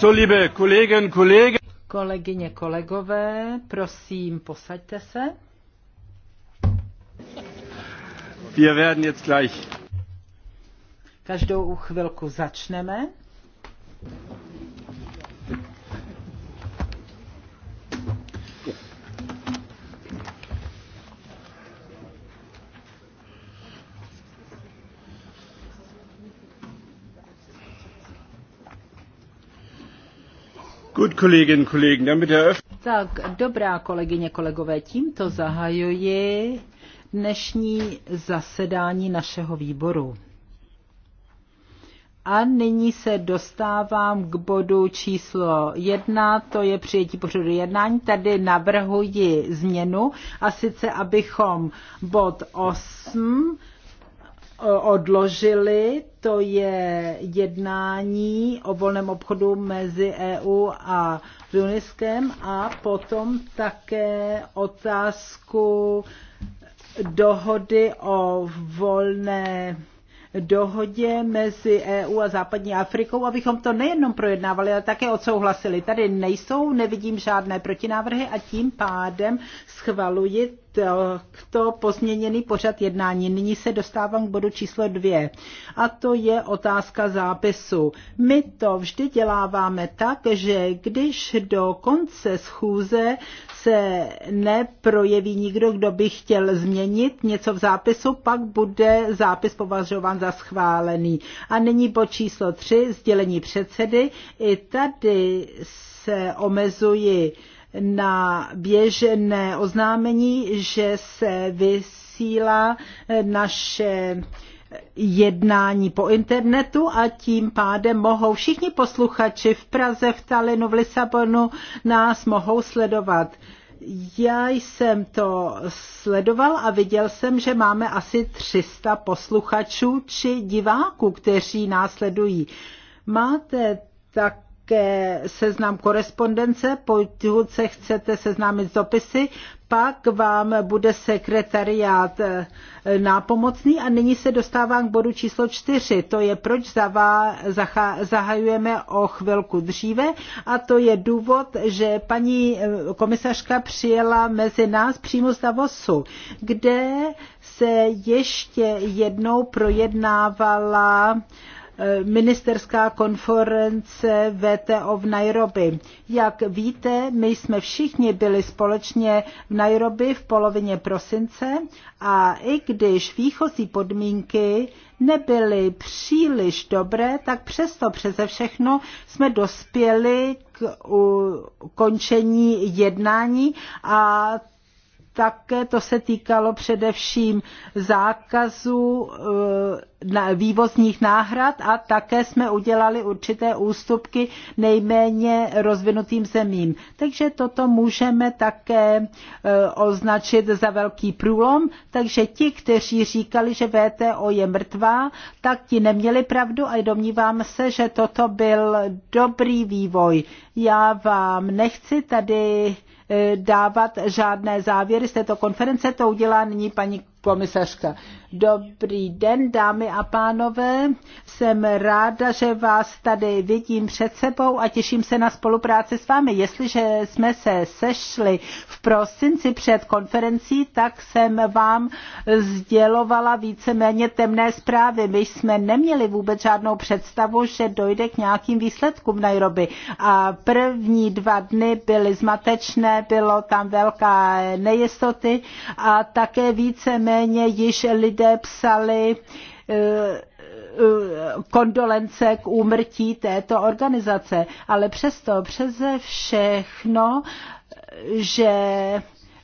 So, liebe Kollegen, Kollegen. Kolegyně, kolegové, prosím, posaďte se. Wir werden jetzt gleich. Každou chvilku začneme. Kolleginnen und Kollegen, damit Tak, dobrá kolegyně, kolegové, tímto zahajuji dnešní zasedání našeho výboru. A nyní se dostávám k bodu číslo jedna, to je přijetí pořadu jednání. Tady navrhuji změnu a sice, abychom bod 8 odložili, to je jednání o volném obchodu mezi EU a Tuniskem a potom také otázku dohody o volné dohodě mezi EU a západní Afrikou, abychom to nejenom projednávali, ale také odsouhlasili. Tady nejsou, nevidím žádné protinávrhy a tím pádem schvaluji takto pozměněný pořad jednání. Nyní se dostávám k bodu číslo dvě a to je otázka zápisu. My to vždy děláváme tak, že když do konce schůze se neprojeví nikdo, kdo by chtěl změnit něco v zápisu, pak bude zápis považován za schválený. A nyní bod číslo tři, sdělení předsedy. I tady se omezuji na běžné oznámení, že se vysílá naše jednání po internetu a tím pádem mohou všichni posluchači v Praze, v Talinu, v Lisabonu nás mohou sledovat. Já jsem to sledoval a viděl jsem, že máme asi 300 posluchačů či diváků, kteří nás sledují. Máte tak ke seznam korespondence, pokud se chcete seznámit s dopisy, pak vám bude sekretariát eh, nápomocný a nyní se dostávám k bodu číslo čtyři. To je, proč zavá, zaha, zahajujeme o chvilku dříve a to je důvod, že paní eh, komisařka přijela mezi nás přímo z Davosu, kde se ještě jednou projednávala uh, ministerská konference VTO v Nairobi. Jak víte, my jsme všichni byli společně v Nairobi v polovině prosince a i když výchozí podmínky nebyly příliš dobré, tak přesto přeze všechno jsme dospěli k ukončení jednání a také to se týkalo především zákazu eh, vývozních náhrad a také jsme udělali určité ústupky nejméně rozvinutým zemím. Takže toto můžeme také eh, označit za velký průlom, takže ti, kteří říkali, že VTO je mrtvá, tak ti neměli pravdu a domnívám se, že toto byl dobrý vývoj. Já vám nechci tady Eh, dávat žádné závěry z této konference, to udělá nyní paní komisařka. Dobrý den, dámy a pánové. Jsem ráda, že vás tady vidím před sebou a těším se na spolupráci s vámi. Jestliže jsme se sešli v prosinci před konferencí, tak jsem vám sdělovala víceméně temné zprávy. My jsme neměli vůbec žádnou představu, že dojde k nějakým výsledkům v Nairobi. A první dva dny byly zmatečné, bylo tam velká nejistoty a také víceméně již lidé lidé psali eh, eh, kondolence k úmrtí této organizace. Ale přesto, přeze všechno, že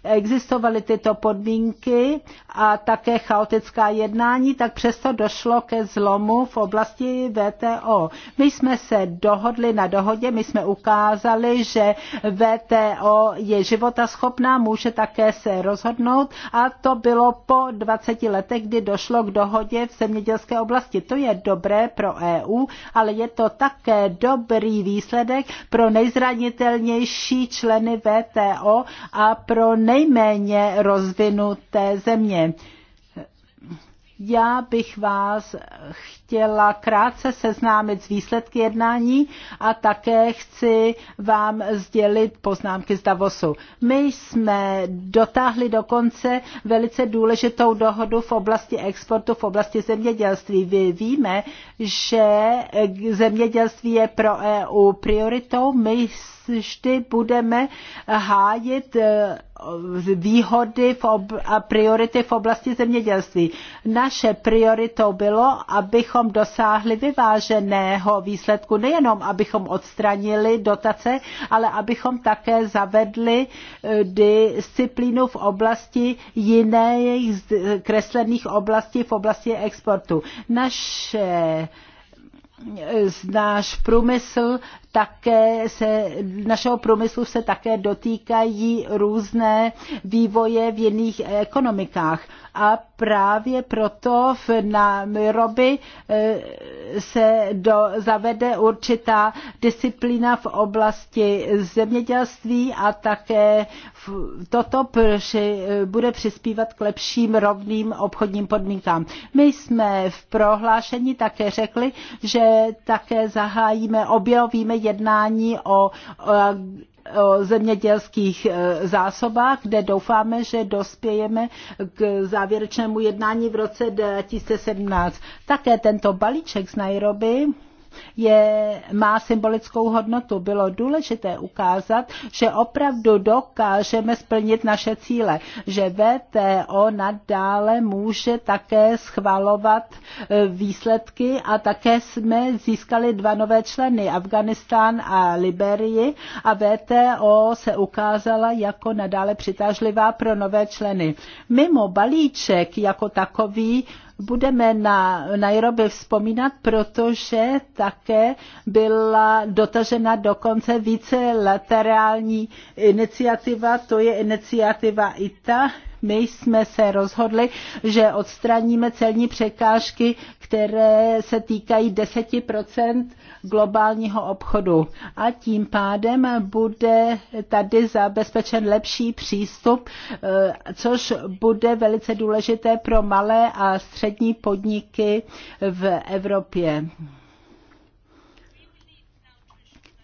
existovaly tyto podmínky a také chaotická jednání, tak přesto došlo ke zlomu v oblasti VTO. My jsme se dohodli na dohodě, my jsme ukázali, že VTO je životaschopná, může také se rozhodnout a to bylo po 20 letech, kdy došlo k dohodě v zemědělské oblasti. To je dobré pro EU, ale je to také dobrý výsledek pro nejzranitelnější členy VTO a pro nej nejméně rozvinuté země. Já bych vás chtěl chtěla krátce seznámit s výsledky jednání a také chci vám sdělit poznámky z Davosu. My jsme dotáhli dokonce velice důležitou dohodu v oblasti exportu, v oblasti zemědělství. Vy víme, že zemědělství je pro EU prioritou. My vždy budeme hájit eh, výhody a priority v oblasti zemědělství. Naše prioritou bylo, abychom abychom dosáhli vyváženého výsledku, nejenom abychom odstranili dotace, ale abychom také zavedli eh, disciplínu v oblasti jiných eh, kreslených oblastí, v oblasti exportu. Naše eh, náš průmysl také se, našeho průmyslu se také dotýkají různé vývoje v jiných ekonomikách. A právě proto v Nairobi eh, se do, zavede určitá disciplína v oblasti zemědělství a také v, toto při, bude přispívat k lepším rovným obchodním podmínkám. My jsme v prohlášení také řekli, že také zahájíme, objevíme jednání o, o o zemědělských e, zásobách, kde doufáme, že dospějeme k závěrečnému jednání v roce 2017. Také tento balíček z Nairobi je, má symbolickou hodnotu. Bylo důležité ukázat, že opravdu dokážeme splnit naše cíle, že VTO nadále může také schvalovat e, výsledky a také jsme získali dva nové členy, Afganistán a Liberii a VTO se ukázala jako nadále přitažlivá pro nové členy. Mimo balíček jako takový budeme na Nairobi vzpomínat, protože také byla dotažena dokonce více laterální iniciativa, to je iniciativa ITA. My jsme se rozhodli, že odstraníme celní překážky, které se týkají 10 globálního obchodu a tím pádem bude tady zabezpečen lepší přístup, eh, což bude velice důležité pro malé a střední podniky v Evropě.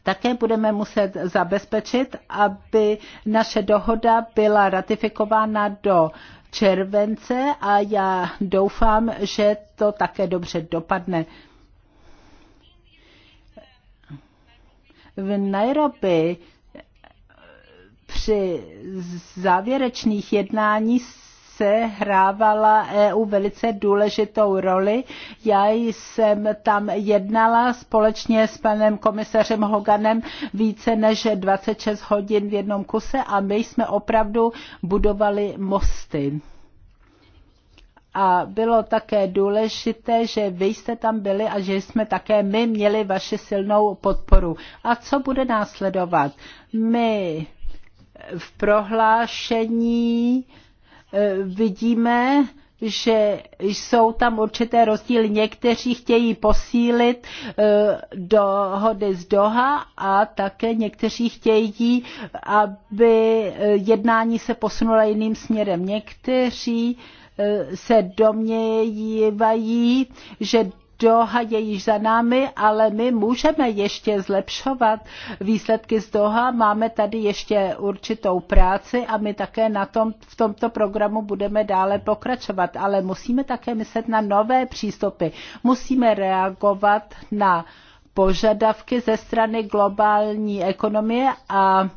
Také budeme muset zabezpečit, aby naše dohoda byla ratifikována do července a já doufám, že to také dobře dopadne. v Nairobi při závěrečných jednání se hrávala EU velice důležitou roli. Já jsem tam jednala společně s panem komisařem Hoganem více než 26 hodin v jednom kuse a my jsme opravdu budovali mosty. A bylo také důležité, že vy jste tam byli a že jsme také my měli vaši silnou podporu. A co bude následovat? My v prohlášení e, vidíme, že jsou tam určité rozdíly. Někteří chtějí posílit e, dohody z Doha a také někteří chtějí, aby e, jednání se posunula jiným směrem. Někteří Eh, se domnívají, že Doha je již za námi, ale my můžeme ještě zlepšovat výsledky z Doha. Máme tady ještě určitou práci a my také na tom, v tomto programu budeme dále pokračovat. Ale musíme také myslet na nové přístupy. Musíme reagovat na požadavky ze strany globální ekonomie a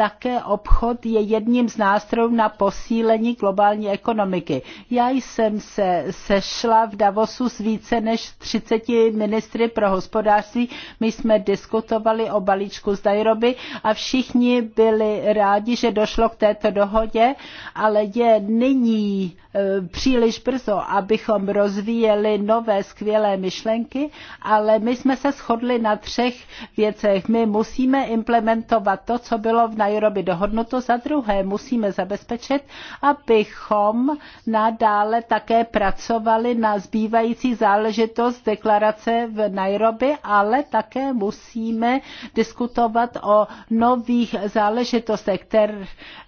také obchod je jedním z nástrojů na posílení globální ekonomiky. Já jsem se sešla v Davosu s více než 30 ministry pro hospodářství. My jsme diskutovali o balíčku z Nairobi a všichni byli rádi, že došlo k této dohodě, ale je nyní e, příliš brzo, abychom rozvíjeli nové skvělé myšlenky, ale my jsme se shodli na třech věcech. My musíme implementovat to, co bylo v Nairobi Nairobi dohodnuto. Za druhé musíme zabezpečit, abychom nadále také pracovali na zbývající záležitost deklarace v Nairobi, ale také musíme diskutovat o nových záležitostech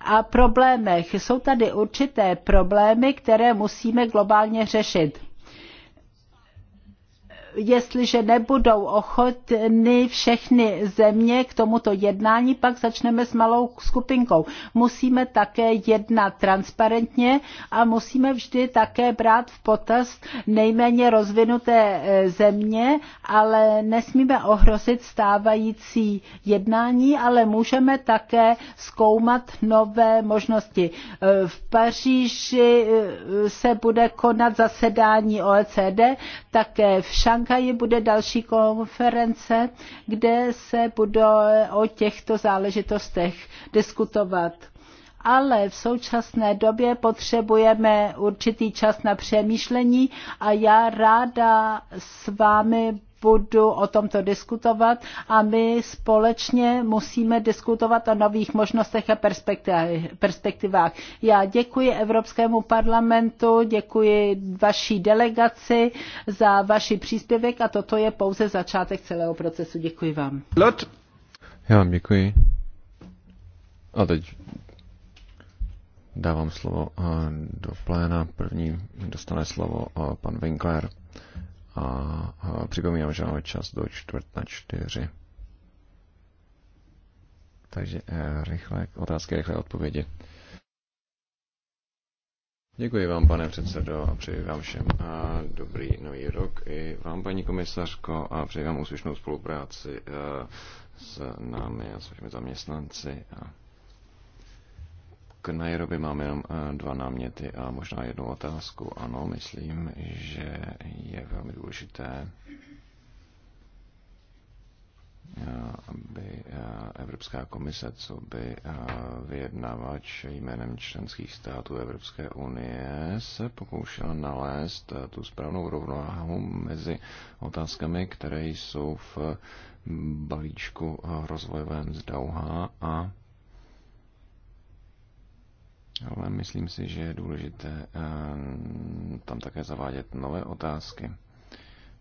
a problémech. Jsou tady určité problémy, které musíme globálně řešit jestliže nebudou ochotny všechny země k tomuto jednání, pak začneme s malou skupinkou. Musíme také jednat transparentně a musíme vždy také brát v potaz nejméně rozvinuté e, země, ale nesmíme ohrozit stávající jednání, ale můžeme také zkoumat nové možnosti. E, v Paříži e, se bude konat zasedání OECD, také v Šang Šanghaji bude další konference, kde se bude o těchto záležitostech diskutovat ale v současné době potřebujeme určitý čas na přemýšlení a já ráda s vámi budu o tomto diskutovat a my společně musíme diskutovat o nových možnostech a perspektivách. Já děkuji Evropskému parlamentu, děkuji vaší delegaci za vaši příspěvek a toto je pouze začátek celého procesu. Děkuji vám. Lot. Já vám děkuji. A teď dávám slovo eh, do pléna. První dostane slovo eh, pan Winkler a, připomínám, že máme čas do čtvrt na čtyři. Takže eh, rychle, otázky, rychlé odpovědi. Děkuji vám, pane předsedo, a přeji vám všem a eh, dobrý nový rok. I vám, paní komisařko, a přeji vám úspěšnou spolupráci eh, s námi a s vašimi zaměstnanci. A k Nairobi mám jenom eh, dva náměty a možná jednu otázku. Ano, myslím, že je velmi důležité, eh, aby eh, Evropská komise, co by vyjednávač jménem členských států Evropské unie, se pokoušela nalézt tu správnou rovnováhu mezi otázkami, které jsou v balíčku rozvojovém z Dauha a ale myslím si, že je důležité eh, tam také zavádět nové otázky,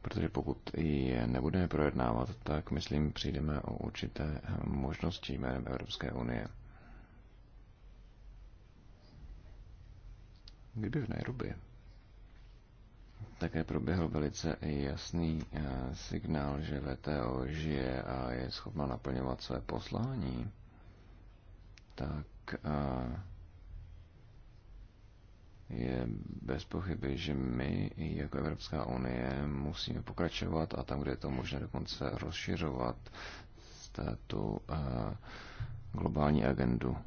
protože pokud je nebudeme projednávat, tak myslím, přijdeme o určité eh, možnosti jménem Evropské unie. Kdyby v Nairobi také proběhl velice jasný eh, signál, že VTO žije a je schopna naplňovat své poslání, tak je bez pochyby, že my jako Evropská unie musíme pokračovat a tam, kde je to možné dokonce rozšiřovat tu eh, globální agendu.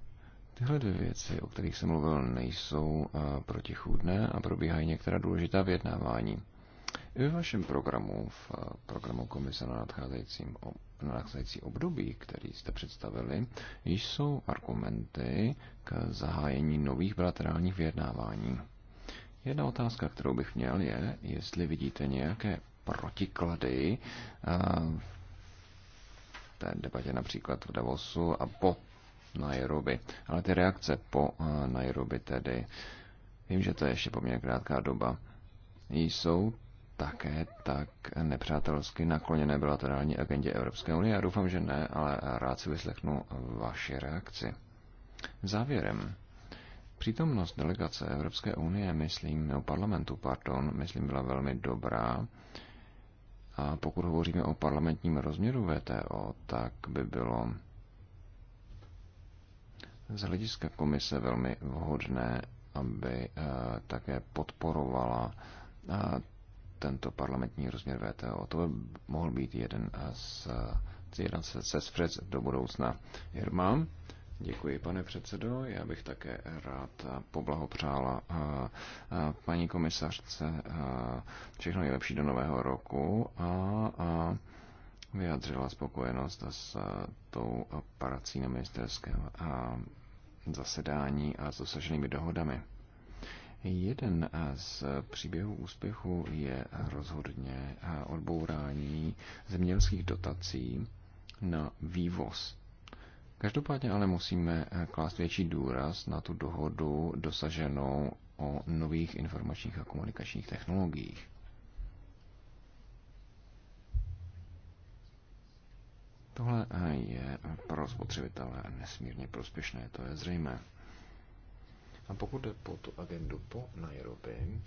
Tyhle dvě věci, o kterých jsem mluvil, nejsou eh, protichůdné a probíhají některá důležitá vyjednávání. I ve vašem programu, v eh, programu Komise na, nadcházejícím, na nadcházející období, který jste představili, již jsou argumenty k zahájení nových bilaterálních vyjednávání. Jedna otázka, kterou bych měl, je, jestli vidíte nějaké protiklady eh, v té debatě například v Davosu a po Nairobi. Ale ty reakce po eh, Nairobi tedy, vím, že to je ještě poměrně krátká doba, jsou také tak nepřátelsky nakloněné bilaterální agendě Evropské unie? Já doufám, že ne, ale rád si vyslechnu vaši reakci. Závěrem. Přítomnost delegace Evropské unie, myslím, nebo parlamentu, pardon, myslím, byla velmi dobrá. A pokud hovoříme o parlamentním rozměru VTO, tak by bylo z hlediska komise velmi vhodné, aby eh, také podporovala eh, tento parlamentní rozměr VTO. To by mohl být jeden z jeden se zpřed do budoucna. Jirma, děkuji pane předsedo, já bych také rád poblahopřála paní komisařce všechno nejlepší do nového roku a, a vyjadřila spokojenost s tou prací na ministerském zasedání a s dosaženými dohodami. Jeden eh, z příběhů úspěchu je rozhodně eh, odbourání zemědělských dotací na vývoz. Každopádně ale musíme eh, klást větší důraz na tu dohodu dosaženou o nových informačních a komunikačních technologiích. Tohle je pro spotřebitele nesmírně prospěšné, to je zřejmé. A pokud jde po tu agendu po Nairobi,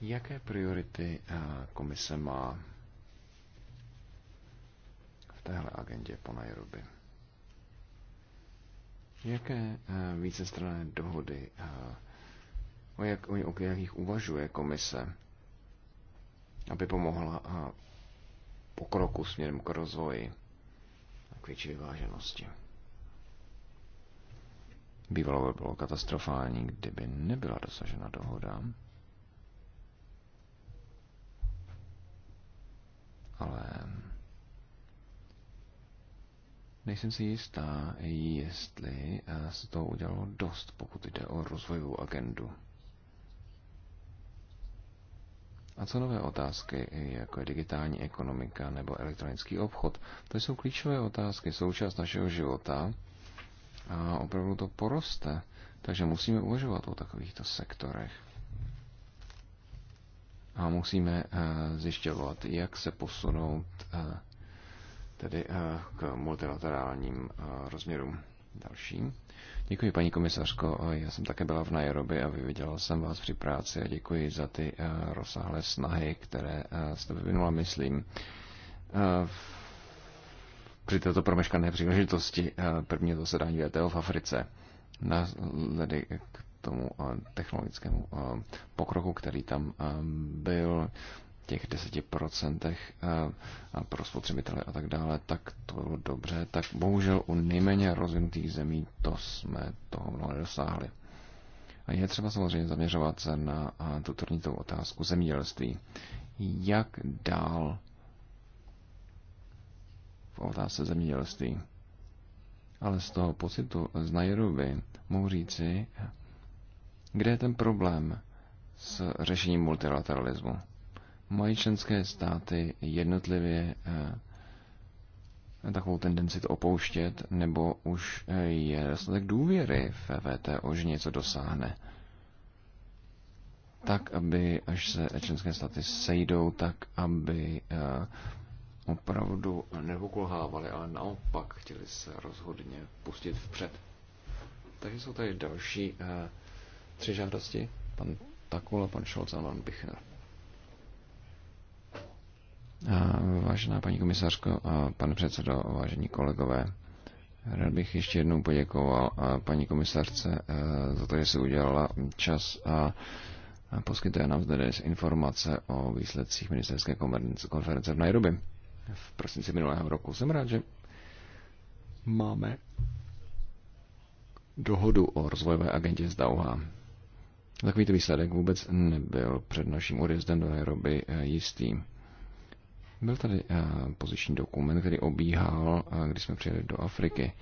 jaké priority eh, komise má v téhle agendě po Nairobi? Jaké eh, vícestranné dohody, eh, o, jak, o, o jakých uvažuje komise, aby pomohla pokroku směrem k rozvoji a k větší vyváženosti? Bývalo by bylo katastrofální, kdyby nebyla dosažena dohoda. Ale nejsem si jistá, jestli eh, se to udělalo dost, pokud jde o rozvojovou agendu. A co nové otázky, jako je digitální ekonomika nebo elektronický obchod? To jsou klíčové otázky, součást našeho života a opravdu to poroste. Takže musíme uvažovat o takovýchto sektorech. A musíme eh, zjišťovat, jak se posunout eh, tedy eh, k multilaterálním rozměrům. dalším. Děkuji, paní komisařko. Já jsem také byla v Nairobi a vyviděla jsem vás při práci a děkuji za ty rozsáhlé snahy, které jste vyvinula, myslím při této promeškané příležitosti eh, prvního zasedání VTO v Africe na vzhledem k tomu eh, technologickému eh, pokroku, který tam byl, těch 10% pro spotřebitele a tak dále, tak to bylo dobře. Tak bohužel u nejméně rozvinutých zemí to jsme toho mnoho nedosáhli. A je třeba samozřejmě zaměřovat se na tuto otázku zemědělství. Jak dál v otázce zemědělství. Ale z toho pocitu z Nairobi mohu říci, kde je ten problém s řešením multilateralismu. Mají členské státy jednotlivě eh, takovou tendenci to opouštět, nebo už eh, je dostatek důvěry v VTO, že něco dosáhne. Tak, aby až se členské státy sejdou, tak aby eh, opravdu nevokulhávali, ale naopak chtěli se rozhodně pustit vpřed. Takže jsou tady další eh, tři žádosti. Pan Takula, pan Scholz a pan Bichner. Eh, vážená paní komisařko, eh, pane předsedo, vážení kolegové, rád bych ještě jednou poděkoval eh, paní komisařce za to, že si udělala čas a poskytuje nám zde informace o výsledcích ministerské konference v Nairobi v prosinci minulého roku. Jsem rád, že máme dohodu o rozvojové agentě z Dauha. Takovýto výsledek vůbec nebyl před naším odjezdem do Nairobi eh, jistý. Byl tady eh, poziční dokument, který obíhal, eh, když jsme přijeli do Afriky.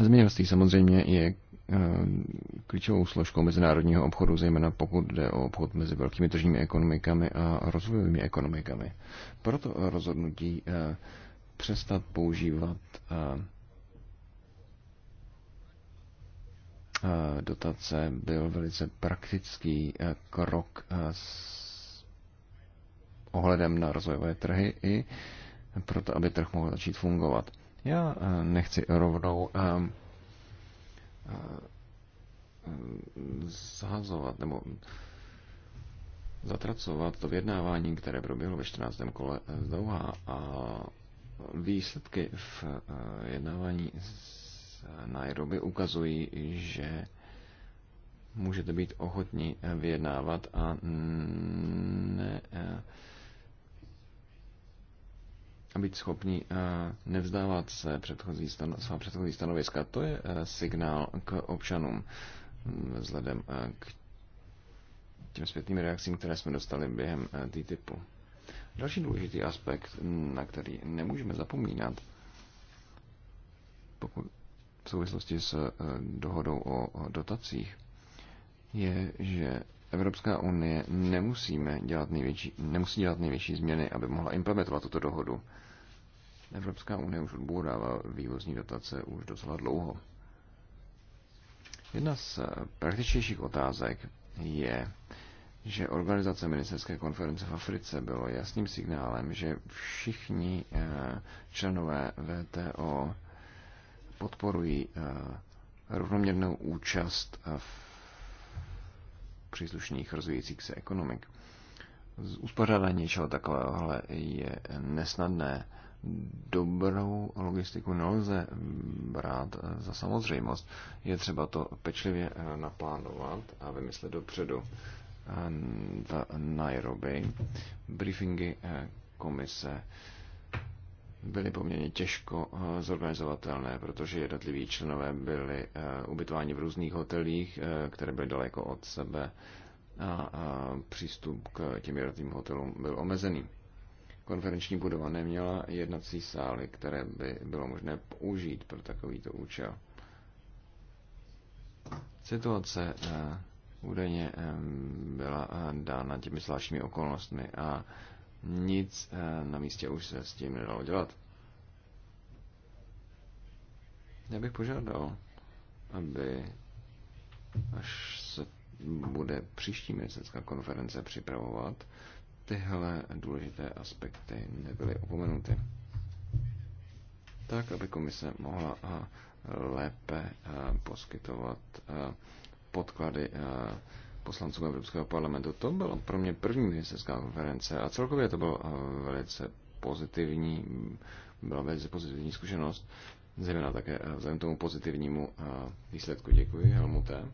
Zemědělství samozřejmě je Eh, klíčovou složkou mezinárodního obchodu, zejména pokud jde o obchod mezi velkými tržními ekonomikami a rozvojovými ekonomikami. Proto rozhodnutí eh, přestat používat eh, dotace byl velice praktický krok s ohledem na rozvojové trhy i proto, aby trh mohl začít fungovat. Já nechci rovnou zahazovat nebo zatracovat to vyjednávání, které proběhlo ve 14. kole eh, z Dauha a výsledky v eh, jednávání z Nairobi ukazují, že můžete být ochotni eh, vyjednávat a ne, a být schopni eh, nevzdávat se předchozí stano, svá předchozí stanoviska. To je eh, signál k občanům mm, vzhledem eh, k těm zpětným reakcím, které jsme dostali během TTIPu. Další důležitý aspekt, mm, na který nemůžeme zapomínat, pokud v souvislosti s dohodou o dotacích, je, že Evropská unie nemusíme dělat největší, nemusí dělat největší změny, aby mohla implementovat tuto dohodu. Evropská unie už odbůrává vývozní dotace už docela dlouho. Jedna z praktičtějších otázek je, že organizace ministerské konference v Africe bylo jasným signálem, že všichni eh, členové VTO podporují eh, rovnoměrnou účast v příslušných rozvíjících se ekonomik. Uspořádání něčeho takového je nesnadné. Dobrou logistiku nelze brát za samozřejmost. Je třeba to pečlivě naplánovat a vymyslet dopředu. V Nairobi briefingy eh, komise byly poměrně těžko eh, zorganizovatelné, protože jednotliví členové byli eh, ubytováni v různých hotelích, eh, které byly daleko od sebe a přístup k těm jednotlivým hotelům byl omezený. Konferenční budova neměla jednací sály, které by bylo možné použít pro takovýto účel. Situace údajně byla dána těmi zvláštními okolnostmi a nic eh, na místě už se s tím nedalo dělat. Já bych požádal, aby až se bude příští ministerská konference připravovat, tyhle důležité aspekty nebyly opomenuty. Tak, aby komise mohla eh, lépe eh, poskytovat podklady poslancům Evropského parlamentu. To byla pro mě první ministerská konference a celkově to bylo eh, velice pozitivní, byla velice pozitivní zkušenost, zejména také eh, vzhledem tomu pozitivnímu eh, výsledku. Děkuji, Helmuté.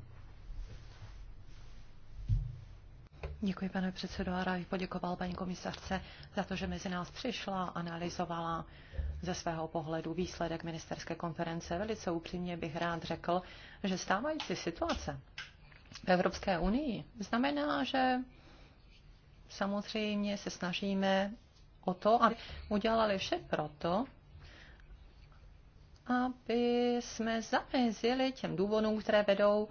Děkuji, pane předsedo, a rád poděkoval paní komisařce za to, že mezi nás přišla, analyzovala ze svého pohledu výsledek ministerské konference. Velice upřímně bych rád řekl, že stávající situace v Evropské unii, znamená, že samozřejmě se snažíme o to, aby udělali vše proto, aby jsme zamezili těm důvodům, které vedou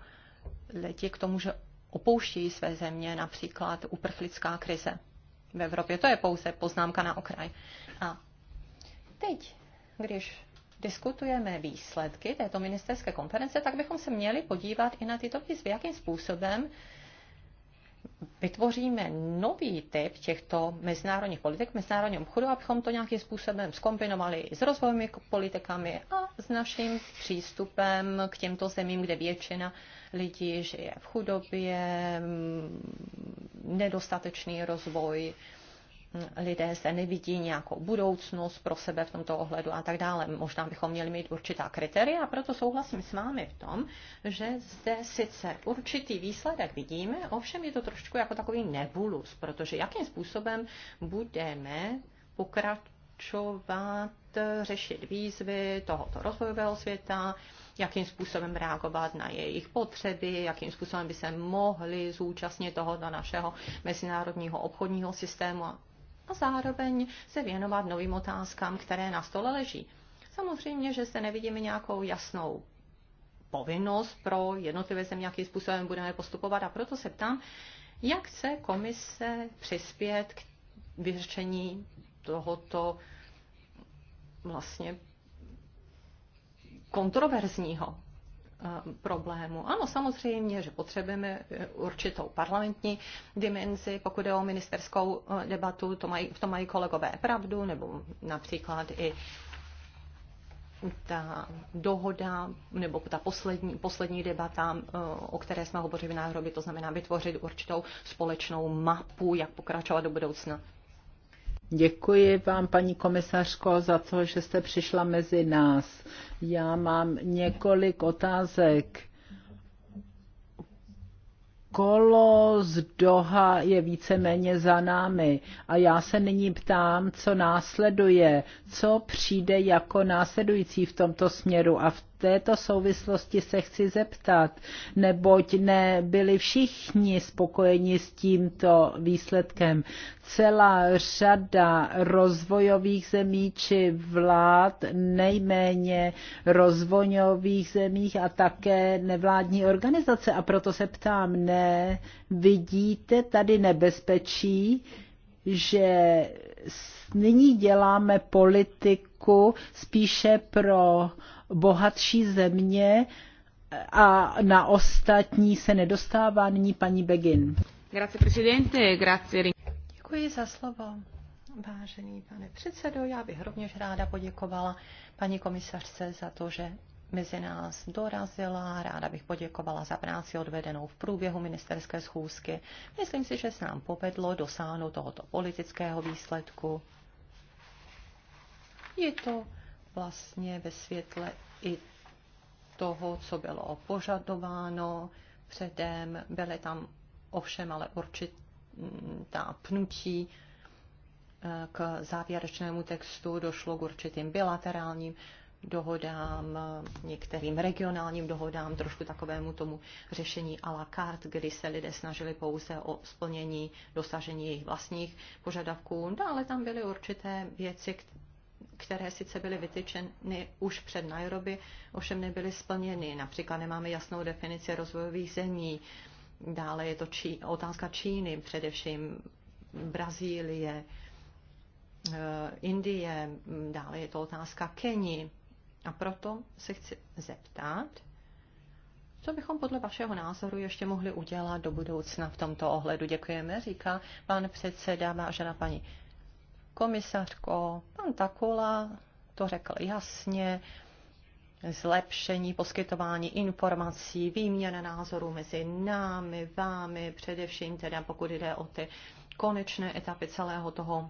lidi k tomu, že opouštějí své země, například uprchlická krize v Evropě. To je pouze poznámka na okraj. A teď, když diskutujeme výsledky této ministerské konference, tak bychom se měli podívat i na tyto výzvy, jakým způsobem vytvoříme nový typ těchto mezinárodních politik, mezinárodního obchodu, abychom to nějakým způsobem skombinovali s rozvojovými politikami a s naším přístupem k těmto zemím, kde většina lidí žije v chudobě, nedostatečný rozvoj, lidé zde nevidí nějakou budoucnost pro sebe v tomto ohledu a tak dále. Možná bychom měli mít určitá kritéria, a proto souhlasím s vámi v tom, že zde sice určitý výsledek vidíme, ovšem je to trošku jako takový nebulus, protože jakým způsobem budeme pokračovat, řešit výzvy tohoto rozvojového světa, jakým způsobem reagovat na jejich potřeby, jakým způsobem by se mohli zúčastnit tohoto našeho mezinárodního obchodního systému a a zároveň se věnovat novým otázkám, které na stole leží. Samozřejmě, že se nevidíme nějakou jasnou povinnost pro jednotlivé země, jakým způsobem budeme postupovat a proto se ptám, jak chce komise přispět k vyřešení tohoto vlastně kontroverzního Eh, problému. Ano, samozřejmě, že potřebujeme eh, určitou parlamentní dimenzi, pokud je o ministerskou eh, debatu, to mají, v tom mají kolegové pravdu, nebo například i ta dohoda, nebo ta poslední, poslední debata, o které jsme hovořili v náhrobě, to znamená vytvořit určitou společnou mapu, jak pokračovat do budoucna. Děkuji vám, paní komisařko, za to, že jste přišla mezi nás. Já mám několik otázek. Kolo z Doha je víceméně za námi a já se nyní ptám, co následuje, co přijde jako následující v tomto směru a v této souvislosti se chci zeptat, neboť nebyli všichni spokojeni s tímto výsledkem. Celá řada rozvojových zemí či vlád, nejméně rozvojových zemích a také nevládní organizace. A proto se ptám, ne, vidíte tady nebezpečí, že nyní děláme politiku spíše pro bohatší země a na ostatní se nedostává. Nyní paní Begin. Grazie, presidente, grazie. Děkuji za slovo. Vážený pane předsedo, já bych rovněž ráda poděkovala paní komisařce za to, že mezi nás dorazila. Ráda bych poděkovala za práci odvedenou v průběhu ministerské schůzky. Myslím si, že se nám povedlo dosáhnout tohoto politického výsledku. Je to vlastně ve světle i toho, co bylo požadováno předem. Byly tam ovšem ale určitá pnutí eh, k závěrečnému textu, došlo k určitým bilaterálním dohodám, některým regionálním dohodám, trošku takovému tomu řešení à la carte, kdy se lidé snažili pouze o splnění, dosažení jejich vlastních požadavků. No, ale tam byly určité věci, které sice byly vytyčeny už před Nairobi, ovšem nebyly splněny. Například nemáme jasnou definici rozvojových zemí, dále je to čí, otázka Číny, především Brazílie, eh, Indie, dále je to otázka Keni. A proto se chci zeptat, co bychom podle vašeho názoru ještě mohli udělat do budoucna v tomto ohledu? Děkujeme, říká pan předseda, vážená paní komisařko, pan Takula to řekl jasně, zlepšení poskytování informací, výměna názorů mezi námi, vámi, především teda pokud jde o ty konečné etapy celého toho,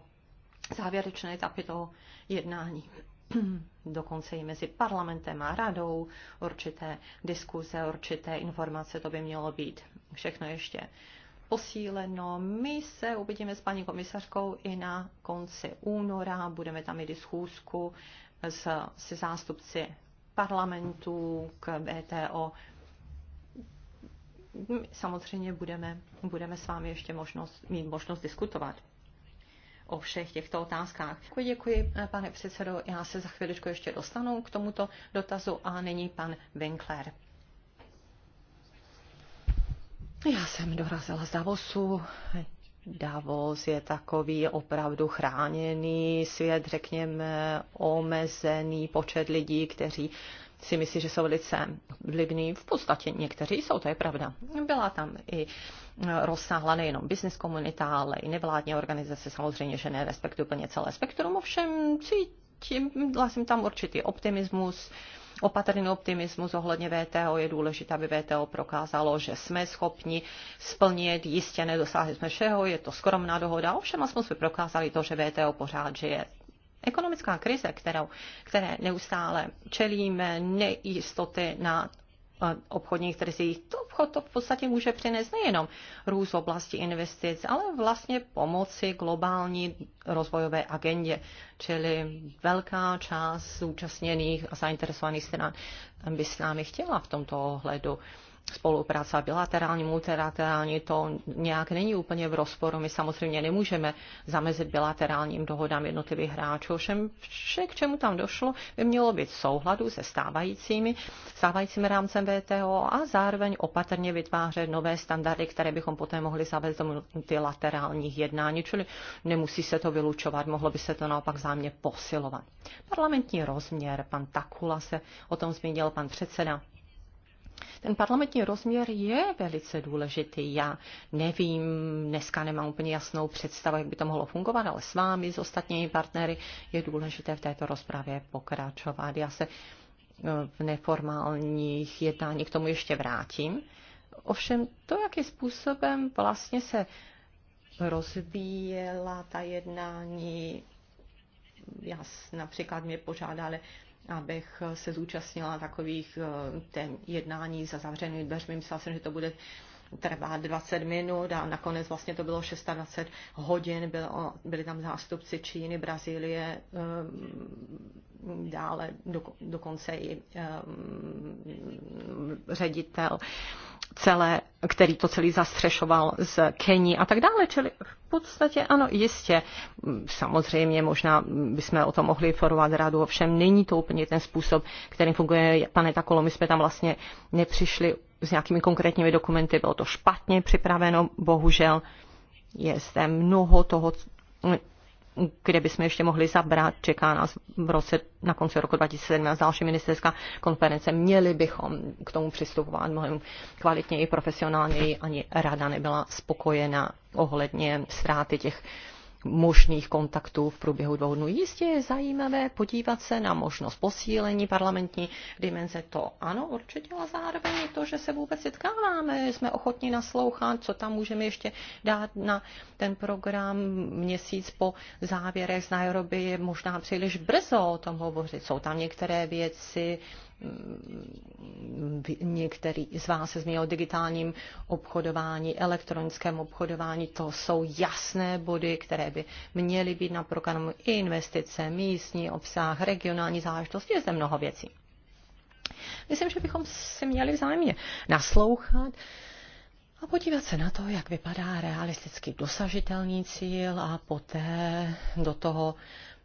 závěrečné etapy toho jednání. Dokonce i mezi parlamentem a radou určité diskuze, určité informace, to by mělo být všechno ještě posíleno. My se uvidíme s paní komisařkou i na konci února, budeme tam mít schůzku s, se zástupci parlamentu k BTO. My samozřejmě budeme, budeme s vámi ještě možnost, mít možnost diskutovat o všech těchto otázkách. Děkuji, děkuji, pane předsedo. Já se za chviličku ještě dostanu k tomuto dotazu a není pan Winkler. Já jsem dorazila z Davosu. Davos je takový opravdu chráněný svět, řekněme, omezený počet lidí, kteří si myslí, že jsou velice vlivní. V podstatě někteří jsou, to je pravda. Byla tam i rozsáhla nejenom business komunita, ale i nevládní organizace, samozřejmě, že nerespektují úplně celé spektrum, ovšem cítím jsem tam určitý optimismus, uh, Opatrný optimismus ohledně VTO je důležité, aby VTO prokázalo, že jsme schopni splnit, jistě nedosáhli jsme všeho, je to skromná dohoda, ovšem aspoň jsme prokázali to, že VTO pořád žije. Ekonomická krize, kterou, které neustále čelíme, nejistoty na Eh, obchodních trzích. To obchod to v podstatě může přinést nejenom růst v oblasti investic, ale vlastně pomoci globální rozvojové agendě, čili velká část zúčastněných a zainteresovaných stran by s námi chtěla v tomto ohledu spolupráce bilaterální, multilaterální, to nějak není úplně v rozporu. My samozřejmě nemůžeme zamezit bilaterálním dohodám jednotlivých hráčů. Všem vše, k čemu tam došlo, by mělo být souhladu se stávajícími, stávajícím rámcem VTO a zároveň opatrně vytvářet nové standardy, které bychom poté mohli zavést do multilaterálních jednání, čili nemusí se to vylučovat, mohlo by se to naopak zájemně posilovat. Parlamentní rozměr, pan Takula se o tom zmínil, pan předseda ten parlamentní rozměr je velice důležitý. Já nevím, dneska nemám úplně jasnou představu, jak by to mohlo fungovat, ale s vámi, s ostatními partnery je důležité v této rozpravě pokračovat. Já se eh, v neformálních jednání k tomu ještě vrátím. Ovšem to, jakým způsobem vlastně se rozvíjela ta jednání, já například mě požádali abych se zúčastnila takových eh, ten jednání za zavřenými dveřmi. Myslela jsem, že to bude trvá 20 minut a nakonec vlastně to bylo 26 hodin, bylo, byli tam zástupci Číny, Brazílie, ehm, dále do, dokonce i um, ředitel celé který to celý zastřešoval z Kení a tak dále. Čili v podstatě ano, jistě. Samozřejmě možná bychom o tom mohli informovat radu, ovšem není to úplně ten způsob, kterým funguje planeta Kolo. My jsme tam vlastně nepřišli s nějakými konkrétními dokumenty, bylo to špatně připraveno, bohužel je zde mnoho toho, kde bychom ještě mohli zabrat. Čeká nás v roce, na konci roku 2017 další ministerská konference. Měli bychom k tomu přistupovat mnohem kvalitněji, profesionálněji. Ani rada nebyla spokojena ohledně ztráty těch možných kontaktů v průběhu dvou dnů. Jistě je zajímavé podívat se na možnost posílení parlamentní dimenze. To ano, určitě, ale zároveň je to, že se vůbec setkáváme, jsme ochotní naslouchat, co tam můžeme ještě dát na ten program měsíc po závěrech z Nairobi je možná příliš brzo o tom hovořit. Jsou tam některé věci, Některý z vás se zmínil o digitálním obchodování, elektronickém obchodování. To jsou jasné body, které by měly být na programu i investice, místní obsah, regionální záležitosti. Je zde mnoho věcí. Myslím, že bychom si měli vzájemně naslouchat a podívat se na to, jak vypadá realisticky dosažitelný cíl a poté do toho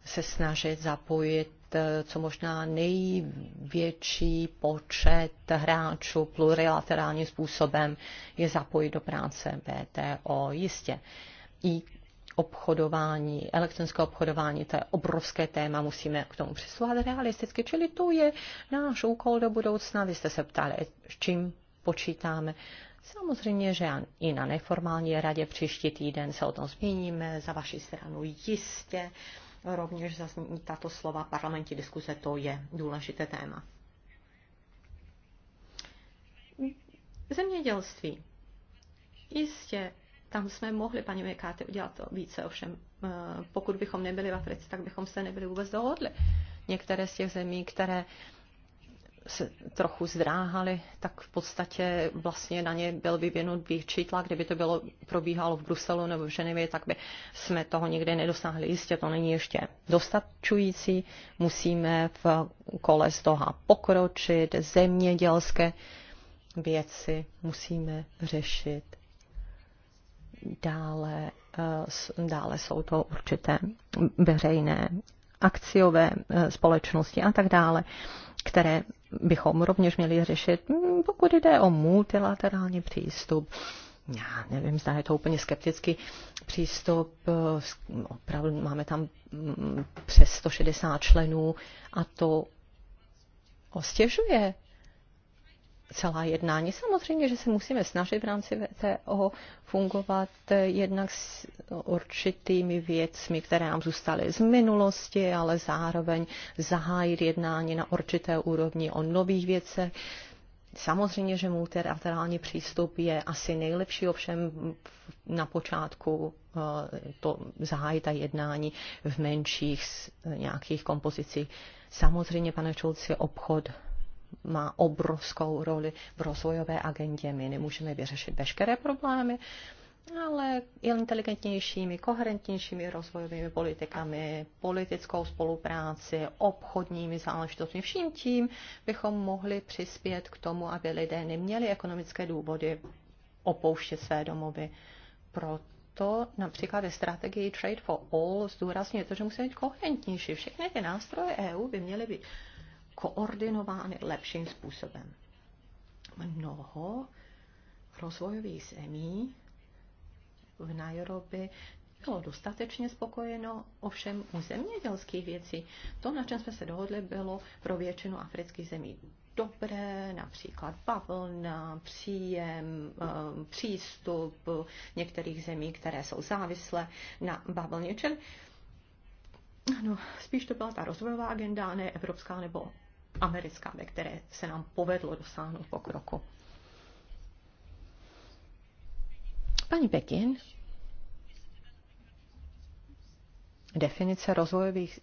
se snažit zapojit eh, co možná největší počet hráčů plurilaterálním způsobem je zapojit do práce VTO. Jistě i obchodování, elektronické obchodování, to je obrovské téma, musíme k tomu přistupovat realisticky, čili to je náš úkol do budoucna. Vy jste se ptali, s čím počítáme. Samozřejmě, že i na neformální radě příští týden se o tom zmíníme, za vaši stranu jistě rovněž zazní tato slova parlamentní diskuze, to je důležité téma. Zemědělství. Jistě, tam jsme mohli, paní Mekáty, udělat to více, ovšem eh, pokud bychom nebyli v Africe, tak bychom se nebyli vůbec dohodli. Některé z těch zemí, které se trochu zdráhali, tak v podstatě vlastně na ně byl vyvinut větší tlak. Kdyby to bylo probíhalo v Bruselu nebo v Ženevě, tak by jsme toho nikdy nedosáhli. Jistě to není ještě dostačující. Musíme v kole z toho pokročit, zemědělské věci musíme řešit. Dále, eh, dále jsou to určité veřejné akciové eh, společnosti a tak dále, které bychom rovněž měli řešit, hm, pokud jde o multilaterální přístup. Já nevím, zda je to úplně skeptický přístup. Eh, opravdu máme tam hm, přes 160 členů a to ostěžuje celá jednání. Samozřejmě, že se musíme snažit v rámci VTO fungovat jednak s určitými věcmi, které nám zůstaly z minulosti, ale zároveň zahájit jednání na určité úrovni o nových věcech. Samozřejmě, že multilaterální přístup je asi nejlepší, ovšem na počátku eh, to zahájit a jednání v menších nějakých kompozicích. Samozřejmě, pane Čulci, obchod má obrovskou roli v rozvojové agendě. My nemůžeme vyřešit veškeré problémy, ale inteligentnějšími, koherentnějšími rozvojovými politikami, politickou spolupráci, obchodními záležitostmi, vším tím bychom mohli přispět k tomu, aby lidé neměli ekonomické důvody opouštět své domovy. Proto například ve strategii Trade for All zdůrazňuje to, že musíme být koherentnější. Všechny ty nástroje EU by měly být koordinovány lepším způsobem. Mnoho rozvojových zemí v Nairobi bylo dostatečně spokojeno, ovšem u zemědělských věcí to, na čem jsme se dohodli, bylo pro většinu afrických zemí dobré, například bavlna, příjem, eh, přístup některých zemí, které jsou závislé na bavlně. Čili no, spíš to byla ta rozvojová agenda, ne evropská nebo americká, ve které se nám povedlo dosáhnout pokroku. Paní Pekin, definice rozvojových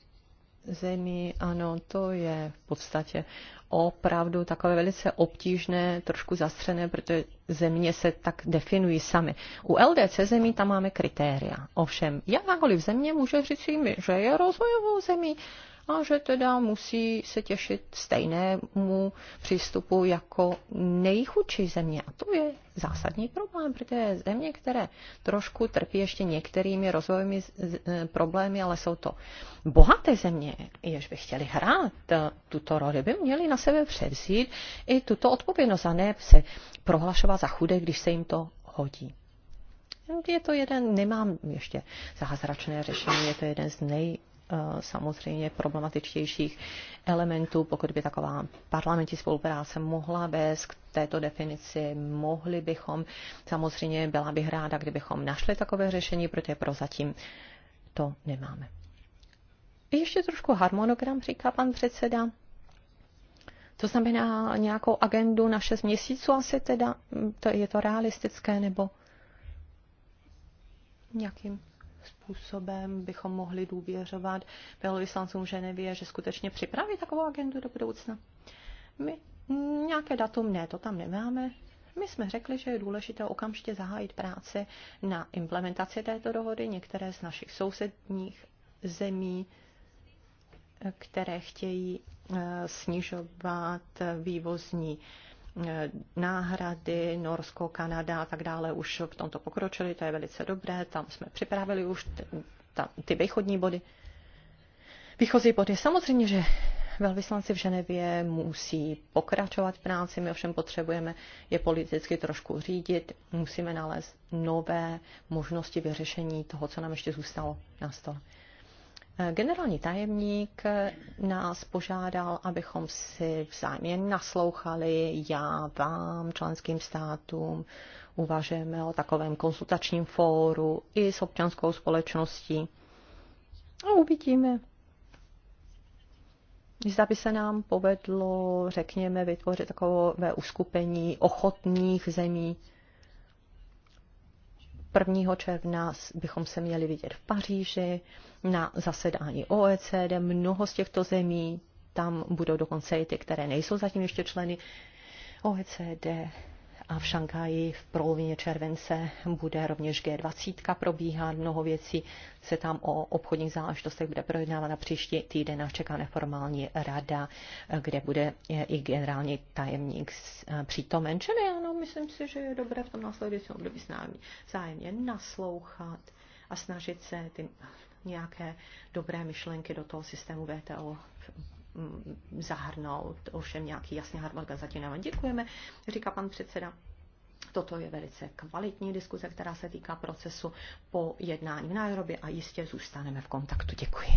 zemí, ano, to je v podstatě opravdu takové velice obtížné, trošku zastřené, protože země se tak definují sami. U LDC zemí tam máme kritéria. Ovšem, jakákoliv země může říct, že je rozvojovou zemí a že teda musí se těšit stejnému přístupu jako nejchudší země. A to je zásadní problém, protože země, které trošku trpí ještě některými rozvojovými e, problémy, ale jsou to bohaté země, jež by chtěli hrát e, tuto roli, by měli na sebe převzít i tuto odpovědnost a ne se prohlašovat za chudé, když se jim to hodí je to jeden, nemám ještě zázračné řešení, je to jeden z nej, Eh, samozřejmě problematičtějších elementů, pokud by taková parlamentní spolupráce mohla vést k této definici, mohli bychom, samozřejmě byla bych ráda, kdybychom našli takové řešení, protože prozatím to nemáme. Ještě trošku harmonogram, říká pan předseda. To znamená nějakou agendu na 6 měsíců asi teda, to, je to realistické nebo nějakým způsobem bychom mohli důvěřovat velvyslancům Ženevě, že skutečně připraví takovou agendu do budoucna? My nějaké datum ne, to tam nemáme. My jsme řekli, že je důležité okamžitě zahájit práci na implementaci této dohody. Některé z našich sousedních zemí, které chtějí eh, snižovat vývozní E, náhrady, Norsko, Kanada a tak dále už v tomto pokročili, to je velice dobré, tam jsme připravili už ta, ty východní body. Výchozí body. Samozřejmě, že velvyslanci v Ženevě musí pokračovat v práci, my ovšem potřebujeme je politicky trošku řídit, musíme nalézt nové možnosti vyřešení toho, co nám ještě zůstalo na stole. Generální tajemník nás požádal, abychom si vzájemně naslouchali, já vám, členským státům, uvažujeme o takovém konsultačním fóru i s občanskou společností. A uvidíme, Zda by se nám povedlo, řekněme, vytvořit takové uskupení ochotných zemí, 1. června bychom se měli vidět v Paříži na zasedání OECD. Mnoho z těchto zemí, tam budou dokonce i ty, které nejsou zatím ještě členy OECD, a v Šanghaji v polovině července bude rovněž G20 probíhat. Mnoho věcí se tam o obchodních záležitostech bude projednávat na příští týden. Nás čeká neformální rada, kde bude i generální tajemník e, přítomen. Čili ano, myslím si, že je dobré v tom následujícím období s námi zájemně naslouchat a snažit se ty nějaké dobré myšlenky do toho systému VTO Mm, zahrnout, ovšem nějaký jasný harmonogram zatím nemám. Děkujeme, říká pan předseda. Toto je velice kvalitní diskuze, která se týká procesu po jednání v Nairobi a jistě zůstaneme v kontaktu. Děkuji.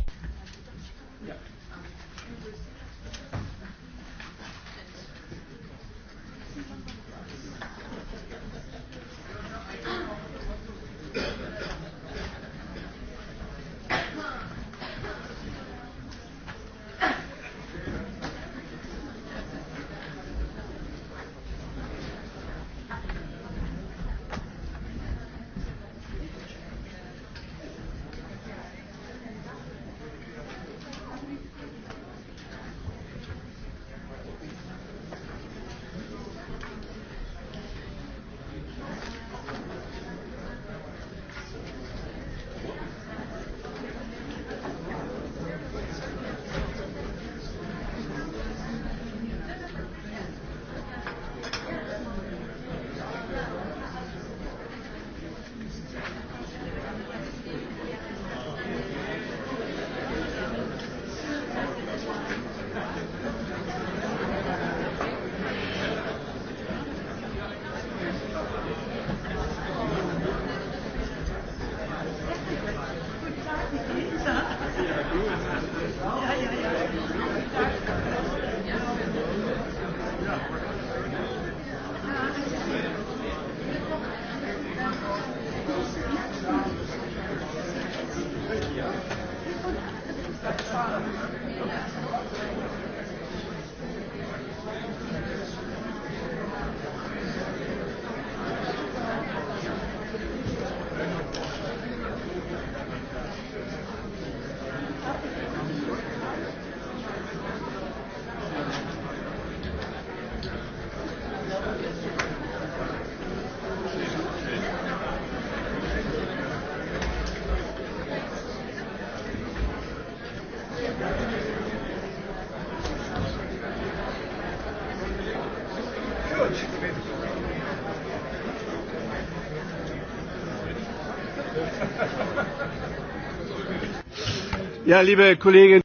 Ja, liebe Kollegin.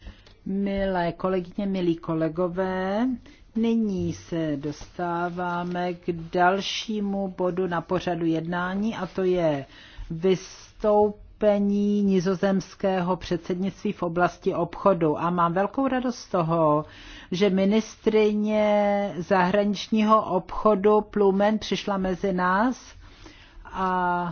Milé kolegyně, milí kolegové, nyní se dostáváme k dalšímu bodu na pořadu jednání a to je vystoupení nizozemského předsednictví v oblasti obchodu. A mám velkou radost z toho, že ministrině zahraničního obchodu Plumen přišla mezi nás a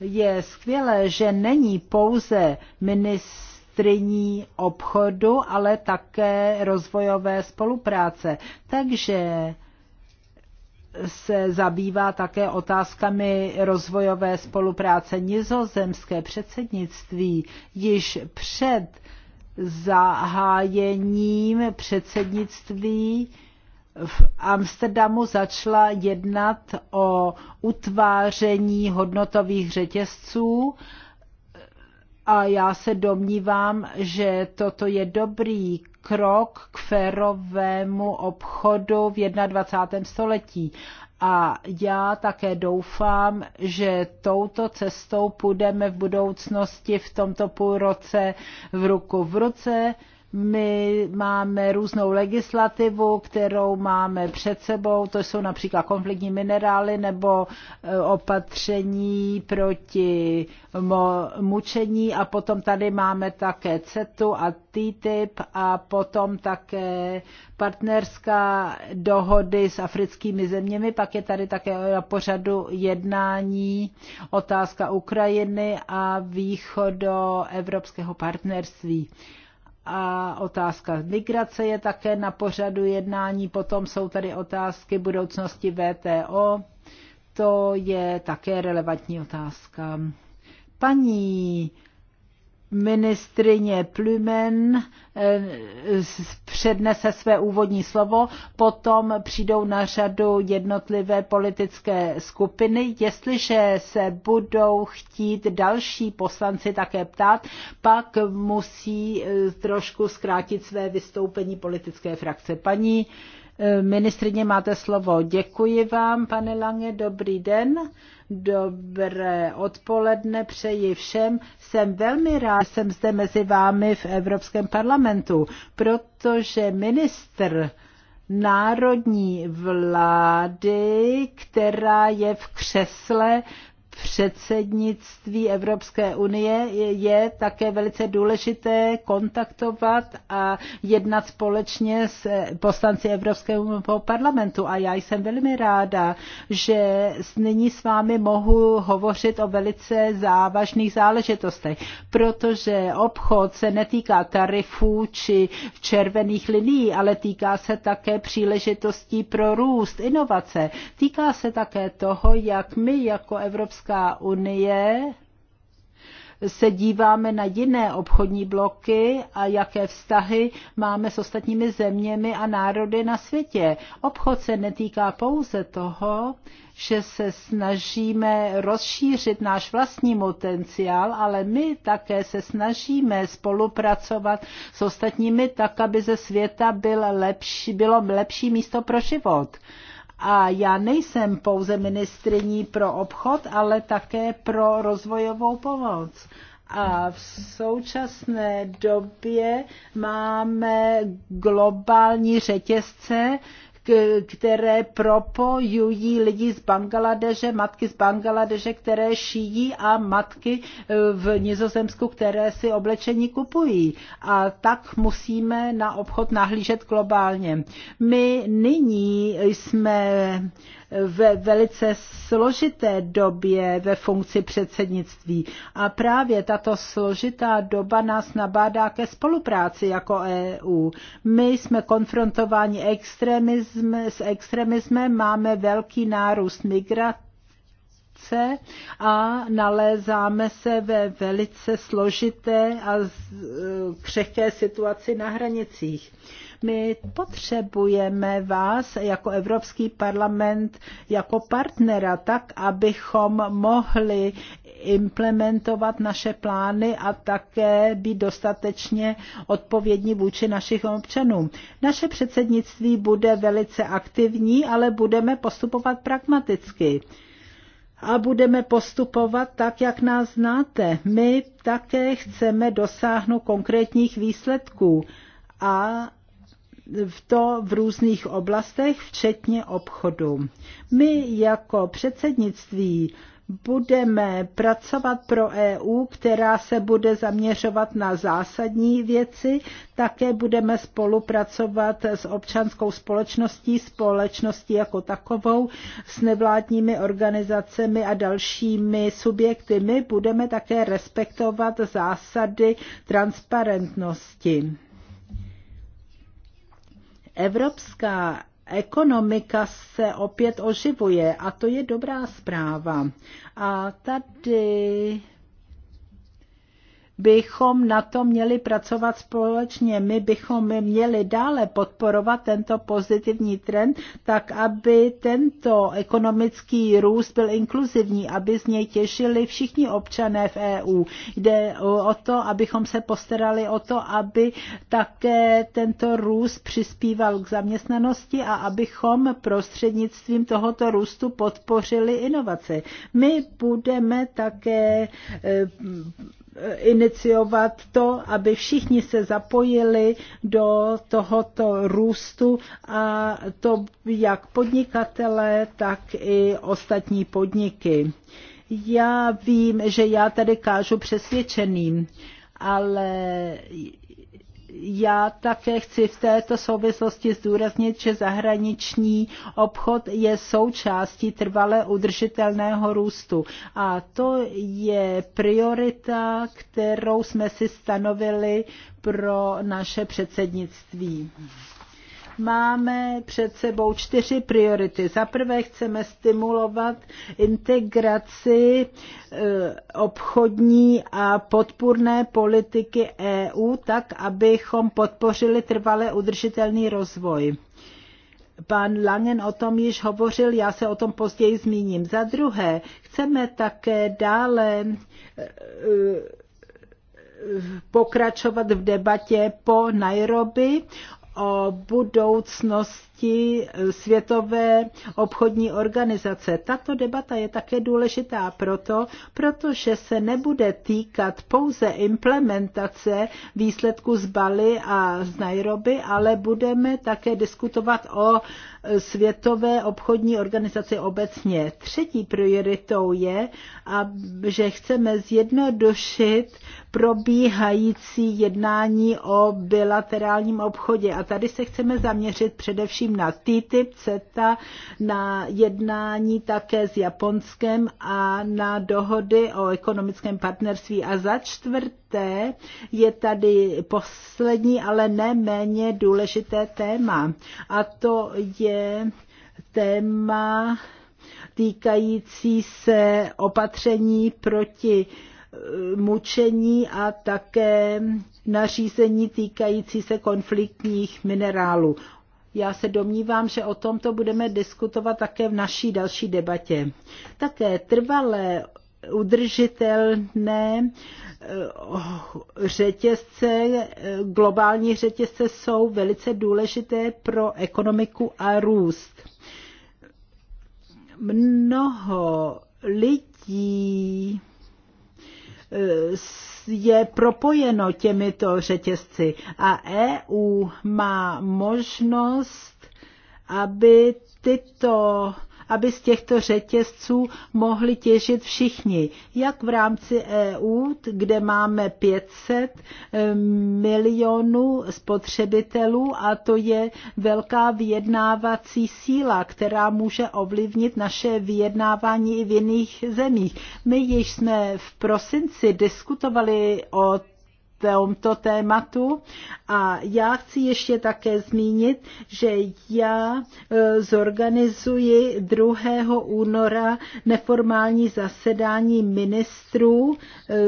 je skvělé, že není pouze ministriní obchodu, ale také rozvojové spolupráce. Takže se zabývá také otázkami rozvojové spolupráce. Nizozemské předsednictví již před zahájením předsednictví v Amsterdamu začala jednat o utváření hodnotových řetězců a já se domnívám, že toto je dobrý krok k férovému obchodu v 21. století. A já také doufám, že touto cestou půjdeme v budoucnosti v tomto půlroce v ruku v ruce my máme různou legislativu, kterou máme před sebou, to jsou například konfliktní minerály nebo e, opatření proti mučení a potom tady máme také CETu a TTIP a potom také partnerská dohody s africkými zeměmi, pak je tady také na pořadu jednání otázka Ukrajiny a evropského partnerství a otázka migrace je také na pořadu jednání. Potom jsou tady otázky budoucnosti VTO. To je také relevantní otázka. Paní ministrině Plumen eh, přednese své úvodní slovo, potom přijdou na řadu jednotlivé politické skupiny. Jestliže se budou chtít další poslanci také ptát, pak musí eh, trošku zkrátit své vystoupení politické frakce. Paní Ministrině, máte slovo. Děkuji vám, pane Lange, dobrý den. Dobré odpoledne přeji všem. Jsem velmi rád, že jsem zde mezi vámi v Evropském parlamentu, protože ministr národní vlády, která je v křesle předsednictví Evropské unie je také velice důležité kontaktovat a jednat společně s eh, poslanci Evropského parlamentu. A já jsem velmi ráda, že nyní s vámi mohu hovořit o velice závažných záležitostech, protože obchod se netýká tarifů či červených linií, ale týká se také příležitostí pro růst, inovace. Týká se také toho, jak my jako Evropská Evropská unie se díváme na jiné obchodní bloky a jaké vztahy máme s ostatními zeměmi a národy na světě. Obchod se netýká pouze toho, že se snažíme rozšířit náš vlastní potenciál, ale my také se snažíme spolupracovat s ostatními tak, aby ze světa byl lepší, bylo lepší místo pro život. A já nejsem pouze ministriní pro obchod, ale také pro rozvojovou pomoc. A v současné době máme globální řetězce, které propojují lidi z Bangladeže, matky z Bangladeže, které šijí a matky eh, v Nizozemsku, které si oblečení kupují. A tak musíme na obchod nahlížet globálně. My nyní jsme ve velice složité době ve funkci předsednictví. A právě tato složitá doba nás nabádá ke spolupráci jako EU. My jsme konfrontováni extremism, s extremismem, máme velký nárůst migrat a nalézáme se ve velice složité a e, křehké situaci na hranicích. My potřebujeme vás jako Evropský parlament jako partnera, tak abychom mohli implementovat naše plány a také být dostatečně odpovědní vůči našich občanům. Naše předsednictví bude velice aktivní, ale budeme postupovat pragmaticky a budeme postupovat tak, jak nás znáte. My také chceme dosáhnout konkrétních výsledků a v to v různých oblastech, včetně obchodu. My jako předsednictví budeme pracovat pro EU, která se bude zaměřovat na zásadní věci. Také budeme spolupracovat s občanskou společností, společností jako takovou, s nevládními organizacemi a dalšími subjekty. My budeme také respektovat zásady transparentnosti. Evropská ekonomika se opět oživuje a to je dobrá zpráva. A tady bychom na to měli pracovat společně. My bychom měli dále podporovat tento pozitivní trend, tak aby tento ekonomický růst byl inkluzivní, aby z něj těšili všichni občané v EU. Jde o to, abychom se postarali o to, aby také tento růst přispíval k zaměstnanosti a abychom prostřednictvím tohoto růstu podpořili inovace. My budeme také eh, Eh, iniciovat to, aby všichni se zapojili do tohoto růstu a to jak podnikatele, tak i ostatní podniky. Já vím, že já tady kážu přesvědčeným, ale já také chci v této souvislosti zdůraznit, že zahraniční obchod je součástí trvale udržitelného růstu. A to je priorita, kterou jsme si stanovili pro naše předsednictví máme před sebou čtyři priority. Za prvé chceme stimulovat integraci eh, obchodní a podpůrné politiky EU tak, abychom podpořili trvale udržitelný rozvoj. Pan Langen o tom již hovořil, já se o tom později zmíním. Za druhé, chceme také dále eh, eh, pokračovat v debatě po Nairobi o budoucnosti oblasti eh, Světové obchodní organizace. Tato debata je také důležitá proto, protože se nebude týkat pouze implementace výsledků z Bali a z Nairobi, ale budeme také diskutovat o Světové obchodní organizaci obecně. Třetí prioritou je, že chceme zjednodušit probíhající jednání o bilaterálním obchodě. A tady se chceme zaměřit především těším na TTIP, CETA, na jednání také s Japonskem a na dohody o ekonomickém partnerství. A za čtvrté je tady poslední, ale ne méně důležité téma. A to je téma týkající se opatření proti eh, mučení a také nařízení týkající se konfliktních minerálů. Já se domnívám, že o tomto budeme diskutovat také v naší další debatě. Také trvalé udržitelné eh, řetězce, eh, globální řetězce jsou velice důležité pro ekonomiku a růst. Mnoho lidí eh, je propojeno těmito řetězci a EU má možnost, aby tyto aby z těchto řetězců mohli těžit všichni. Jak v rámci EU, kde máme 500 eh, milionů spotřebitelů a to je velká vyjednávací síla, která může ovlivnit naše vyjednávání i v jiných zemích. My již jsme v prosinci diskutovali o tomto tématu. A já chci ještě také zmínit, že já e, zorganizuji 2. února neformální zasedání ministrů e,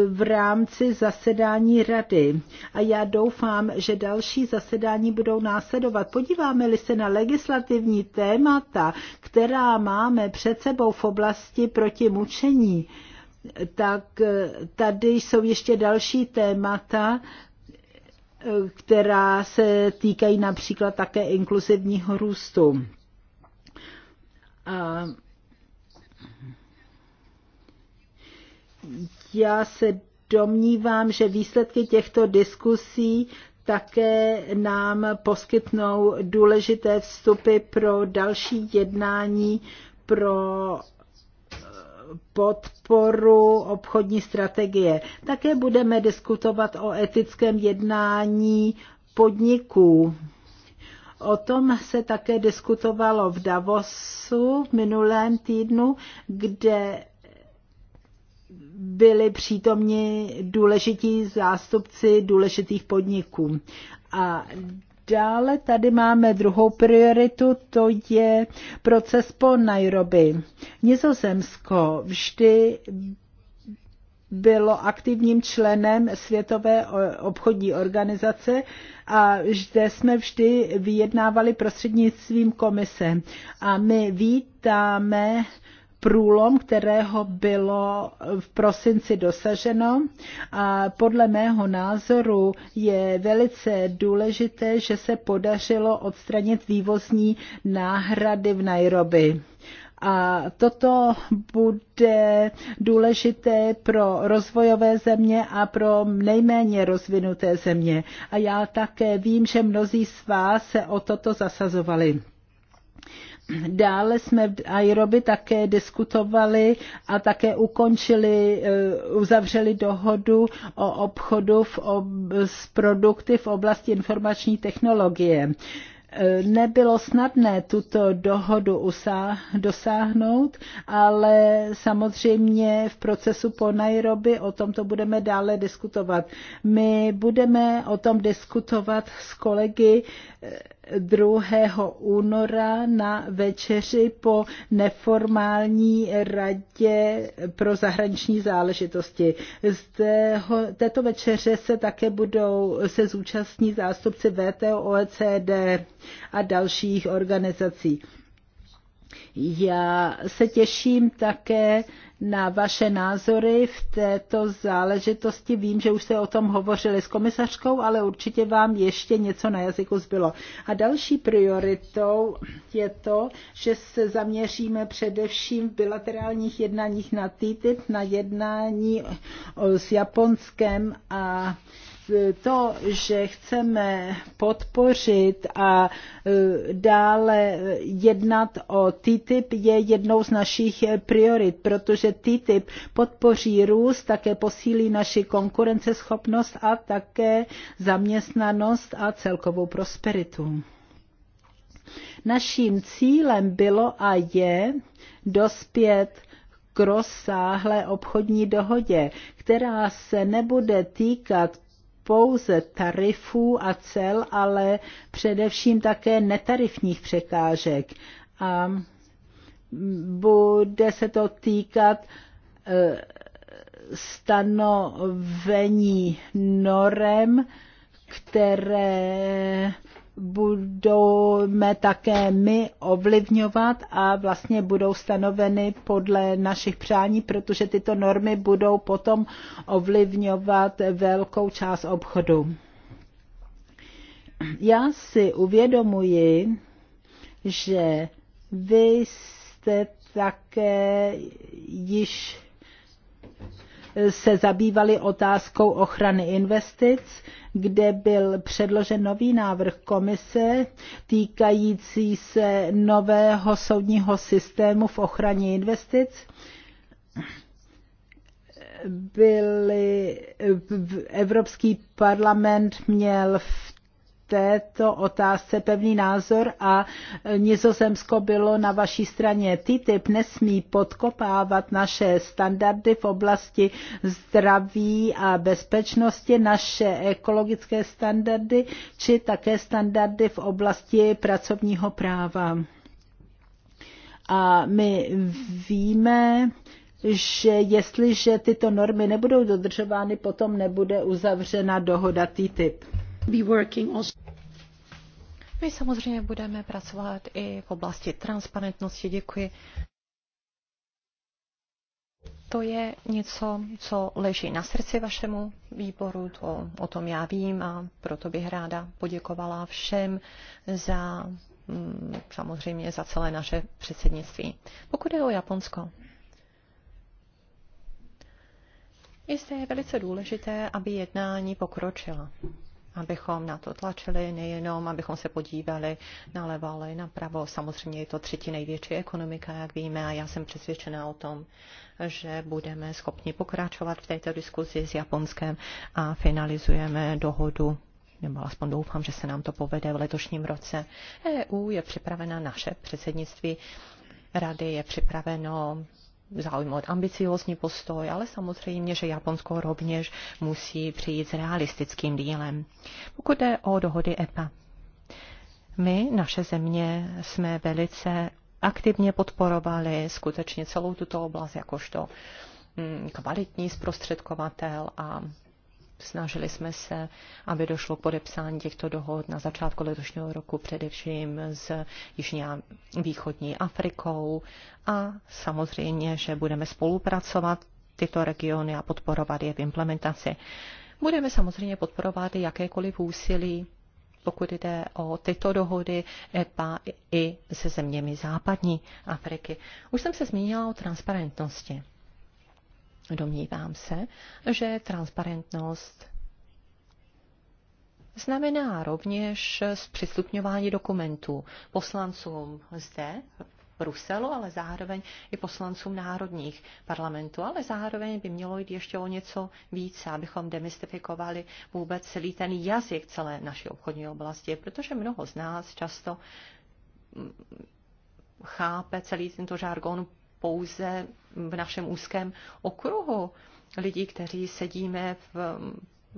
v rámci zasedání rady. A já doufám, že další zasedání budou následovat. Podíváme-li se na legislativní témata, která máme před sebou v oblasti proti mučení, tak eh, tady jsou ještě další témata, eh, která se týkají například také inkluzivního růstu. A já se domnívám, že výsledky těchto diskusí také nám poskytnou důležité vstupy pro další jednání pro podporu obchodní strategie. Také budeme diskutovat o etickém jednání podniků. O tom se také diskutovalo v Davosu v minulém týdnu, kde byli přítomni důležití zástupci důležitých podniků. A Dále tady máme druhou prioritu, to je proces po Nairobi. Nizozemsko vždy bylo aktivním členem Světové obchodní organizace a zde jsme vždy vyjednávali prostřednictvím komise. A my vítáme průlom, kterého bylo v prosinci dosaženo. A podle mého názoru je velice důležité, že se podařilo odstranit vývozní náhrady v Nairobi. A toto bude důležité pro rozvojové země a pro nejméně rozvinuté země. A já také vím, že mnozí z vás se o toto zasazovali. Dále jsme v Airobi také diskutovali a také ukončili, eh, uzavřeli dohodu o obchodu v ob, s produkty v oblasti informační technologie. Eh, nebylo snadné tuto dohodu dosáhnout, ale samozřejmě v procesu po Nairobi o tomto budeme dále diskutovat. My budeme o tom diskutovat s kolegy eh, 2. února na večeři po neformální radě pro zahraniční záležitosti. Z tého, této večeře se také budou se zúčastní zástupci VTO, OECD a dalších organizací. Já se těším také na vaše názory v této záležitosti. Vím, že už jste o tom hovořili s komisařkou, ale určitě vám ještě něco na jazyku zbylo. A další prioritou je to, že se zaměříme především v bilaterálních jednáních na TTIP, na jednání s Japonskem a to, že chceme podpořit a e, dále jednat o TTIP, je jednou z našich priorit, protože TTIP podpoří růst, také posílí naši konkurenceschopnost a také zaměstnanost a celkovou prosperitu. Naším cílem bylo a je dospět k rozsáhlé obchodní dohodě, která se nebude týkat pouze tarifů a cel, ale především také netarifních překážek. A bude se to týkat eh, stanovení norem, které budeme také my ovlivňovat a vlastně budou stanoveny podle našich přání, protože tyto normy budou potom ovlivňovat velkou část obchodu. Já si uvědomuji, že vy jste také již se zabývali otázkou ochrany investic, kde byl předložen nový návrh komise týkající se nového soudního systému v ochraně investic Byli, Evropský parlament měl této otázce pevný názor a Nizozemsko bylo na vaší straně. TTIP nesmí podkopávat naše standardy v oblasti zdraví a bezpečnosti, naše ekologické standardy či také standardy v oblasti pracovního práva. A my víme, že jestliže tyto normy nebudou dodržovány, potom nebude uzavřena dohoda TTIP. My samozřejmě budeme pracovat i v oblasti transparentnosti. Děkuji. To je něco, co leží na srdci vašemu výboru, to, o tom já vím a proto bych ráda poděkovala všem za mm, samozřejmě za celé naše předsednictví. Pokud je o Japonsko, jestli je velice důležité, aby jednání pokročila abychom na to tlačili, nejenom abychom se podívali na levo, ale i Samozřejmě je to třetí největší ekonomika, jak víme, a já jsem přesvědčena o tom, že budeme schopni pokračovat v této diskuzi s Japonskem a finalizujeme dohodu nebo aspoň doufám, že se nám to povede v letošním roce. EU je připravena naše předsednictví rady je připraveno zaujmout ambiciózní postoj, ale samozřejmě, že Japonsko rovněž musí přijít s realistickým dílem. Pokud jde o dohody EPA, my, naše země, jsme velice aktivně podporovali skutečně celou tuto oblast jakožto mm, kvalitní zprostředkovatel a Snažili jsme se, aby došlo k podepsání těchto dohod na začátku letošního roku, především s Jižní a Východní Afrikou. A samozřejmě, že budeme spolupracovat tyto regiony a podporovat je v implementaci. Budeme samozřejmě podporovat jakékoliv úsilí, pokud jde o tyto dohody EPA i se zeměmi západní Afriky. Už jsem se zmínila o transparentnosti. Domnívám se, že transparentnost znamená rovněž zpřistupňování dokumentů poslancům zde Bruselu, ale zároveň i poslancům národních parlamentů. Ale zároveň by mělo jít ještě o něco více, abychom demystifikovali vůbec celý ten jazyk celé naší obchodní oblasti, protože mnoho z nás často chápe celý tento žargon pouze v našem úzkém okruhu lidí, kteří sedíme v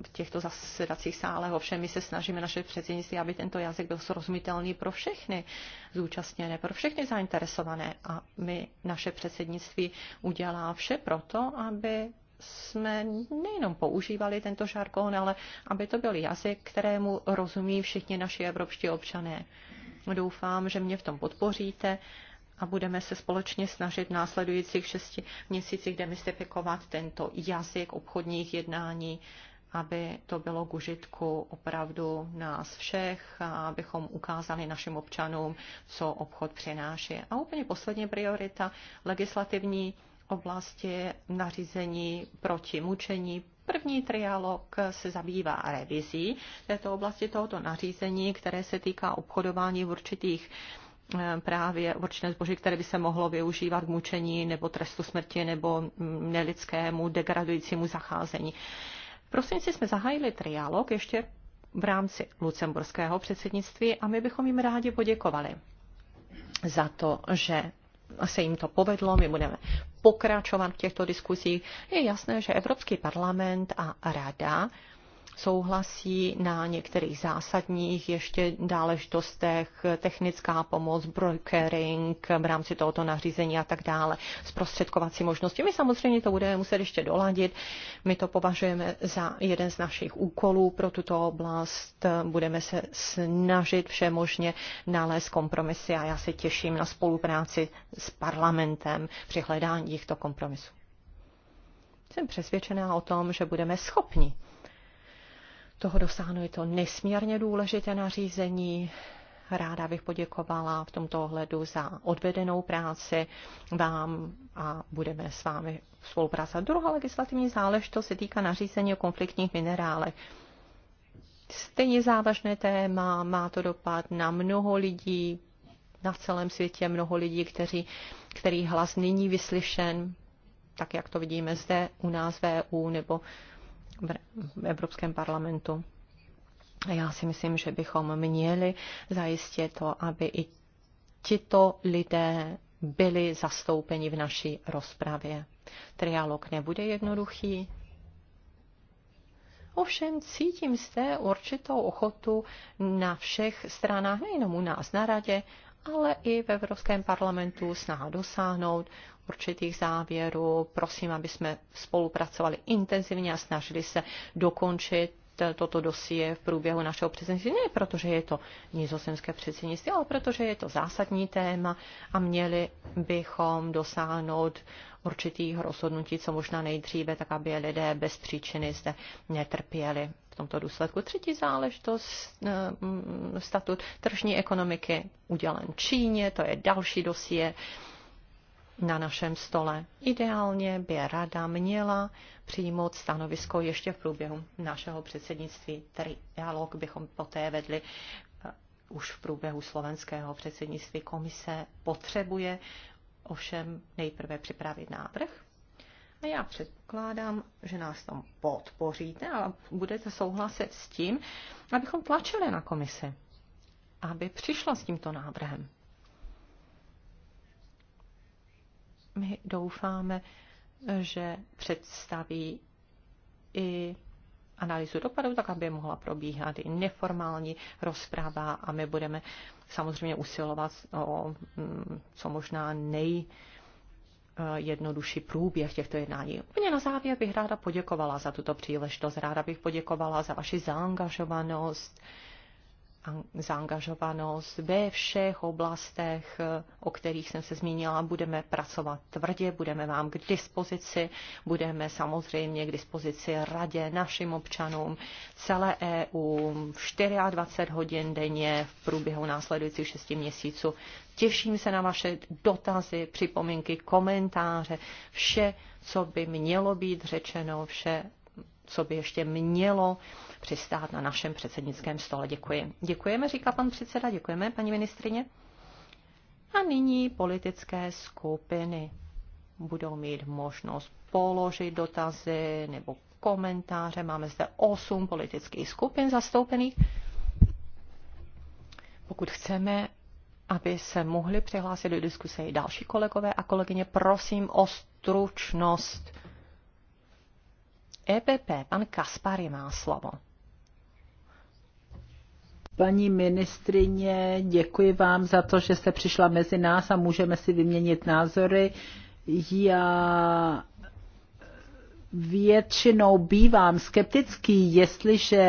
v těchto zasedacích sálech. Ovšem my se snažíme naše předsednictví, aby tento jazyk byl srozumitelný pro všechny zúčastněné, pro všechny zainteresované. A my, naše předsednictví, udělá vše proto, aby jsme nejenom používali tento žargon, ale aby to byl jazyk, kterému rozumí všichni naši evropští občané. Doufám, že mě v tom podpoříte a budeme se společně snažit v následujících šesti měsících demystifikovat tento jazyk obchodních jednání, aby to bylo k užitku opravdu nás všech a abychom ukázali našim občanům, co obchod přináší. A úplně poslední priorita legislativní oblasti nařízení proti mučení. První trialog se zabývá revizí této oblasti tohoto nařízení, které se týká obchodování v určitých Eh, právě určité zboží, které by se mohlo využívat k mučení nebo trestu smrti nebo mm, nelidskému degradujícímu zacházení. V prosinci jsme zahájili trialog ještě v rámci lucemburského předsednictví a my bychom jim rádi poděkovali za to, že se jim to povedlo, my budeme pokračovat v těchto diskuzích. Je jasné, že Evropský parlament a Rada souhlasí na některých zásadních ještě dáležitostech, technická pomoc, brokering v rámci tohoto nařízení a tak dále, zprostředkovací možnosti. My samozřejmě to budeme muset ještě doladit. My to považujeme za jeden z našich úkolů pro tuto oblast. Budeme se snažit všemožně nalézt kompromisy a já se těším na spolupráci s parlamentem při hledání těchto kompromisů. Jsem přesvědčená o tom, že budeme schopni toho dosáhnu. Je to nesmírně důležité nařízení. Ráda bych poděkovala v tomto ohledu za odvedenou práci vám a budeme s vámi spolupracovat. Druhá legislativní záležitost se týká nařízení o konfliktních minerálech. Stejně závažné téma, má to dopad na mnoho lidí, na celém světě mnoho lidí, kteří, který hlas není vyslyšen, tak jak to vidíme zde u nás v EU nebo v Evropském parlamentu. A já si myslím, že bychom měli zajistit to, aby i tito lidé byli zastoupeni v naší rozpravě. Trialog nebude jednoduchý. Ovšem cítím zde určitou ochotu na všech stranách, nejenom u nás na radě, ale i v Evropském parlamentu snaha dosáhnout určitých závěrů. Prosím, aby jsme spolupracovali intenzivně a snažili se dokončit toto dosie v průběhu našeho předsednictví. Ne protože je to nizozemské předsednictví, ale protože je to zásadní téma a měli bychom dosáhnout určitých rozhodnutí, co možná nejdříve, tak aby lidé bez příčiny zde netrpěli tomto důsledku. Třetí záležitost, eh, mm, statut tržní ekonomiky udělen Číně, to je další dosie na našem stole. Ideálně by rada měla přijmout stanovisko ještě v průběhu našeho předsednictví. Dialog bychom poté vedli eh, už v průběhu slovenského předsednictví komise potřebuje ovšem nejprve připravit návrh a já předpokládám, že nás tam podpoříte, ale budete souhlasit s tím, abychom tlačili na komisi, aby přišla s tímto návrhem. My doufáme, že představí i analýzu dopadu, tak aby mohla probíhat i neformální rozpráva a my budeme samozřejmě usilovat o mm, co možná nej Eh, jednodušší průběh těchto jednání. Úplně na závěr bych ráda poděkovala za tuto příležitost, ráda bych poděkovala za vaši zaangažovanost, zaangažovanost ve všech oblastech, o kterých jsem se zmínila. Budeme pracovat tvrdě, budeme vám k dispozici, budeme samozřejmě k dispozici radě, našim občanům, celé EU 24 hodin denně v průběhu následujících 6 měsíců. Těším se na vaše dotazy, připomínky, komentáře, vše, co by mělo být řečeno, vše, co by ještě mělo uh, přistát na našem předsednickém stole. Děkuji. Děkujeme, říká pan předseda, děkujeme, paní ministrině. A nyní politické skupiny budou mít možnost položit dotazy nebo komentáře. Máme zde osm politických skupin zastoupených. Pokud chceme, aby se mohli přihlásit do diskuse i další kolegové a kolegyně, prosím o stručnost. EPP, pan Kaspary má slovo. Paní ministrině, děkuji vám za to, že jste přišla mezi nás a můžeme si vyměnit názory. Já většinou bývám skeptický, jestliže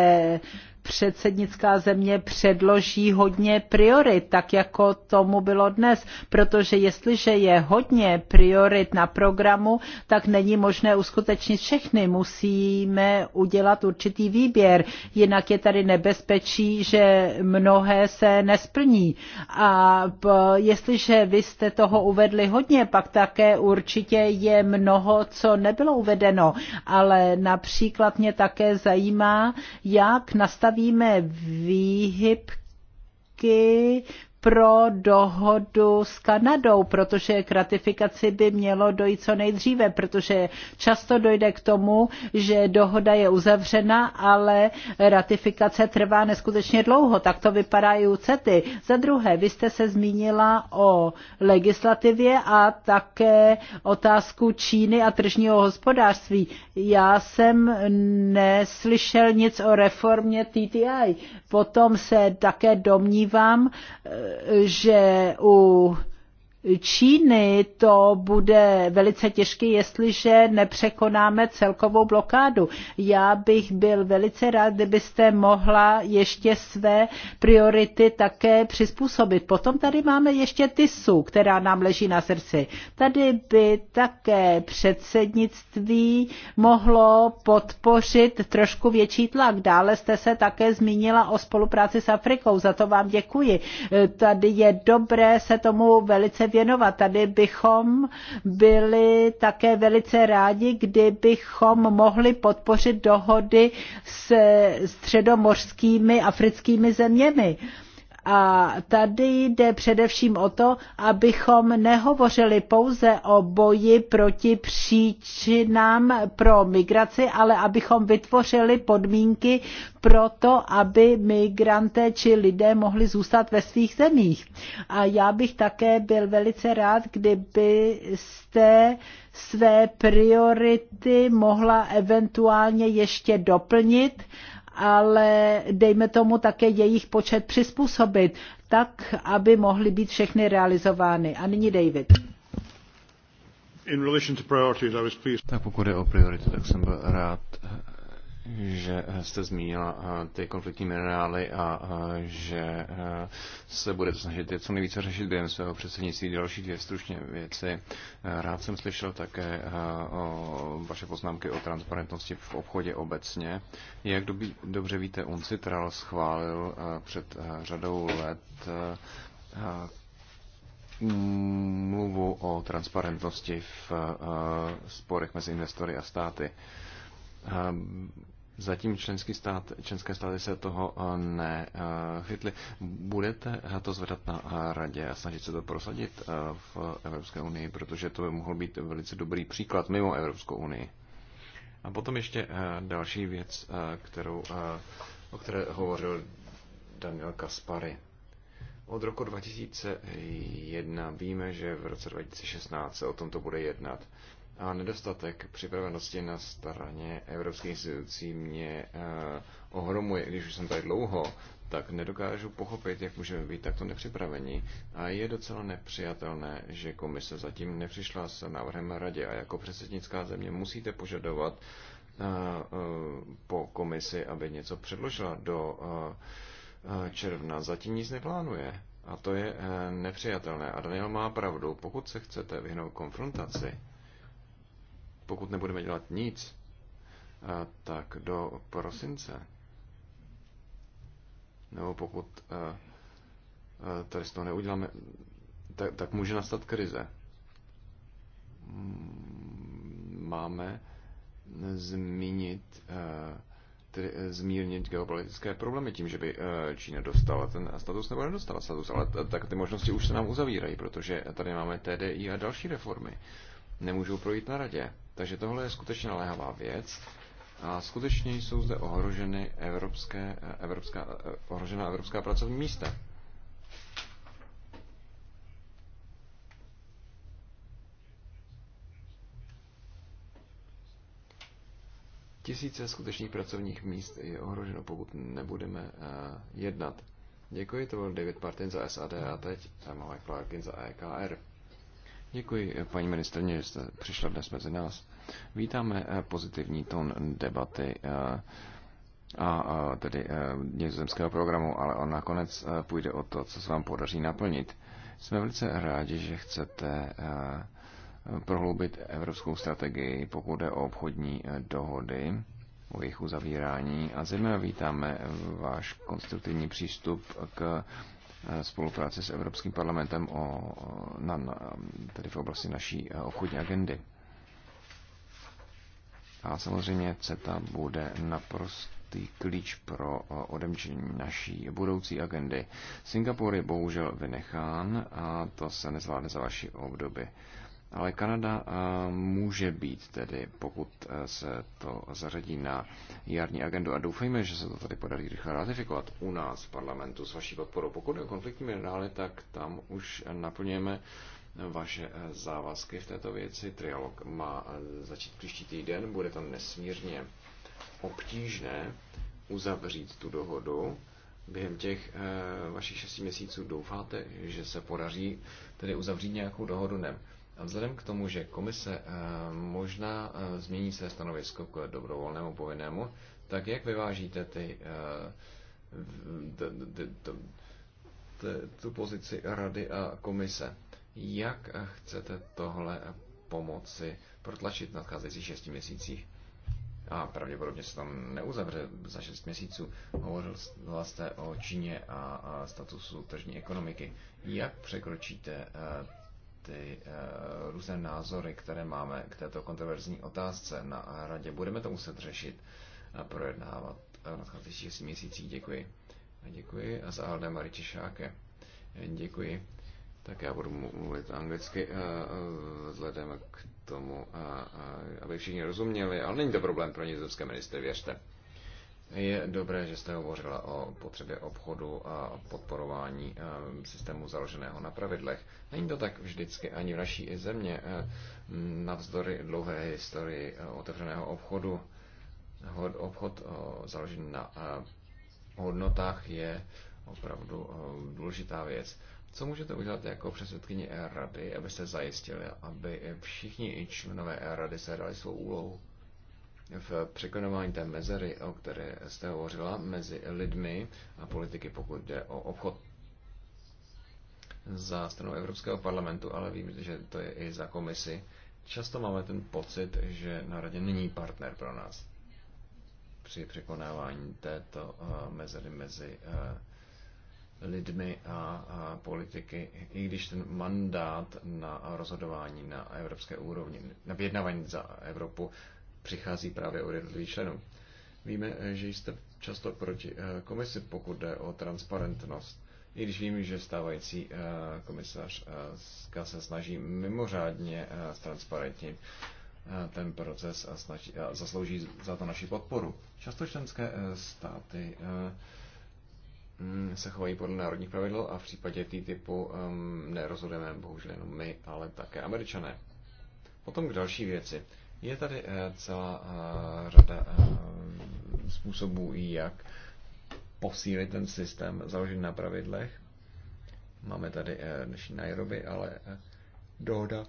předsednická země předloží hodně priorit, tak jako tomu bylo dnes, protože jestliže je hodně priorit na programu, tak není možné uskutečnit všechny. Musíme udělat určitý výběr, jinak je tady nebezpečí, že mnohé se nesplní. A jestliže vy jste toho uvedli hodně, pak také určitě je mnoho, co nebylo uvedeno. Ale například mě také zajímá, jak nastavit nastavíme výhybky, pro dohodu s Kanadou, protože k ratifikaci by mělo dojít co nejdříve, protože často dojde k tomu, že dohoda je uzavřena, ale ratifikace trvá neskutečně dlouho. Tak to vypadá i u CETY. Za druhé, vy jste se zmínila o legislativě a také otázku Číny a tržního hospodářství. Já jsem neslyšel nic o reformě TTI. Potom se také domnívám, že u Číny to bude velice těžké, jestliže nepřekonáme celkovou blokádu. Já bych byl velice rád, kdybyste mohla ještě své priority také přizpůsobit. Potom tady máme ještě TISu, která nám leží na srdci. Tady by také předsednictví mohlo podpořit trošku větší tlak. Dále jste se také zmínila o spolupráci s Afrikou, za to vám děkuji. Tady je dobré se tomu velice věnovat. Tady bychom byli také velice rádi, kdybychom mohli podpořit dohody se středomořskými africkými zeměmi. A tady jde především o to, abychom nehovořili pouze o boji proti příčinám pro migraci, ale abychom vytvořili podmínky pro to, aby migranté či lidé mohli zůstat ve svých zemích. A já bych také byl velice rád, kdybyste své priority mohla eventuálně ještě doplnit ale dejme tomu také jejich počet přizpůsobit, tak, aby mohly být všechny realizovány. A nyní David. Tak pokud je o priority, tak jsem byl rád, že eh, jste zmínila eh, ty konfliktní minerály a eh, že se budete snažit je co nejvíce řešit během svého předsednictví. Další dvě stručně věci. Rád jsem slyšel také o vaše poznámky o transparentnosti v obchodě obecně. Jak dobí, dobře víte, UNCITRAL schválil před řadou let mluvu o transparentnosti v sporech mezi investory a státy. Ehm, zatím členský stát, členské státy se toho eh, nechytly. Budete eh, to zvedat na eh, radě a snažit se to prosadit v Evropské unii, protože to by mohl být velice dobrý příklad mimo Evropskou unii. A potom ještě další věc, kterou, o které hovořil Daniel Kaspary. Od roku 2001 víme, že v roce 2016 se o tomto bude jednat a nedostatek připravenosti na straně evropských institucí mě uh, ohromuje. Když už jsem tady dlouho, tak nedokážu pochopit, jak můžeme být takto nepřipraveni. A je docela nepřijatelné, že komise zatím nepřišla s návrhem radě a jako předsednická země musíte požadovat uh, uh, po komisi, aby něco předložila do uh, června. Zatím nic neplánuje. A to je nepřijatelné. A Daniel má pravdu. Pokud se chcete vyhnout konfrontaci, pokud nebudeme dělat nic, tak do prosince, nebo pokud tady z toho neuděláme, tak, tak může nastat krize. Máme zmínit, tedy zmírnit geopolitické problémy tím, že by Čína dostala ten status nebo nedostala status, ale tak ty možnosti už se nám uzavírají, protože tady máme TDI a další reformy. Nemůžou projít na radě. Takže tohle je skutečně naléhavá věc. A skutečně jsou zde ohroženy evropské, evropská, ohrožená evropská pracovní místa. Tisíce skutečných pracovních míst je ohroženo, pokud nebudeme eh, jednat. Děkuji, to byl David Martin za SAD a teď Mike Clarkin za EKR. Děkuji, paní ministrně, že jste přišla dnes mezi nás. Vítáme eh, pozitivní tón debaty eh, a tedy eh, nizozemského programu, ale on nakonec půjde o to, co se vám podaří naplnit. Jsme velice rádi, že chcete prohloubit evropskou strategii, pokud jde o obchodní dohody, o jejich uzavírání a zejména vítáme váš konstruktivní přístup k Eh, spolupráci s Evropským parlamentem o, na, na, tedy v oblasti naší eh, obchodní agendy. A samozřejmě CETA bude naprostý klíč pro eh, odemčení naší budoucí agendy. Singapur je bohužel vynechán a to se nezvládne za vaši obdoby. Ale Kanada eh, může být tedy, pokud eh, se to zařadí na jarní agendu a doufejme, že se to tady podaří rychle ratifikovat u nás v parlamentu s vaší podporou. Pokud je o konfliktní minerály, tak tam už naplňujeme vaše eh, závazky v této věci. Trialog má začít příští týden, bude to nesmírně obtížné uzavřít tu dohodu. Během těch vašich šesti měsíců doufáte, že se podaří tedy uzavřít nějakou dohodu? Ne. A vzhledem k tomu, že komise eh, možná eh, změní své stanovisko k dobrovolnému povinnému, tak jak vyvážíte ty, eh, tu pozici rady a komise? Jak chcete tohle pomoci protlačit v nadcházejících šesti měsících? A pravděpodobně se tam neuzavře za šest měsíců. Hovořil jste o Číně a statusu tržní ekonomiky. Jak překročíte ty eh, různé názory, které máme k této kontroverzní otázce na radě. Budeme to muset řešit a projednávat v nadcházejících měsících. Děkuji. A děkuji. A za Alde Mariči Šáke. Děkuji. Tak já budu mluvit anglicky eh, eh, vzhledem k tomu, aby všichni rozuměli, ale není to problém pro nizozemské ministry, věřte. Je dobré, že jste hovořila o potřebě obchodu a podporování eh, systému založeného na pravidlech. Není to tak vždycky ani v naší země. Eh, navzdory dlouhé historii eh, otevřeného obchodu, obchod založený na hodnotách je opravdu důležitá věc. Co můžete udělat jako předsedkyni rady, abyste zajistili, aby všichni členové rady se dali svou úlohu? v překonování té mezery, o které jste hovořila, mezi lidmi a politiky, pokud jde o obchod za stranou Evropského parlamentu, ale vím, že to je i za komisi. Často máme ten pocit, že na radě není partner pro nás při překonávání této eh, mezery mezi eh, lidmi a politiky, i když ten mandát na rozhodování na evropské úrovni, na vyjednávání za Evropu přichází právě od jednotlivých členů. Víme, eh, že jste často proti eh, komisi, pokud jde o transparentnost. I když vím, že stávající eh, komisař se snaží mimořádně transparentně ten proces a, snaží, a zaslouží za to naši podporu. Často členské státy mm, se chovají podle národních pravidel a v případě té typu ehm, nerozhodujeme bohužel jenom my, ale také američané. Potom k další věci. Je tady eh, celá eh, řada eh, způsobů, jak posílit ten systém založený na pravidlech. Máme tady dnešní Nairobi, ale dohoda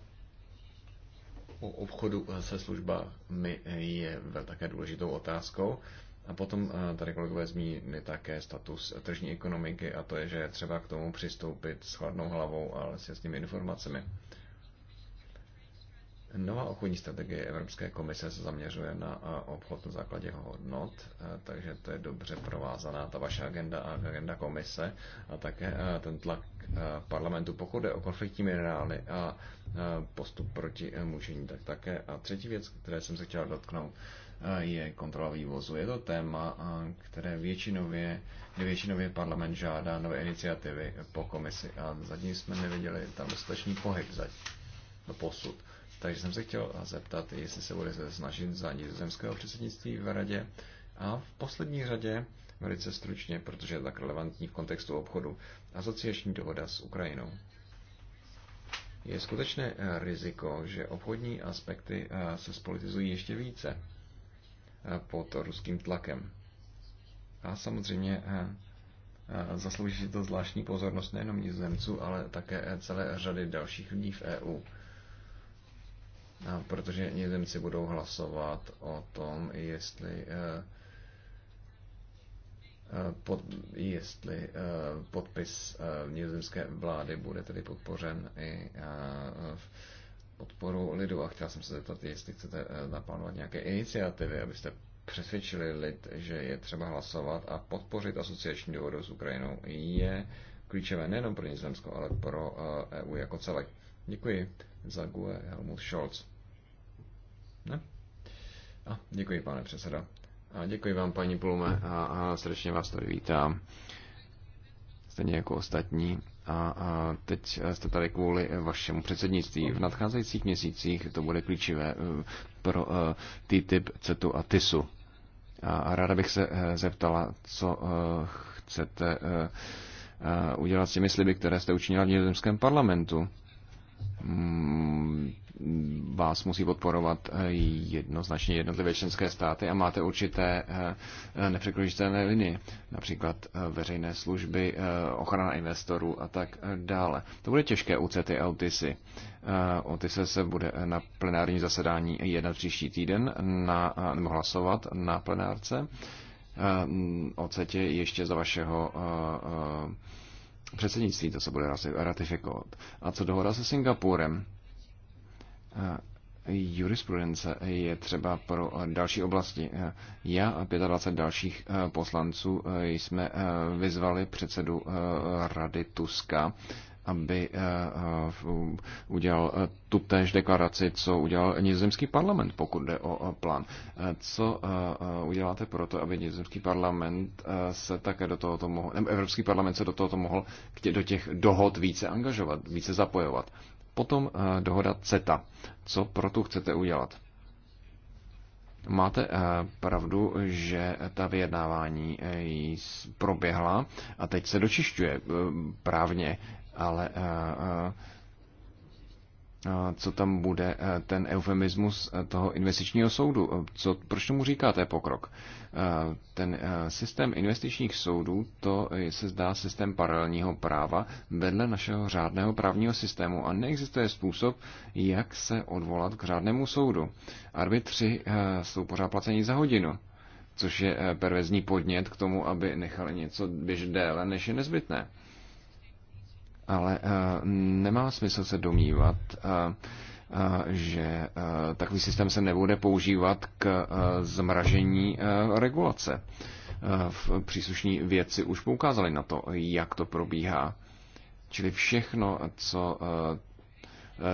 o obchodu se službami je také důležitou otázkou. A potom tady kolegové zmínili také status tržní ekonomiky a to je, že je třeba k tomu přistoupit s chladnou hlavou, ale s jasnými informacemi. Nová obchodní strategie Evropské komise se zaměřuje na eh, obchod na základě hodnot, eh, takže to je dobře provázaná ta vaše agenda a agenda komise a také eh, ten tlak parlamentu, pokud jde o konfliktní minerály a postup proti mučení, tak také. A třetí věc, které jsem se chtěl dotknout, je kontrola vývozu. Je to téma, které většinově, kde většinově parlament žádá nové iniciativy po komisi a zatím jsme neviděli tam dostatečný pohyb zatím, do posud takže jsem se chtěl zeptat, jestli se bude snažit za nizozemského předsednictví v radě. A v poslední řadě, velice stručně, protože je tak relevantní v kontextu obchodu, asociační dohoda s Ukrajinou. Je skutečné eh, riziko, že obchodní aspekty eh, se spolitizují ještě více eh, pod ruským tlakem. A samozřejmě zaslouží si to zvláštní pozornost nejenom nizozemců, ale také celé řady dalších lidí v EU protože Nizemci budou hlasovat o tom, jestli eh, eh, pod, jestli eh, podpis Nizemské vlády bude tedy podpořen i v podporu lidu. A chtěl jsem se zeptat, jestli chcete naplánovat nějaké iniciativy, abyste přesvědčili lid, že je třeba hlasovat a podpořit asociační dohodu s Ukrajinou je klíčové nejenom pro Nizozemsko, ale pro EU e jako celek. Děkuji. Za GUE Helmut Scholz. Ne? A, děkuji, pane předseda. A děkuji vám, paní Plume, a, a srdečně vás tady vítám. Stejně jako ostatní. A, a teď jste tady kvůli vašemu předsednictví. V nadcházejících měsících to bude klíčivé eh, pro eh, TTIP, CETu a TISu. A ráda bych se eh, zeptala, co chcete udělat s těmi sliby, které jste učinila v nizozemském parlamentu. Hmm, vás musí podporovat eh, jednoznačně jednotlivé členské státy a máte určité eh, nepřekročitelné linie, například eh, veřejné služby, ochrana investorů a tak dále. To bude těžké u CETY a UTISy. UTISy se bude na plenární zasedání jednat příští týden, na, nebo hlasovat na plenárce. O CETě ještě za vašeho předsednictví, to se bude ratifikovat. A co dohoda se Singapurem? Eh, jurisprudence je třeba pro eh, další oblasti. Eh, já a 25 dalších poslanců jsme vyzvali předsedu Rady Tuska, aby udělal tu též deklaraci, co udělal nizozemský parlament, pokud jde o plán. Co uděláte pro to, aby nizozemský parlament se také do tohoto mohl, nebo Evropský parlament se do tohoto mohl do těch dohod více angažovat, více zapojovat? Potom eh, dohoda CETA. Co pro tu chcete udělat? Máte eh, pravdu, že ta vyjednávání eh, proběhla a teď se dočišťuje právně, ale co tam bude e, ten eufemismus e, toho investičního soudu. E, co, proč tomu říkáte pokrok? Ten systém investičních soudů, to se zdá systém paralelního práva vedle našeho řádného právního systému a neexistuje způsob, jak se odvolat k řádnému soudu. Arbitři jsou pořád placeni za hodinu což je pervezní podnět k tomu, aby nechali něco běžet déle, než je nezbytné ale eh, nemá smysl se domnívat, eh, eh, že takový systém se nebude používat k zmražení regulace. Příslušní věci už poukázali na to, jak to probíhá. Čili všechno, co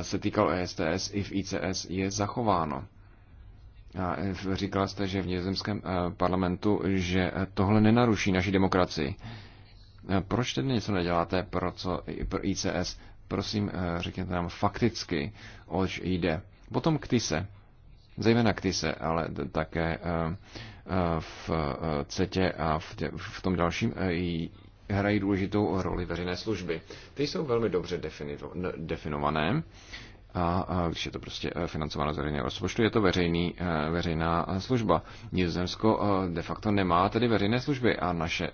se týkalo ESTS i v ICS, je zachováno. A říkala jste, že v nizozemském parlamentu, že tohle nenaruší naši demokracii. Eh, proč tedy něco neděláte pro, co, pro ICS? Prosím, eh, řekněte nám fakticky, oč jde. Potom k se, zejména k se, ale také eh, v CETě a v, tě, v tom dalším hrají důležitou roli veřejné služby. Ty jsou velmi dobře definované a, a když je to prostě eh, financováno z veřejného rozpočtu, je to veřejný, eh, veřejná služba. Nizozemsko eh, de facto nemá tedy veřejné služby a naše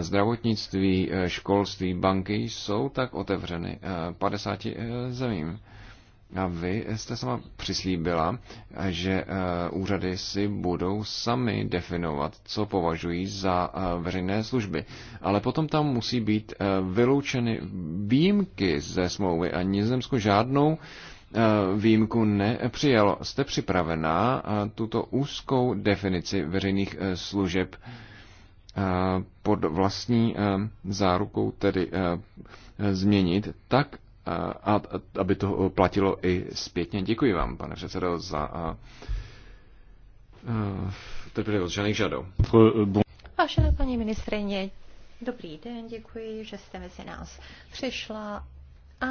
zdravotnictví, školství, banky jsou tak otevřeny 50 zemím. A vy jste sama přislíbila, že eh, úřady si budou sami definovat, co považují za eh, veřejné služby. Ale potom tam musí být eh, vyloučeny výjimky ze smlouvy a Nizozemsko žádnou výjimku nepřijalo. Jste připravená tuto úzkou definici veřejných služeb pod vlastní zárukou tedy změnit tak, a aby to platilo i zpětně. Děkuji vám, pane předsedo, za trpělivost. Žádných žadou. Vážená paní ministrině, dobrý den, děkuji, že jste mezi nás přišla a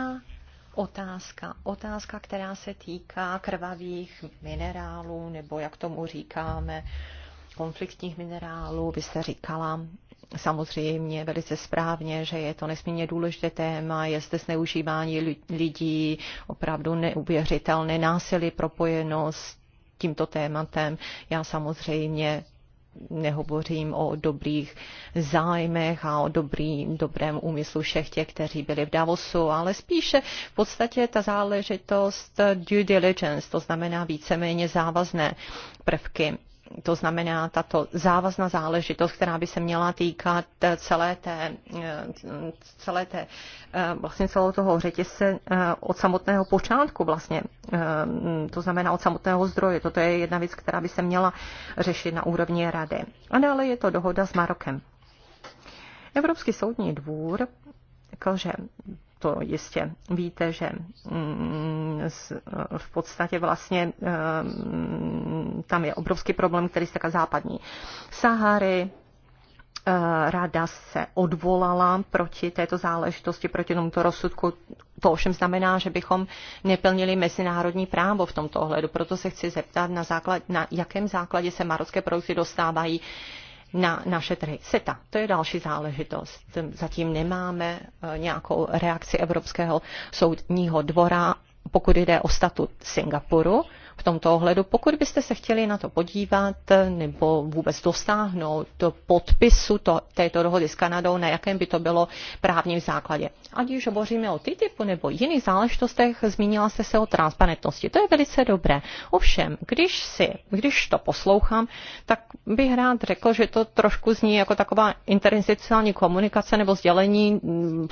otázka. Otázka, která se týká krvavých minerálů, nebo jak tomu říkáme, konfliktních minerálů. Vy jste říkala, samozřejmě velice správně, že je to nesmírně důležité téma, je zde zneužívání lidí, opravdu neuvěřitelné násilí propojeno s tímto tématem. Já samozřejmě nehovořím o dobrých zájmech a o dobrý, dobrém úmyslu všech těch, kteří byli v Davosu, ale spíše v podstatě ta záležitost due diligence, to znamená víceméně závazné prvky to znamená tato závazná záležitost, která by se měla týkat eh, celé té, eh, celé té eh, vlastně celého toho řetězce od samotného počátku vlastně, to znamená od samotného zdroje. Toto je jedna věc, která by se měla řešit na úrovni rady. A dále je to dohoda s Marokem. Evropský soudní dvůr řekl, že to jistě víte, že mm, v podstatě vlastně mm, tam je obrovský problém, který se taká západní Sahary, e, Rada se odvolala proti této záležitosti, proti tomuto rozsudku. To ovšem znamená, že bychom neplnili mezinárodní právo v tomto ohledu. Proto se chci zeptat, na, základ, na jakém základě se marocké produkty dostávají na naše trhy. SETA, to je další záležitost. Zatím nemáme eh, nějakou reakci Evropského soudního dvora, pokud jde o statut Singapuru v tomto ohledu. Pokud byste se chtěli na to podívat nebo vůbec dosáhnout do podpisu to, této dohody s Kanadou, na jakém by to bylo právním základě. Ať už hovoříme o TTIPu nebo jiných záležitostech, zmínila jste se o transparentnosti. To je velice dobré. Ovšem, když si, když to poslouchám, tak bych rád řekl, že to trošku zní jako taková interinstitucionální komunikace nebo sdělení, mm,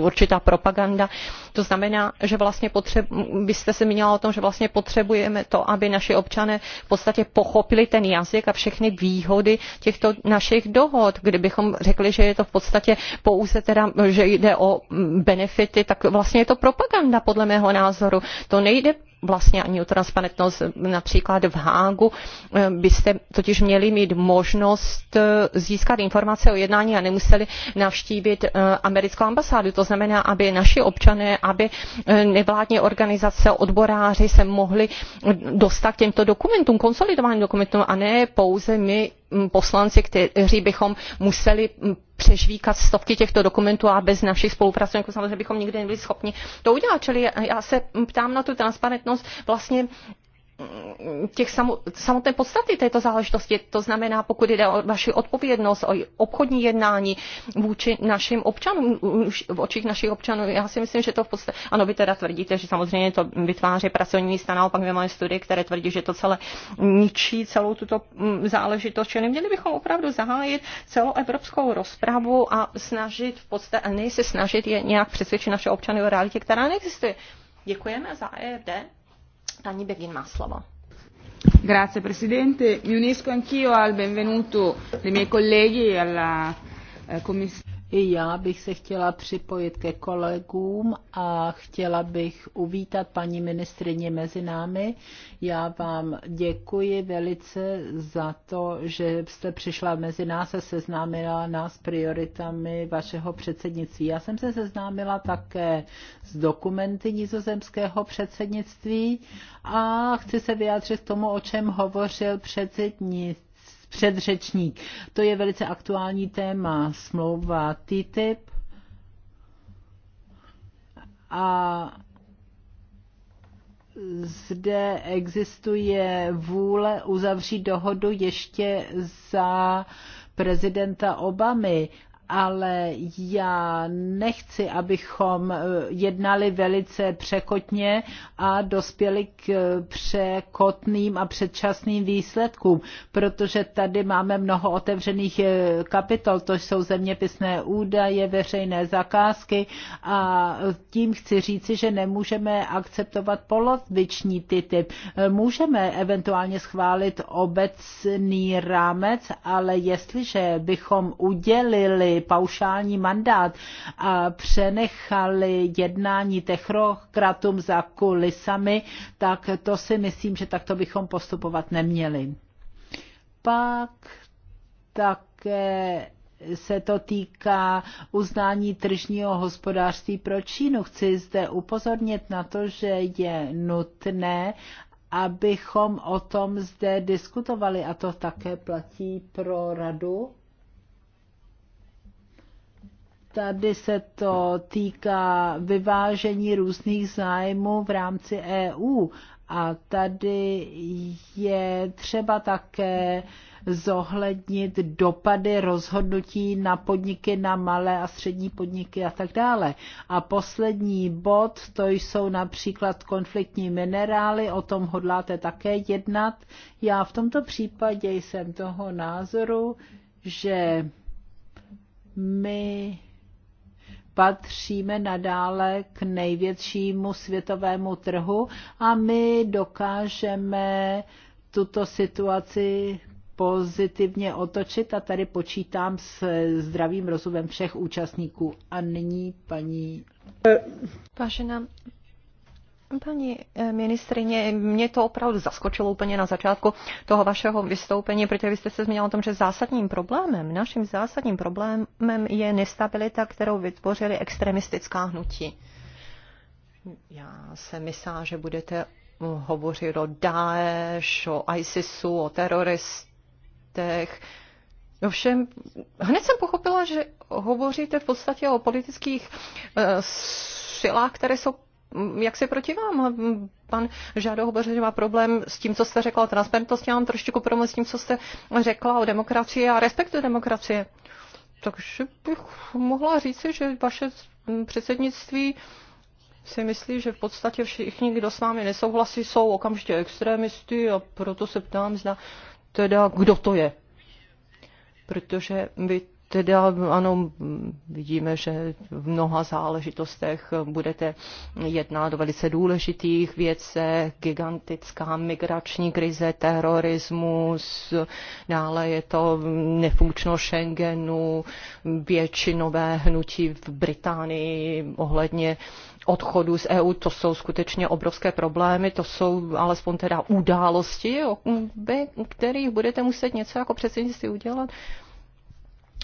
určitá propaganda. To znamená, že vlastně potřebu, byste se zmínila o tom, že vlastně potřebujeme to, aby naši občané v podstatě pochopili ten jazyk a všechny výhody těchto našich dohod. Kdybychom řekli, že je to v podstatě pouze teda, že jde o benefity, tak vlastně je to propaganda podle mého názoru. To nejde vlastně ani o transparentnost. Například v Hágu eh, byste totiž měli mít možnost eh, získat informace o jednání a nemuseli navštívit eh, americkou ambasádu. To znamená, aby naši občané, aby nevládní organizace, odboráři se mohli dostat k těmto dokumentům, konsolidovaným dokumentům a ne pouze my poslanci, kteří bychom museli přežvýkat stovky těchto dokumentů a bez našich spolupracovníků samozřejmě bychom nikdy nebyli schopni to udělat. Čili já se ptám na tu transparentnost vlastně těch samotné podstaty této záležitosti. To znamená, pokud jde o vaši odpovědnost, o obchodní jednání vůči našim občanům, v očích našich občanů, já si myslím, že to v podstatě, ano, vy teda tvrdíte, že samozřejmě to vytváří pracovní místa, naopak my máme studie, které tvrdí, že to celé ničí celou tuto mm, záležitost, čili měli bychom opravdu zahájit celou evropskou rozpravu a snažit v podstatě, ne se snažit je nějak přesvědčit naše občany o realitě, která neexistuje. Děkujeme za EFD. Paní Begin má slovo. Grazie Presidente, mi unisco anch'io al benvenuto dei miei colleghi e alla eh, Commissione. I já bych se chtěla připojit ke kolegům a chtěla bych uvítat paní ministrině mezi námi. Já vám děkuji velice za to, že jste přišla mezi nás a seznámila nás s prioritami vašeho předsednictví. Já jsem se seznámila také s dokumenty nizozemského předsednictví a chci se vyjádřit k tomu, o čem hovořil předsednictví předřečník. To je velice aktuální téma, smlouva TTIP a zde existuje vůle uzavřít dohodu ještě za prezidenta Obamy ale já nechci, abychom eh, jednali velice překotně a dospěli k eh, překotným a předčasným výsledkům, protože tady máme mnoho otevřených eh, kapitol, to jsou zeměpisné údaje, veřejné zakázky a tím chci říci, že nemůžeme akceptovat poloviční ty typ. Můžeme eventuálně schválit obecný rámec, ale jestliže bychom udělili paušální mandát a přenechali jednání technokratům za kulisami, tak to si myslím, že takto bychom postupovat neměli. Pak také se to týká uznání tržního hospodářství pro Čínu. Chci zde upozornit na to, že je nutné, abychom o tom zde diskutovali a to také platí pro radu Tady se to týká vyvážení různých zájmů v rámci EU a tady je třeba také zohlednit dopady rozhodnutí na podniky, na malé a střední podniky a tak dále. A poslední bod, to jsou například konfliktní minerály, o tom hodláte také jednat. Já v tomto případě jsem toho názoru, že my patříme nadále k největšímu světovému trhu a my dokážeme tuto situaci pozitivně otočit a tady počítám s zdravým rozumem všech účastníků. A nyní paní. Vážená Paní eh, ministrině, mě to opravdu zaskočilo úplně na začátku toho vašeho vystoupení, protože vy jste se zmínila o tom, že zásadním problémem, naším zásadním problémem je nestabilita, kterou vytvořili extremistická hnutí. Já se myslím, že budete hovořit o Daesh, o ISISu, o teroristech. Ovšem, hned jsem pochopila, že hovoříte v podstatě o politických uh, silách, které jsou jak se proti vám? Pan Žádo hovořil, že má problém s tím, co jste řekla o transparentnosti, já mám trošičku problém s tím, co jste řekla o demokracii a respektu demokracie. Takže bych mohla říci, že vaše předsednictví si myslí, že v podstatě všichni, kdo s námi nesouhlasí, jsou okamžitě extremisty a proto se ptám, zda teda kdo to je. Protože vy teda ano, vidíme, že v mnoha záležitostech budete jednat o velice důležitých věcech, gigantická migrační krize, terorismus, dále je to nefunkčno Schengenu, většinové hnutí v Británii ohledně odchodu z EU, to jsou skutečně obrovské problémy, to jsou alespoň teda události, o kterých budete muset něco jako předsednictví udělat.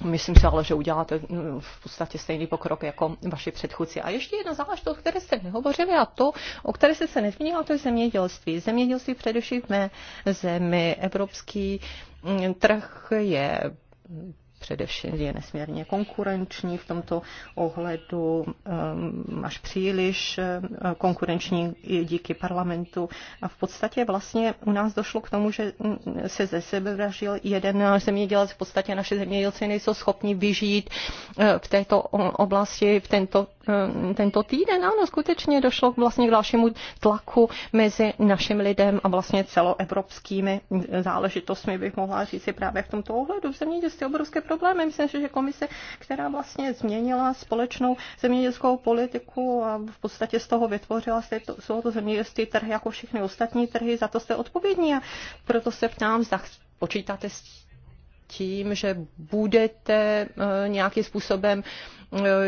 Myslím si ale, že uděláte mm, v podstatě stejný pokrok jako vaši předchůdci. A ještě jedna záležitost, o které jste nehovořili a to, o které jste se nezmínila, to je zemědělství. Zemědělství především v mé zemi. Evropský mm, trh je především je nesmírně konkurenční v tomto ohledu, um, až příliš eh, konkurenční i díky parlamentu. A v podstatě vlastně u nás došlo k tomu, že mm, se ze sebe vražil jeden zemědělec. V podstatě naše zemědělci nejsou schopni vyžít eh, v této oblasti, v tento Eh, tento týden, ano, skutečně došlo vlastně k dalšímu tlaku mezi našim lidem a vlastně celoevropskými záležitostmi, bych mohla říct právě v tomto ohledu. V zemědělství obrovské problémy. Myslím že komise, která vlastně změnila společnou zemědělskou politiku a v podstatě z toho vytvořila z, této, z zemědělství trhy jako všechny ostatní trhy, za to jste odpovědní a proto se ptám, zda počítáte s tím, že budete eh, nějakým způsobem uh,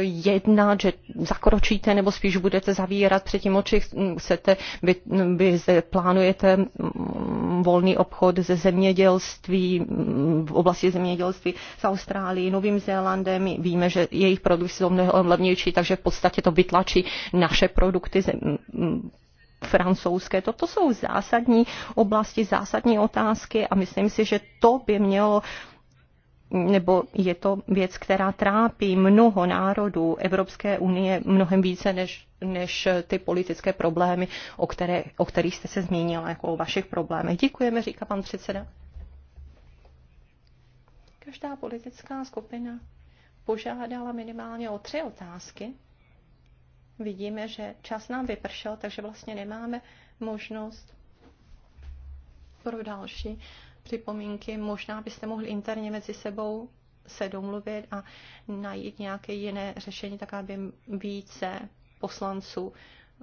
jednat, že zakročíte nebo spíš budete zavírat před tím oči, chcete, vy, vy zde plánujete mm, volný obchod ze zemědělství, mm, v oblasti zemědělství s Austrálií, Novým Zélandem. Víme, že jejich produkty jsou mnohem levnější, takže v podstatě to vytlačí naše produkty mm, francouzské. Toto jsou zásadní oblasti, zásadní otázky a myslím si, že to by mělo nebo je to věc, která trápí mnoho národů Evropské unie mnohem více než, než ty politické problémy, o, které, o kterých jste se zmínila, jako o vašich problémech. Děkujeme, říká pan předseda. Každá politická skupina požádala minimálně o tři otázky. Vidíme, že čas nám vypršel, takže vlastně nemáme možnost pro další připomínky. Možná byste mohli interně mezi sebou se domluvit a najít nějaké jiné řešení, tak aby více poslanců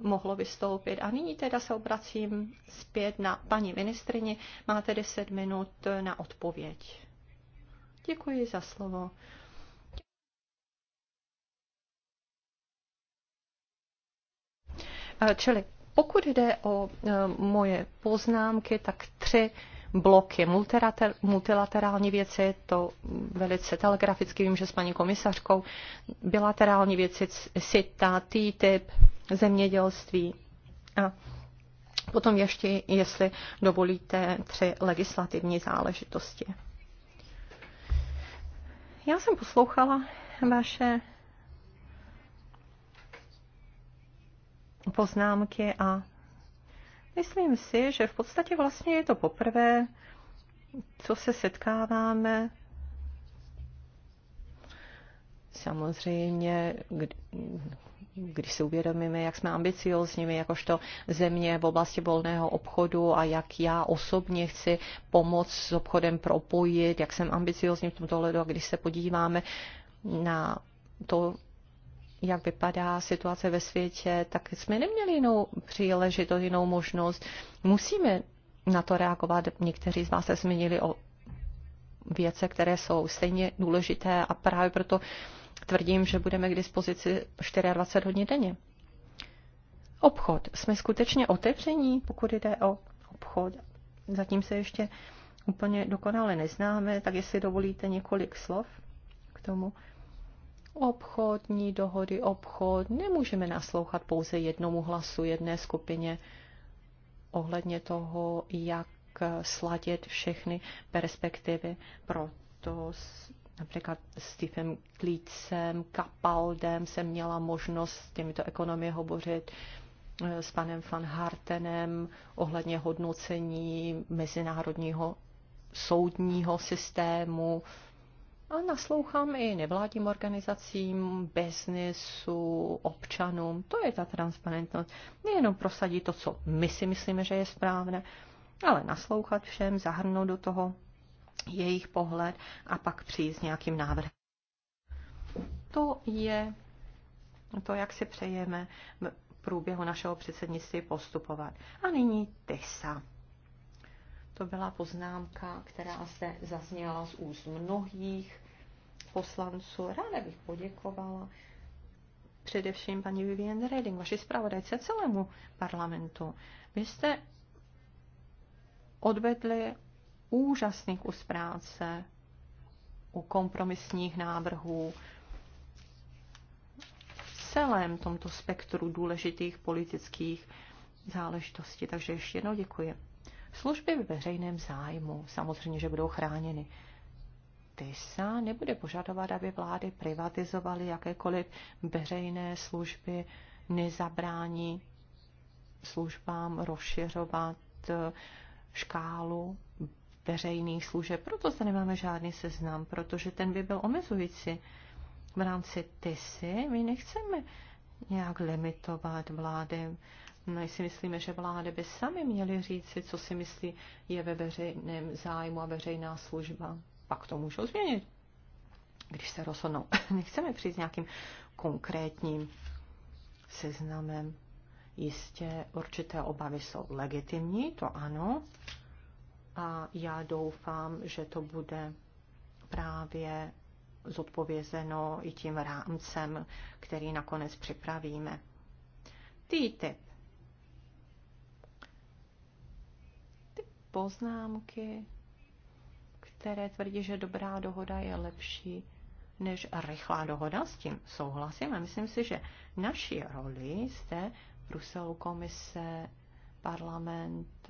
mohlo vystoupit. A nyní teda se obracím zpět na paní ministrini. Máte 10 minut na odpověď. Děkuji za slovo. Čili pokud jde o e, moje poznámky, tak tři bloky multilaterální věci, to velice telegraficky vím, že s paní komisařkou, bilaterální věci, SITA, TTIP, zemědělství a potom ještě, jestli dovolíte, tři legislativní záležitosti. Já jsem poslouchala vaše poznámky a Myslím si, že v podstatě vlastně je to poprvé, co se setkáváme samozřejmě, když si uvědomíme, jak jsme ambiciozními jakožto země v oblasti volného obchodu a jak já osobně chci pomoc s obchodem propojit, jak jsem ambiciozní v tomto ledu a když se podíváme na to, jak vypadá situace ve světě, tak jsme neměli jinou příležitost, jinou možnost. Musíme na to reagovat. Někteří z vás se zmínili o věce, které jsou stejně důležité a právě proto tvrdím, že budeme k dispozici 24 hodin denně. Obchod. Jsme skutečně otevření, pokud jde o obchod. Zatím se ještě úplně dokonale neznáme, tak jestli dovolíte několik slov k tomu obchodní dohody, obchod. Nemůžeme naslouchat pouze jednomu hlasu jedné skupině ohledně toho, jak sladit všechny perspektivy. Proto s, například Stephen Klícem, Kapaldem jsem měla možnost s těmito ekonomie hovořit eh, s panem Van Hartenem ohledně hodnocení mezinárodního soudního systému, a naslouchám i nevládním organizacím, biznesu, občanům. To je ta transparentnost. Nejenom prosadit to, co my si myslíme, že je správné, ale naslouchat všem, zahrnout do toho jejich pohled a pak přijít s nějakým návrhem. To je to, jak si přejeme v průběhu našeho předsednictví postupovat. A nyní TESA. To byla poznámka, která se zazněla z úst mnohých poslanců. Ráda bych poděkovala především paní Vivian Reding, vaší zpravodajce celému parlamentu. Vy jste odvedli úžasný kus práce u kompromisních návrhů, v celém tomto spektru důležitých politických záležitostí. Takže ještě jednou děkuji. Služby v veřejném zájmu samozřejmě, že budou chráněny. TISA nebude požadovat, aby vlády privatizovaly jakékoliv veřejné služby, nezabrání službám rozšiřovat eh, škálu veřejných služeb. Proto zde nemáme žádný seznam, protože ten by byl omezující. V rámci TISy my nechceme nějak limitovat vlády my no, si myslíme, že vlády by sami měly říci, co si myslí je ve veřejném zájmu a veřejná služba. Pak to můžou změnit, když se rozhodnou. Nechceme přijít s nějakým konkrétním seznamem. Jistě určité obavy jsou legitimní, to ano. A já doufám, že to bude právě zodpovězeno i tím rámcem, který nakonec připravíme. TTIP poznámky, které tvrdí, že dobrá dohoda je lepší než rychlá dohoda. S tím souhlasím a myslím si, že naší roli jste Bruselu komise, parlament,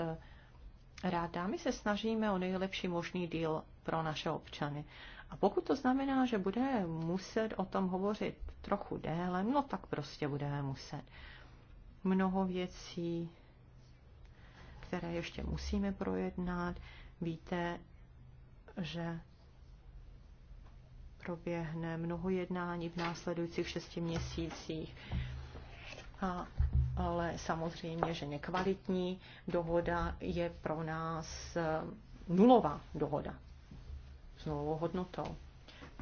ráda. My se snažíme o nejlepší možný díl pro naše občany. A pokud to znamená, že bude muset o tom hovořit trochu déle, no tak prostě budeme muset. Mnoho věcí které ještě musíme projednat. Víte, že proběhne mnoho jednání v následujících šesti měsících. A, ale samozřejmě, že nekvalitní dohoda je pro nás eh, nulová dohoda s nulovou hodnotou.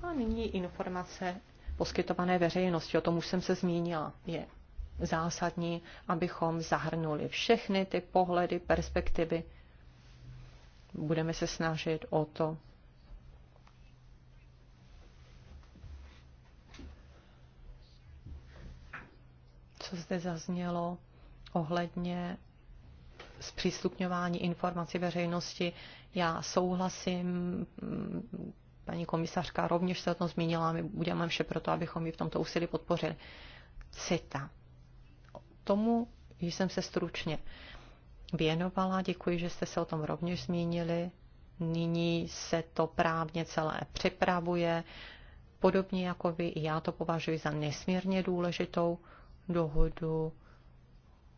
A nyní informace poskytované veřejnosti, o tom už jsem se zmínila, je zásadní, abychom zahrnuli všechny ty pohledy, perspektivy. Budeme se snažit o to. Co zde zaznělo ohledně zpřístupňování informací veřejnosti, já souhlasím, paní komisařka rovněž se o tom zmínila, my budeme vše pro to, abychom ji v tomto úsilí podpořili. Cita tomu jsem se stručně věnovala. Děkuji, že jste se o tom rovněž zmínili. Nyní se to právně celé připravuje. Podobně jako vy, i já to považuji za nesmírně důležitou dohodu.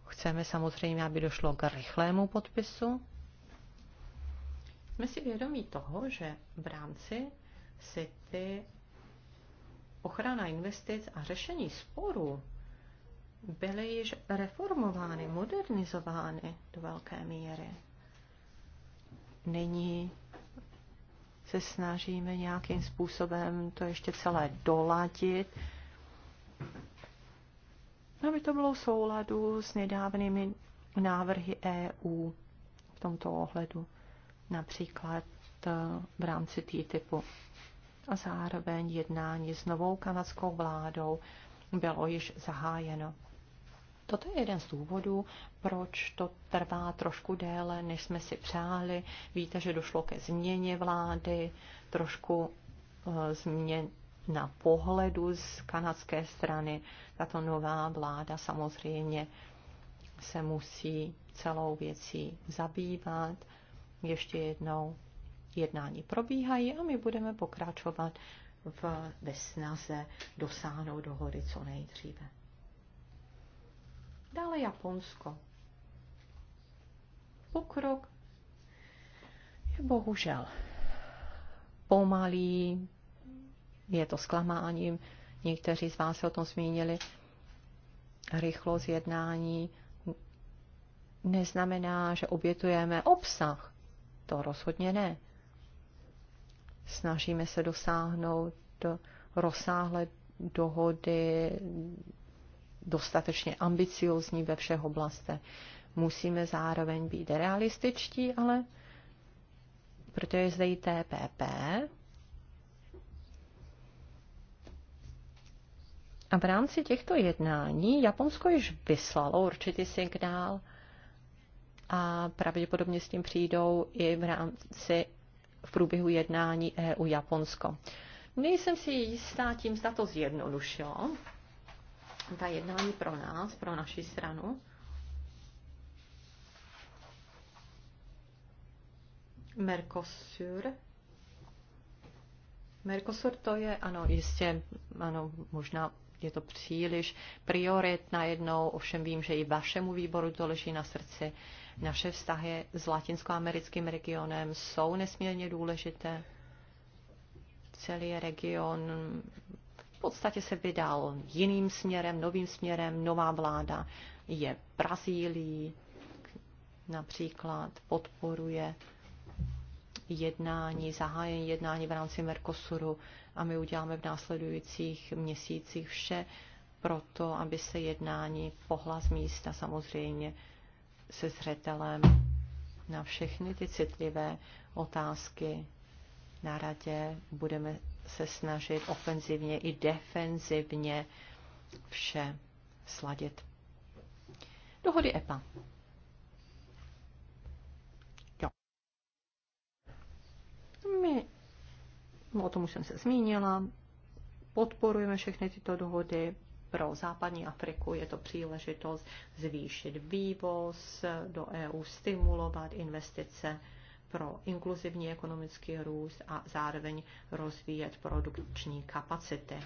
Chceme samozřejmě, aby došlo k rychlému podpisu. Jsme si vědomí toho, že v rámci City ochrana investic a řešení sporů byly již reformovány, modernizovány do velké míry. Nyní se snažíme nějakým způsobem to ještě celé doladit, aby to bylo v souladu s nedávnými návrhy EU v tomto ohledu, například eh, v rámci TTIPu. A zároveň jednání s novou kanadskou vládou bylo již zahájeno. Toto je jeden z důvodů, proč to trvá trošku déle, než jsme si přáli. Víte, že došlo ke změně vlády, trošku eh, změn na pohledu z kanadské strany. Tato nová vláda samozřejmě se musí celou věcí zabývat. Ještě jednou jednání probíhají a my budeme pokračovat v, ve snaze dosáhnout dohody co nejdříve. Dále Japonsko. Pokrok je bohužel pomalý, je to zklamáním. Někteří z vás se o tom zmínili. Rychlost jednání neznamená, že obětujeme obsah. To rozhodně ne. Snažíme se dosáhnout do rozsáhlé dohody dostatečně ambiciozní ve všech oblastech. Musíme zároveň být realističtí, ale protože je zde i TPP, A v rámci těchto jednání Japonsko již vyslalo určitý signál a pravděpodobně s tím přijdou i v rámci v průběhu jednání EU-Japonsko. Nejsem si jistá tím, zda to zjednodušilo, ta jednání pro nás, pro naši stranu. Mercosur. Mercosur to je, ano, jistě, ano, možná je to příliš priorit najednou, ovšem vím, že i vašemu výboru to leží na srdci. Naše vztahy s latinskoamerickým regionem jsou nesmírně důležité. Celý region v podstatě se vydal jiným směrem, novým směrem. Nová vláda je Brazílii, například podporuje jednání, zahájení jednání v rámci Mercosuru a my uděláme v následujících měsících vše pro to, aby se jednání pohla z místa samozřejmě se zřetelem na všechny ty citlivé otázky na radě budeme se snažit ofenzivně i defenzivně vše sladit. Dohody EPA. Jo. My, no o tom už jsem se zmínila, podporujeme všechny tyto dohody. Pro západní Afriku je to příležitost zvýšit vývoz do EU, stimulovat investice pro inkluzivní ekonomický růst a zároveň rozvíjet produkční kapacity.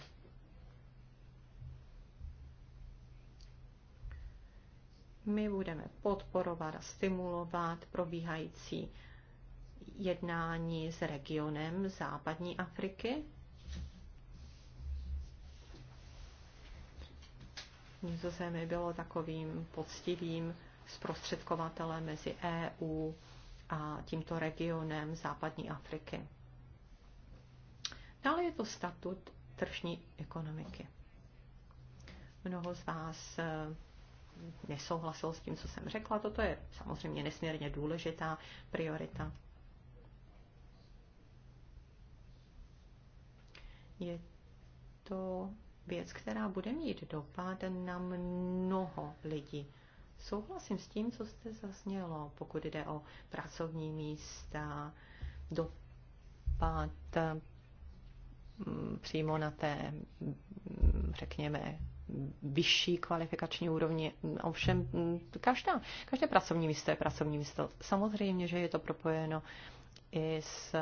My budeme podporovat a stimulovat probíhající jednání s regionem západní Afriky. Nizozemí bylo takovým poctivým zprostředkovatelem mezi EU a tímto regionem západní Afriky. Dále je to statut tržní ekonomiky. Mnoho z vás eh, nesouhlasil s tím, co jsem řekla. Toto je samozřejmě nesmírně důležitá priorita. Je to věc, která bude mít dopad na mnoho lidí. Souhlasím s tím, co jste zaznělo, pokud jde o pracovní místa, dopad mm, přímo na té, mm, řekněme, vyšší kvalifikační úrovni. Ovšem, mm, každá, každé pracovní místo je pracovní místo. Samozřejmě, že je to propojeno i s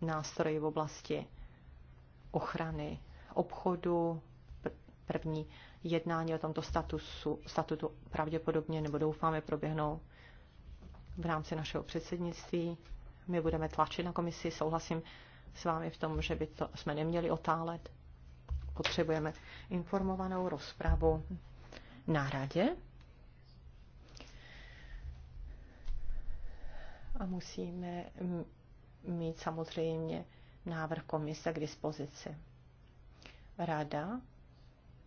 nástroji v oblasti ochrany obchodu, první jednání o tomto statusu, statutu pravděpodobně nebo doufáme proběhnou v rámci našeho předsednictví. My budeme tlačit na komisi, souhlasím s vámi v tom, že by to jsme neměli otálet. Potřebujeme informovanou rozpravu na radě. A musíme mít samozřejmě návrh komise k dispozici. Rada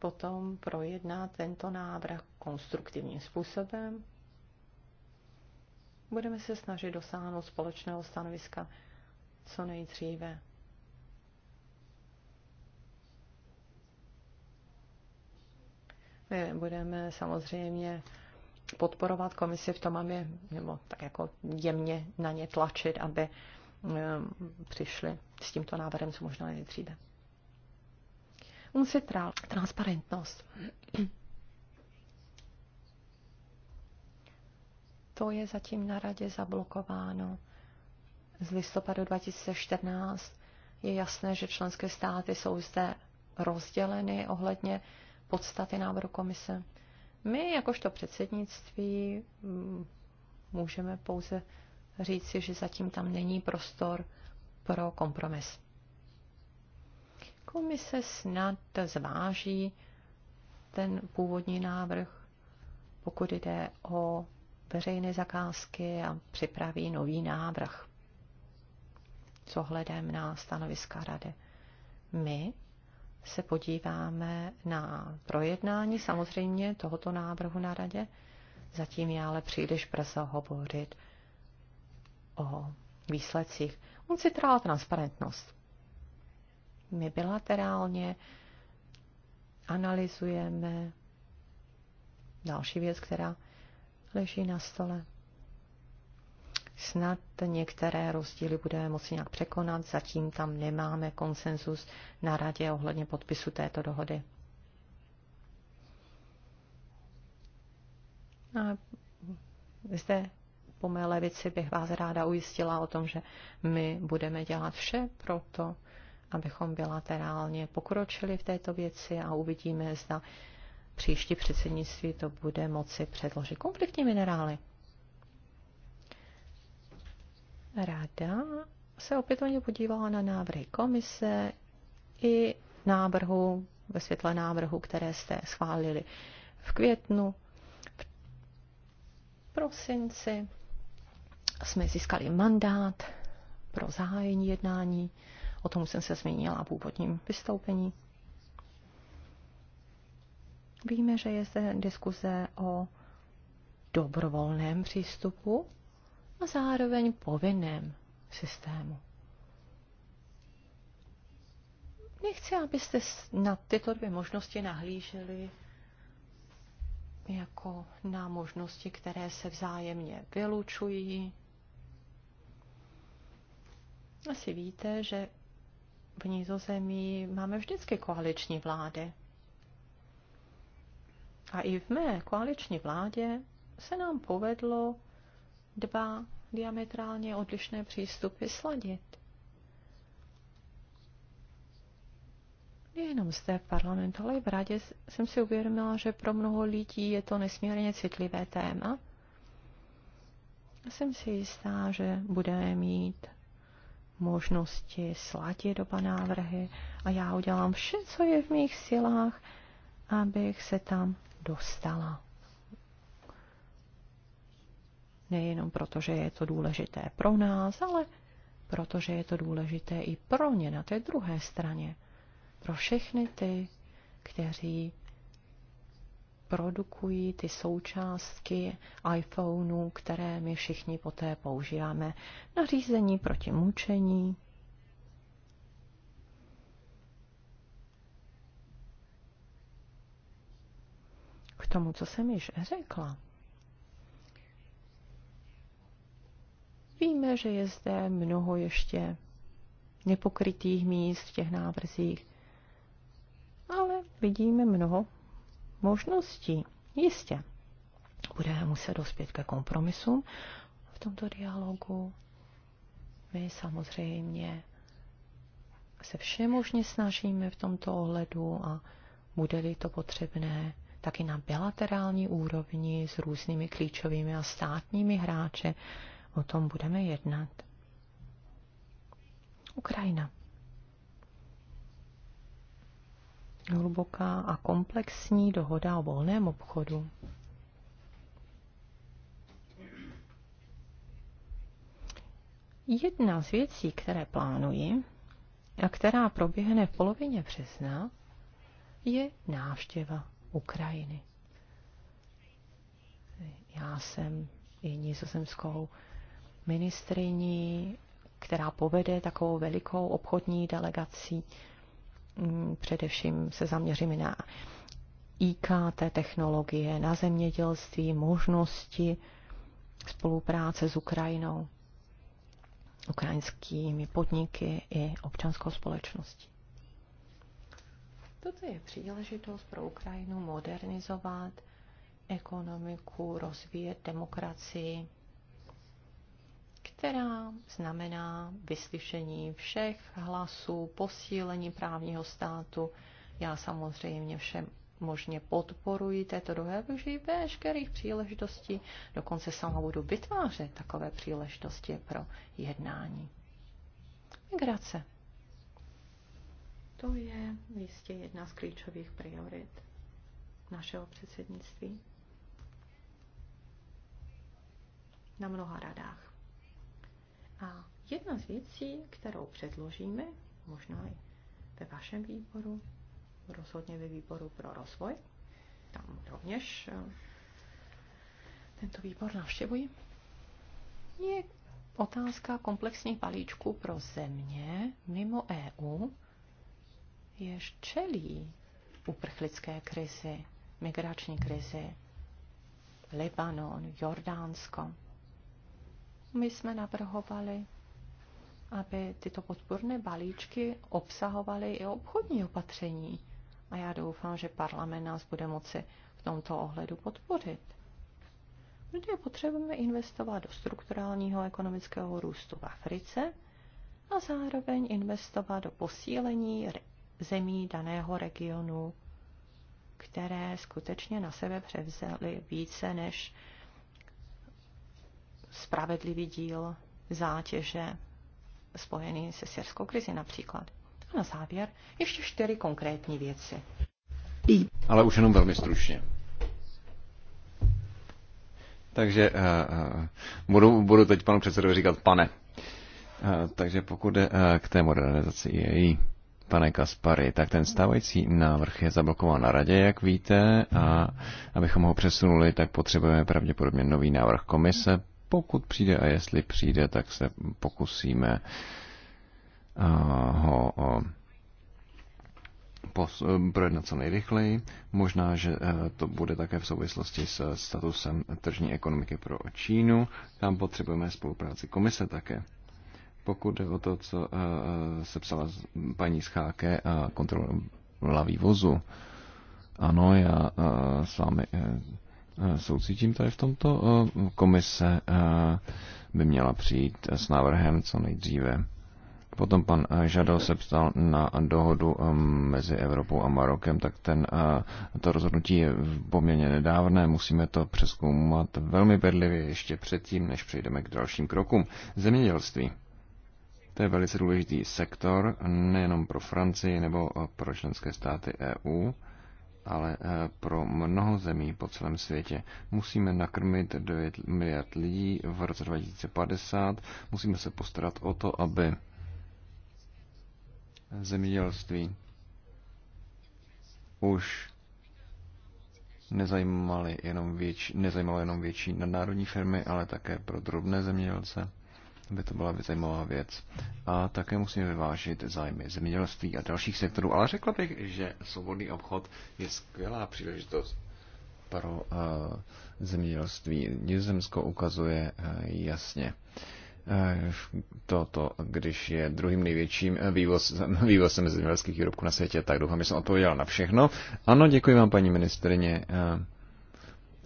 potom projedná tento návrh konstruktivním způsobem. Budeme se snažit dosáhnout společného stanoviska co nejdříve. My budeme samozřejmě podporovat komisi v tom, aby, nebo tak jako jemně na ně tlačit, aby ehm, přišli s tímto návrhem co možná nejdříve tra transparentnost. To je zatím na radě zablokováno. Z listopadu 2014 je jasné, že členské státy jsou zde rozděleny ohledně podstaty návrhu komise. My, jakožto předsednictví, mm, můžeme pouze říci, že zatím tam není prostor pro kompromis. Komise snad zváží ten původní návrh, pokud jde o veřejné zakázky a připraví nový návrh s ohledem na stanoviska rady. My se podíváme na projednání samozřejmě tohoto návrhu na radě. Zatím je ale příliš brzo hovořit o výsledcích. On si trál transparentnost. My bilaterálně analyzujeme další věc, která leží na stole. Snad některé rozdíly budeme moci nějak překonat, zatím tam nemáme konsenzus na radě ohledně podpisu této dohody. A zde po mé levici bych vás ráda ujistila o tom, že my budeme dělat vše pro to, abychom bilaterálně pokročili v této věci a uvidíme, zda příští předsednictví to bude moci předložit. Konfliktní minerály. Rada se opětovně podívala na návrhy komise i návrhu, ve světle návrhu, které jste schválili v květnu, v prosinci jsme získali mandát pro zahájení jednání O tom jsem se zmínila v původním vystoupení. Víme, že je zde diskuze o dobrovolném přístupu a zároveň povinném systému. Nechci, abyste na tyto dvě možnosti nahlíželi jako na možnosti, které se vzájemně vylučují. Asi víte, že v Nizozemí máme vždycky koaliční vlády. A i v mé koaliční vládě se nám povedlo dva diametrálně odlišné přístupy sladit. Nejenom zde v parlamentu, ale i v radě jsem si uvědomila, že pro mnoho lidí je to nesmírně citlivé téma. Jsem si jistá, že budeme mít možnosti sladit oba návrhy a já udělám vše, co je v mých silách, abych se tam dostala. Nejenom proto, že je to důležité pro nás, ale protože je to důležité i pro ně na té druhé straně. Pro všechny ty, kteří produkují ty součástky iPhoneů, které my všichni poté používáme. Nařízení proti mučení, k tomu, co jsem již řekla. Víme, že je zde mnoho ještě nepokrytých míst v těch návrzích, ale vidíme mnoho možností. Jistě, budeme muset dospět ke kompromisům v tomto dialogu. My samozřejmě se všemožně snažíme v tomto ohledu a bude-li to potřebné, taky na bilaterální úrovni s různými klíčovými a státními hráče o tom budeme jednat. Ukrajina. hluboká a komplexní dohoda o volném obchodu. Jedna z věcí, které plánuji a která proběhne v polovině března, je návštěva Ukrajiny. Já jsem i nizozemskou ministriní, která povede takovou velikou obchodní delegací Mm, především se zaměříme na IKT technologie, na zemědělství, možnosti spolupráce s Ukrajinou, ukrajinskými podniky i občanskou společností. Toto je příležitost pro Ukrajinu modernizovat ekonomiku, rozvíjet demokracii, která znamená vyslyšení všech hlasů, posílení právního státu. Já samozřejmě všem možně podporuji této druhé využijí veškerých příležitostí. Dokonce sama budu vytvářet takové příležitosti pro jednání. Migrace. To je jistě jedna z klíčových priorit našeho předsednictví. Na mnoha radách. A jedna z věcí, kterou předložíme, možná i ve vašem výboru, rozhodně ve výboru pro rozvoj, tam rovněž eh, tento výbor navštěvuji, je otázka komplexních balíčků pro země mimo EU, jež čelí uprchlické krizi, migrační krizi, Libanon, Jordánsko. My jsme navrhovali, aby tyto podporné balíčky obsahovaly i obchodní opatření. A já doufám, že parlament nás bude moci v tomto ohledu podpořit. Protože potřebujeme investovat do strukturálního ekonomického růstu v Africe a zároveň investovat do posílení zemí daného regionu, které skutečně na sebe převzaly více než spravedlivý díl zátěže spojený se syrskou krizi například. A na závěr ještě čtyři konkrétní věci. Ale už jenom velmi stručně. Takže uh, budu, budu teď panu předsedovi říkat pane. Uh, takže pokud jde uh, k té modernizaci její, pane Kaspary, tak ten stávající návrh je zablokován na radě, jak víte, a abychom ho přesunuli, tak potřebujeme pravděpodobně nový návrh komise pokud přijde a jestli přijde, tak se pokusíme eh, ho eh, eh, projednat co nejrychleji. Možná, že to bude také v souvislosti s statusem tržní ekonomiky pro Čínu. Tam potřebujeme spolupráci komise také. Pokud jde o to, co se psala paní Scháke a kontrola vývozu, ano, já s vámi Eh, soucítím tady v tomto. Eh, komise eh, by měla přijít s návrhem co nejdříve. Potom pan Žadal se ptal na dohodu mezi Evropou a Marokem, tak ten, to rozhodnutí je poměrně nedávné, musíme to přeskoumat velmi bedlivě ještě předtím, než přejdeme k dalším krokům. Zemědělství. To je velice důležitý sektor, nejenom pro Francii nebo pro členské státy EU, ale eh, pro mnoho zemí po celém světě. Musíme nakrmit 9 miliard lidí v roce 2050, musíme se postarat o to, aby zemědělství už nezajímalo jenom větší, nezajímalo jenom větší nadnárodní firmy, ale také pro drobné zemědělce by to byla zajímavá věc. A také musíme vyvážit zájmy zemědělství a dalších sektorů. Ale řekla bych, že svobodný obchod je skvělá příležitost pro uh, zemědělství. Nizozemsko ukazuje uh, jasně eh, toto, když je druhým největším vývoz, vývozem zemědělských výrobků na světě, tak doufám, že jsem odpověděl na všechno. Ano, děkuji vám, paní ministrině. Uh,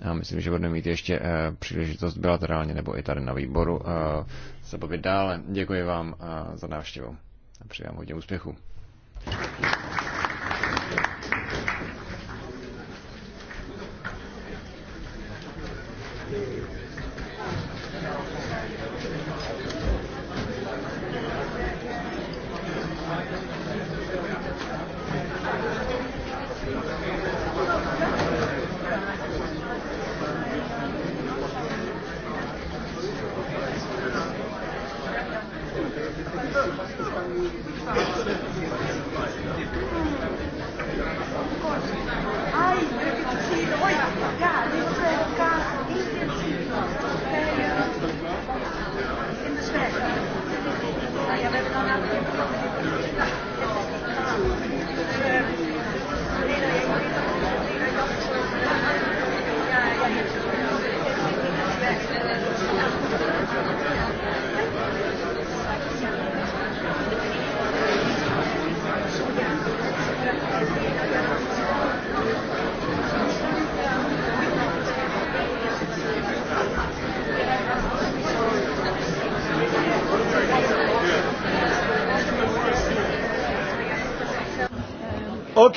já myslím, že budeme mít ještě eh, příležitost bilaterálně nebo i tady na výboru eh, se bavit dále. Děkuji vám eh, za návštěvu a přeji vám hodně úspěchů.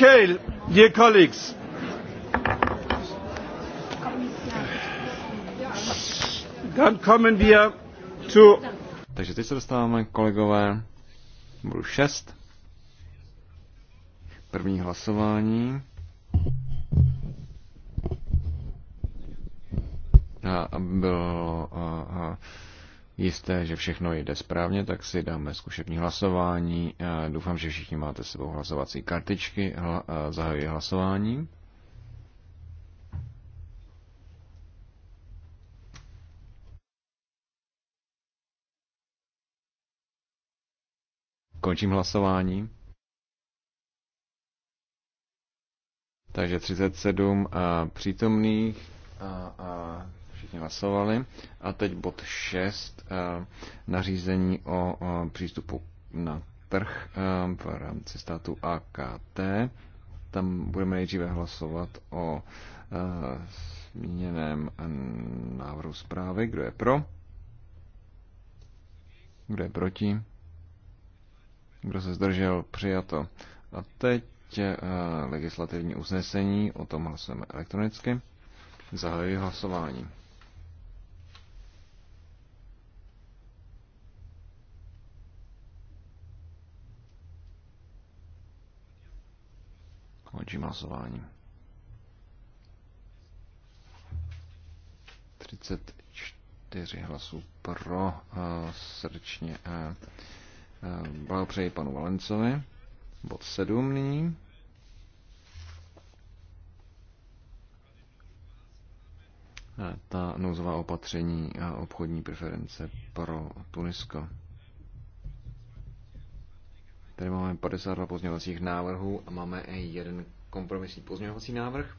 Okay, dear colleagues. Dann kommen wir zu Takže teď se dostáváme, kolegové, budu 6. První hlasování. A bylo a, a, jisté, že všechno jde správně, tak si dáme zkušební hlasování. Eh, doufám, že všichni máte sebou hlasovací kartičky. Hla, eh, zahajuji hlasování. Končím hlasování. Takže 37 eh, přítomných a, a všichni hlasovali. A teď bod 6, eh, nařízení o eh, přístupu na trh eh, v rámci státu AKT. Tam budeme nejdříve hlasovat o změněném návrhu zprávy. Kdo je pro? Kdo je proti? Kdo se zdržel? Přijato. A teď legislativní usnesení, o tom hlasujeme elektronicky. Zahajuji hlasování. Končím hlasování. 34 hlasů pro. Uh, srdečně uh, uh, blahopřeji panu Valencovi. Bod 7 nyní. ta nouzová opatření a obchodní preference pro Tunisko. Tady máme 52 pozměňovacích návrhů a máme jeden kompromisní pozměňovací návrh.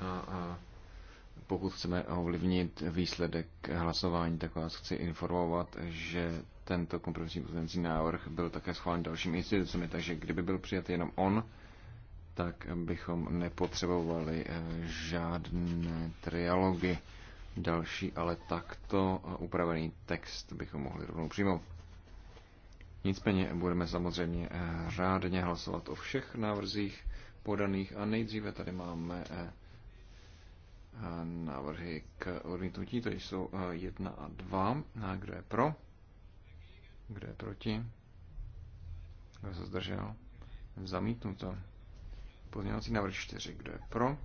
A, a pokud chceme ovlivnit výsledek hlasování, tak vás chci informovat, že tento kompromisní pozměňovací návrh byl také schválen dalšími institucemi, takže kdyby byl přijat jenom on, tak bychom nepotřebovali eh, žádné trialogy další, ale takto eh, upravený text bychom mohli rovnou přijmout. Nicméně budeme samozřejmě eh, řádně hlasovat o všech návrzích podaných a nejdříve tady máme eh, eh, návrhy k odmítnutí, to jsou jedna a dva, A kdo je pro? Kdo je proti? Kdo se zdržel? Zamítnuto. Pozměňovací návrh 4. Kdo je pro?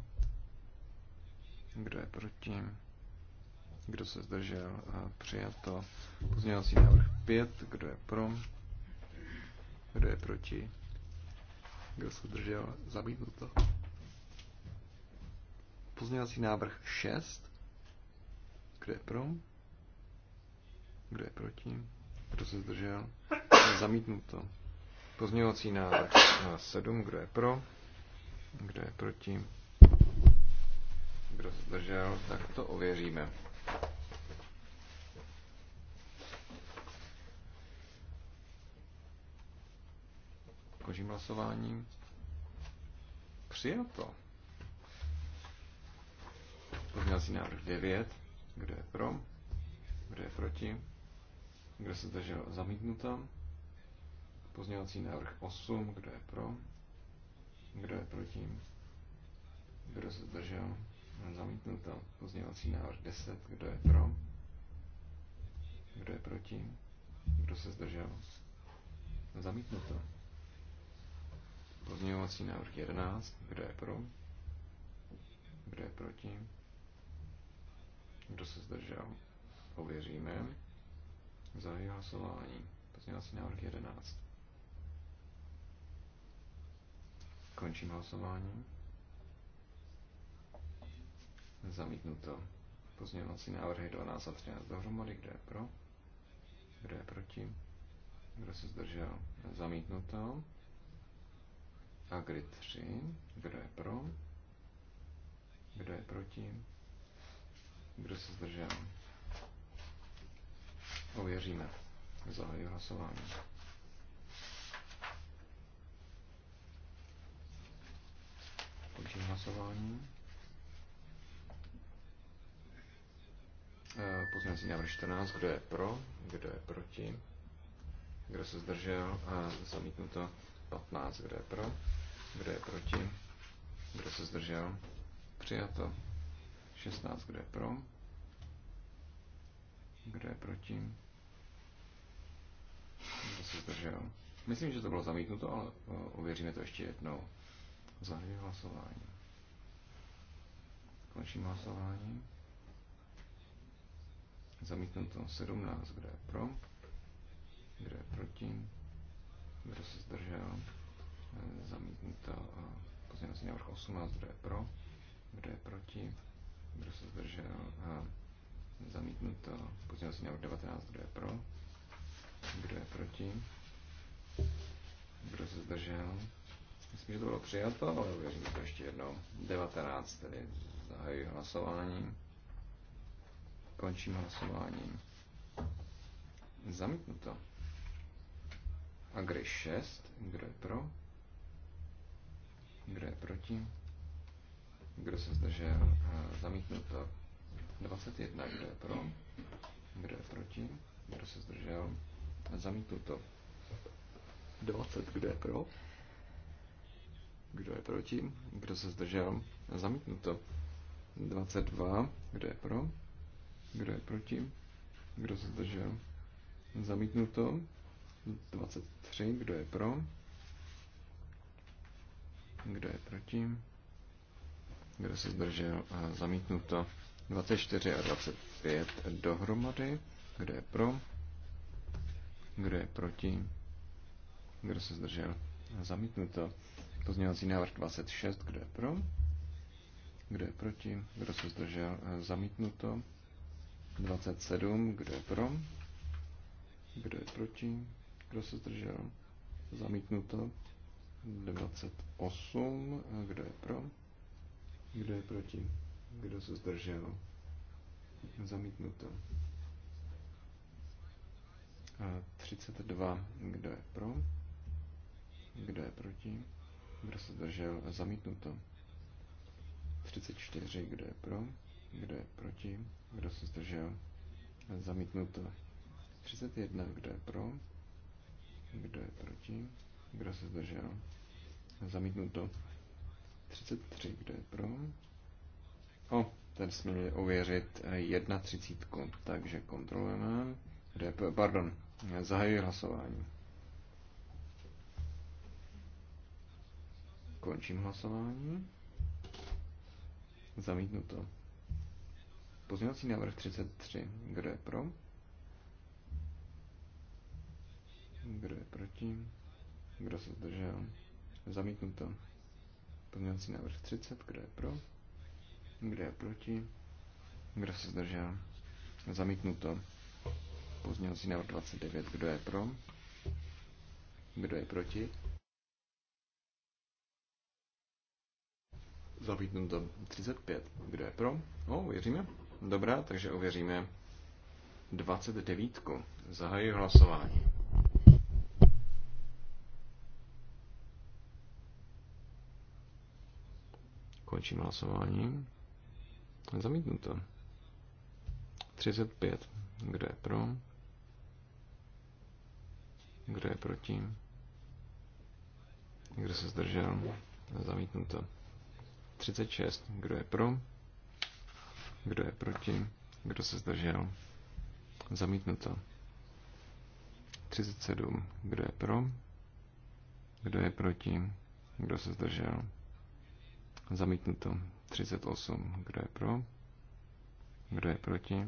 Kdo je proti? Kdo se zdržel? Přijato. Pozměňovací návrh 5. Kdo je pro? Kdo je proti? Kdo se držel? Zamítnuto. Pozměňovací návrh 6. Kdo je pro? Kdo je proti? Kdo se zdržel? Zamítnuto. Pozměňovací návrh 7. Kdo je pro? Kdo je proti? Kdo se zdržel? Tak to ověříme. božím hlasováním Přijato. Pozměňovací návrh 9. Kdo je pro? Kdo je proti? Kdo se zdržel? Zamítnuto. Pozměňovací návrh 8. Kdo je pro? Kdo je proti? Kdo se zdržel? Zamítnuto. Pozměňovací návrh 10. Kdo je pro? Kdo je proti? Kdo se zdržel? Zamítnuto. Pozměňovací návrh 11. Kdo je pro? Kdo je proti? Kdo se zdržel? Ověříme. Zahajuji hlasování. Pozměňovací návrh 11. Končím hlasování. Zamítnuto. Pozměňovací návrhy 12 a 13 dohromady. Kdo je pro? Kdo je proti? Kdo se zdržel? Zamítnuto. Agri 3. Kdo je pro? Kdo je proti? Kdo se zdržel? Ověříme. Zahajuji hlasování. Končím hlasování. Eh, pozměňovací návrh 14. Kdo je pro? Kdo je proti? Kdo se zdržel? A eh, Zamítnuto 15. Kdo je pro? Kdo je proti? Kdo se zdržel? Přijato. 16. Kdo je pro? Kdo je proti? Kdo se zdržel? Myslím, že to bylo zamítnuto, ale eh, ověříme to ještě jednou. Zahajuji hlasování. Končím hlasování. Zamítnuto 17. Kdo je pro? Kdo je proti? Kdo se zdržel? zamítnuto pozměnací návrh 18, kdo je pro, kdo je proti, kdo se zdržel, zamítnuto pozměnací návrh 19, kdo je pro, kdo je proti, kdo se zdržel, myslím, že to bylo přijato, ale uvěříme to ještě jednou, 19, tedy zahajuji hlasování, končím hlasování, zamítnuto. Agri 6, kdo je pro? Kdo je proti? Kdo se zdržel? Zamítnuto. 21. Kdo je pro? Kdo je proti? Kdo se zdržel? Zamítnuto. 20. Kdo je pro? Kdo je proti? Kdo se zdržel? Zamítnuto. 22. Kdo je pro? Kdo je proti? Kdo se zdržel? Zamítnuto. 23. Kdo je pro? Kdo je proti? Kdo se zdržel? A zamítnuto. 24 a 25 dohromady. Kdo je pro? Kdo je proti? Kdo se zdržel? A zamítnuto. Pozměňovací návrh 26. Kdo je pro? Kdo je proti? Kdo se zdržel? A zamítnuto. 27. Kdo je pro? Kdo je proti? Kdo se zdržel? Zamítnuto. 28. Kdo je pro? Kdo je proti? Kdo se zdržel? Zamítnuto. 32. Kdo je pro? Kdo je proti? Kdo se zdržel? Zamítnuto. 34. Kdo je pro? Kdo je proti? Kdo se zdržel? Zamítnuto. 31. Kdo je pro? Kdo je proti? Kdo se zdržel? to. 33. Kdo je pro? O, ten jsme měli ověřit 1.30, eh, takže kontrolujeme. Kde, pardon, zahajuji hlasování. Končím hlasování. Zamítnu to. Pozměňovací návrh 33. Kdo je pro? Kdo je proti? Kdo se zdržel? Zamítnuto. Pozměňovací návrh 30. Kdo je pro? Kdo je proti? Kdo se zdržel? Zamítnuto. Pozměňovací návrh 29. Kdo je pro? Kdo je proti? Zamítnuto 35. Kdo je pro? O, uvěříme. Dobrá, takže uvěříme 29. Zahajuji hlasování. Končím hlasování. Zamítnuto. 35. Kdo je pro? Kdo je proti? Kdo se zdržel? Zamítnuto. 36. Kdo je pro? Kdo je proti? Kdo se zdržel? Zamítnuto. 37. Kdo je pro? Kdo je proti? Kdo se zdržel? Zamítnuto. 38. Kdo je pro? Kdo je proti?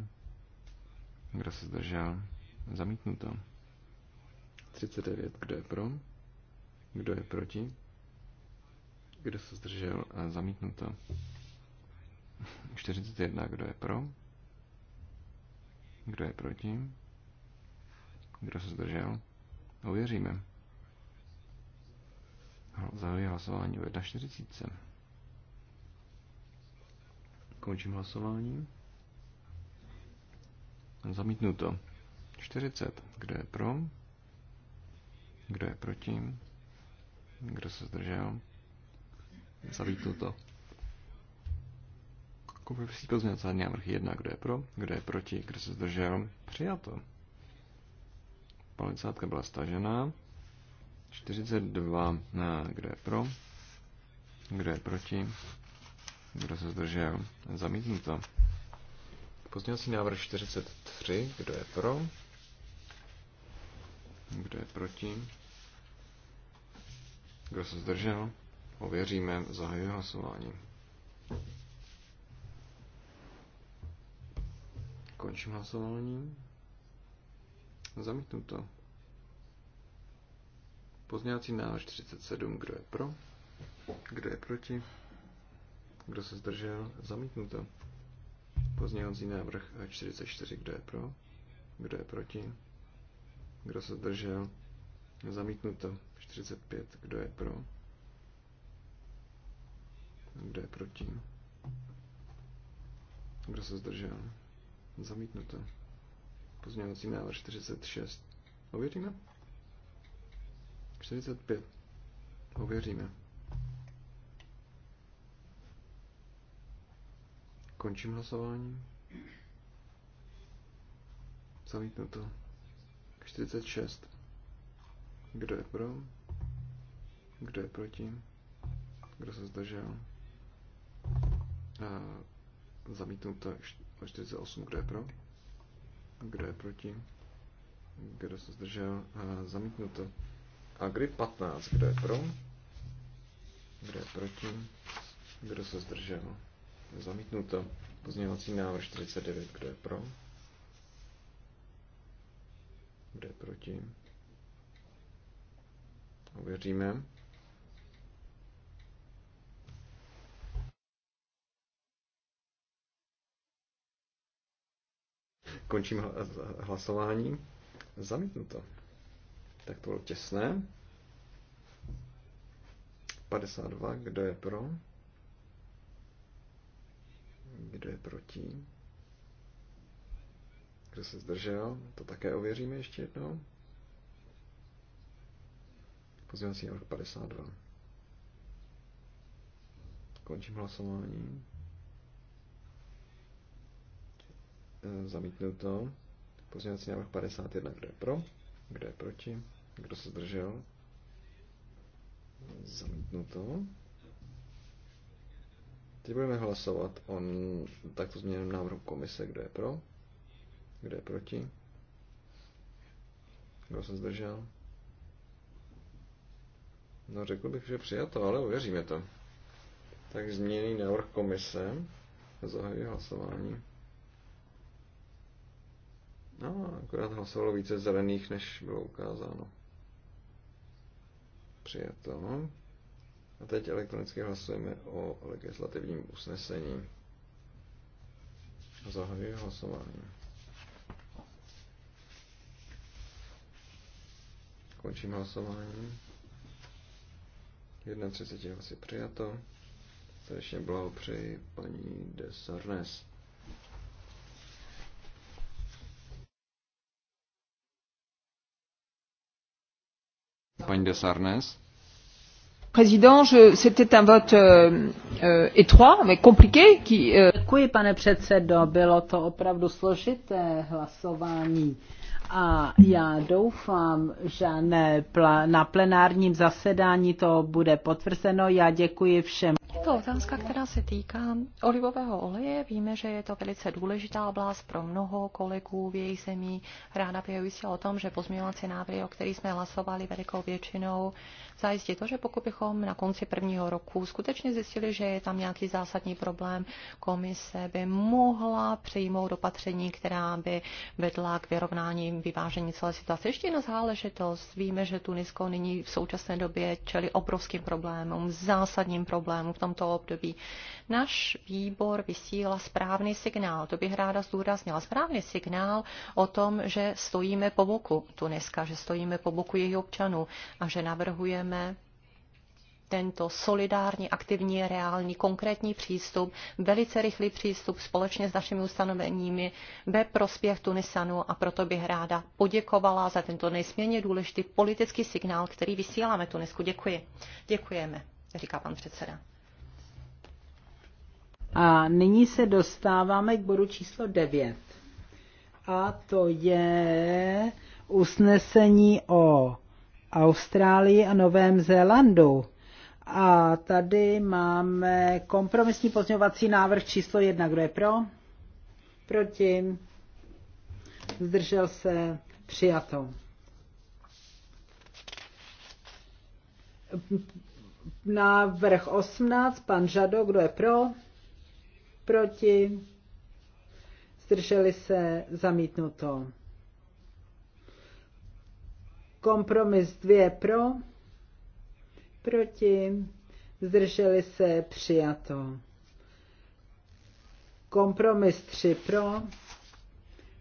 Kdo se zdržel? Zamítnuto. 39. Kdo je pro? Kdo je proti? Kdo se zdržel? A zamítnuto. 41. Kdo je pro? Kdo je proti? Kdo se zdržel? Uvěříme. Zahajuji hlasování o 41. Končím hlasování. Zamítnuto. 40. Kdo je pro? Kdo je proti? Kdo se zdržel? Zamítnuto. Kompromisní pozměňovací návrh 1. Kdo je pro? Kdo je proti? Kdo se zdržel? Přijato. Palicátka byla stažená. 42. Kdo je pro? Kdo je proti? Kdo se zdržel? Zamítnuto. Pozměňovací návrh 43. Kdo je pro? Kdo je proti? Kdo se zdržel? Ověříme. zahajuje hlasování. Končím hlasování. Zamítnuto. Pozměňovací návrh 37. Kdo je pro? Kdo je proti? Kdo se zdržel? Zamítnuto. Pozměňovací návrh 44. Kdo je pro? Kdo je proti? Kdo se zdržel? Zamítnuto. 45. Kdo je pro? Kdo je proti? Kdo se zdržel? Zamítnuto. Pozměňovací návrh 46. Ověříme? 45. Ověříme. Končím hlasování. Zamítnuto. 46. Kdo je pro? Kdo je proti? Kdo se zdržel? A eh, zamítnuto 48. Kdo je pro? Kdo je proti? Kdo se zdržel? A eh, zamítnuto. Agri 15. Kdo je pro? Kdo je proti? Kdo se zdržel? Zamítnuto. Pozměňovací návrh 49. Kdo je pro? Kdo je proti? Uvěříme. Končím hlasování. Zamítnuto. Tak to bylo těsné. 52. Kdo je pro? Kdo je proti? Kdo se zdržel? To také ověříme ještě jednou. Pozvěnací návrh 52. Končím hlasování. E, to. Pozvěnací návrh 51. Kdo je pro? Kdo je proti? Kdo se zdržel? Zamítnu to. Teď budeme hlasovat o takto změněném návrhu komise, kdo je pro, kdo je proti, kdo se zdržel. No řekl bych, že přijato, ale uvěříme to. Tak změněný návrh komise, zahajuji hlasování. No, akorát hlasovalo více zelených, než bylo ukázáno. Přijato. A teď elektronicky hlasujeme o legislativním usnesení. Zahajuji hlasování. Končím hlasování. 31 hlasy přijato. Srdečně blahopřeji paní de Sarnes. Paní de Sarnes. Euh, euh, euh, děkuji, pane předsedo, bylo to opravdu složité hlasování. A já doufám, že na plenárním zasedání to bude potvrzeno. Já děkuji všem to otázka, která se týká olivového oleje. Víme, že je to velice důležitá oblast pro mnoho kolegů v jejich zemí. Ráda bych ujistila o tom, že pozměňovací návrhy, o kterých jsme hlasovali velikou většinou, zajistí to, že pokud bychom na konci prvního roku skutečně zjistili, že je tam nějaký zásadní problém, komise by mohla přijmout opatření, která by vedla k vyrovnání vyvážení celé situace. Ještě jedna záležitost. Víme, že Tunisko nyní v současné době čeli obrovským problémům, zásadním problémům v tom tomto období. Náš výbor vysílá správný signál, to bych ráda zdůraznila, správný signál o tom, že stojíme po boku Tuniska, že stojíme po boku jejich občanů a že navrhujeme tento solidární, aktivní, reální, konkrétní přístup, velice rychlý přístup společně s našimi ustanoveními ve prospěch Tunisanu a proto bych ráda poděkovala za tento nejsměrně důležitý politický signál, který vysíláme Tunisku. Děkuji. Děkujeme, říká pan předseda. A nyní se dostáváme k bodu číslo 9. A to je usnesení o Austrálii a Novém Zélandu. A tady máme kompromisní pozměňovací návrh číslo 1. Kdo je pro? Proti? Zdržel se? Přijato. Návrh 18, pan Žado, kdo je pro? proti, zdrželi se, zamítnuto. Kompromis 2 pro, proti, zdrželi se, přijato. Kompromis 3 pro,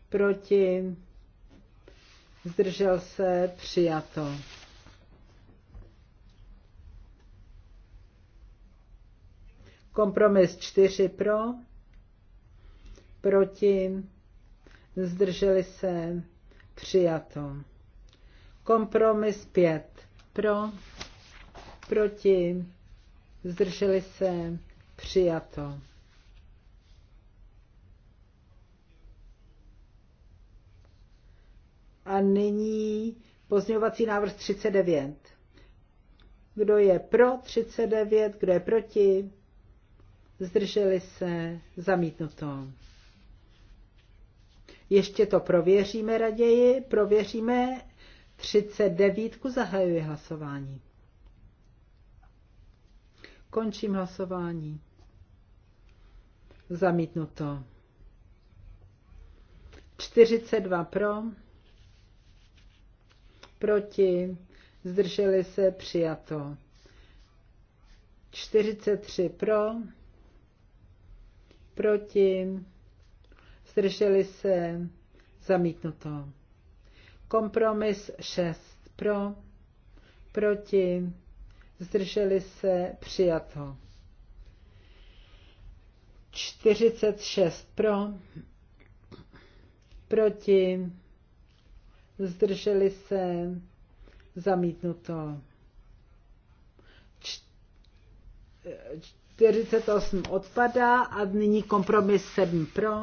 proti, zdržel se, přijato. Kompromis 4 pro, proti, zdrželi se, přijato. Kompromis 5 pro, proti, zdrželi se, přijato. A nyní pozňovací návrh 39. Kdo je pro 39, kdo je proti? zdrželi se, zamítnuto. Ještě to prověříme raději, prověříme 39, zahajuji hlasování. Končím hlasování. Zamítnuto. 42 pro, proti, zdrželi se, přijato. 43 pro, proti, zdrželi se, zamítnuto. Kompromis 6 pro, proti, zdrželi se, přijato. 46 pro, proti, zdrželi se, zamítnuto. 48 odpadá a nyní kompromis 7 pro,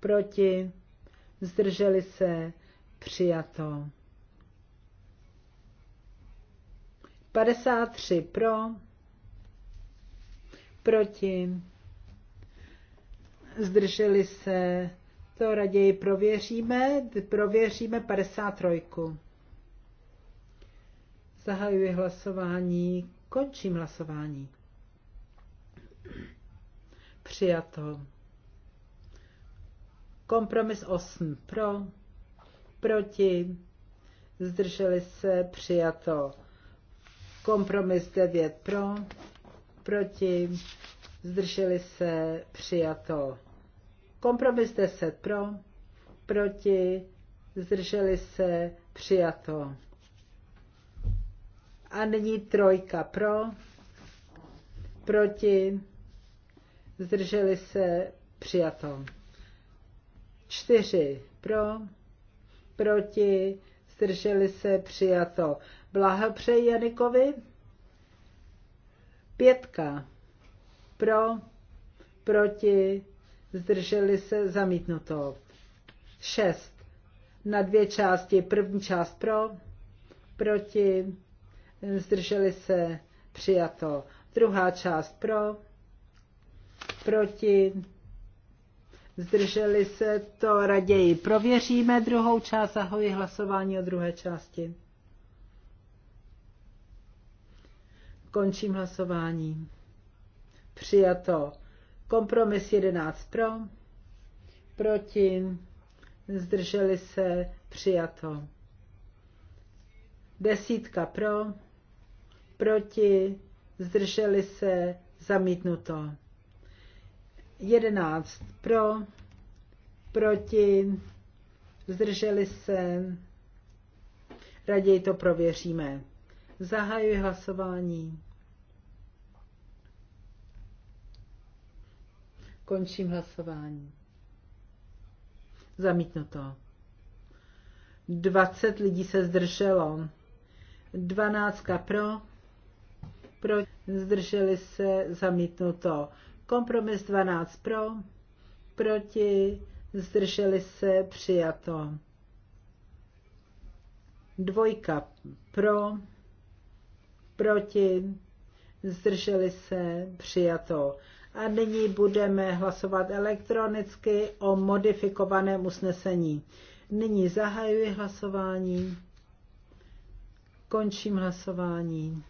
proti, zdrželi se, přijato. 53 pro, proti, zdrželi se, to raději prověříme, prověříme 53. Zahajuji hlasování, končím hlasování. Přijato. Kompromis 8 pro, proti, zdrželi se, přijato. Kompromis 9 pro, proti, zdrželi se, přijato. Kompromis 10 pro, proti, zdrželi se, přijato. A nyní trojka pro, proti, zdrželi se, přijato. čtyři pro, proti, zdrželi se, přijato. Blahopřeji Janikovi. Pětka pro, proti, zdrželi se, zamítnuto. šest na dvě části. První část pro, proti, zdrželi se, přijato. Druhá část pro, proti, zdrželi se, to raději prověříme. Druhou část zahoji hlasování o druhé části. Končím hlasování. Přijato. Kompromis 11 pro, proti, zdrželi se, přijato. Desítka pro, proti, zdrželi se, zamítnuto. 11 pro, proti, zdrželi se, raději to prověříme. Zahajuji hlasování. Končím hlasování. Zamítnuto. 20 lidí se zdrželo. 12 pro, pro zdrželi se, zamítnuto. Kompromis 12 pro, proti, zdrželi se, přijato. Dvojka pro, proti, zdrželi se, přijato. A nyní budeme hlasovat elektronicky o modifikovaném usnesení. Nyní zahajuji hlasování. Končím hlasování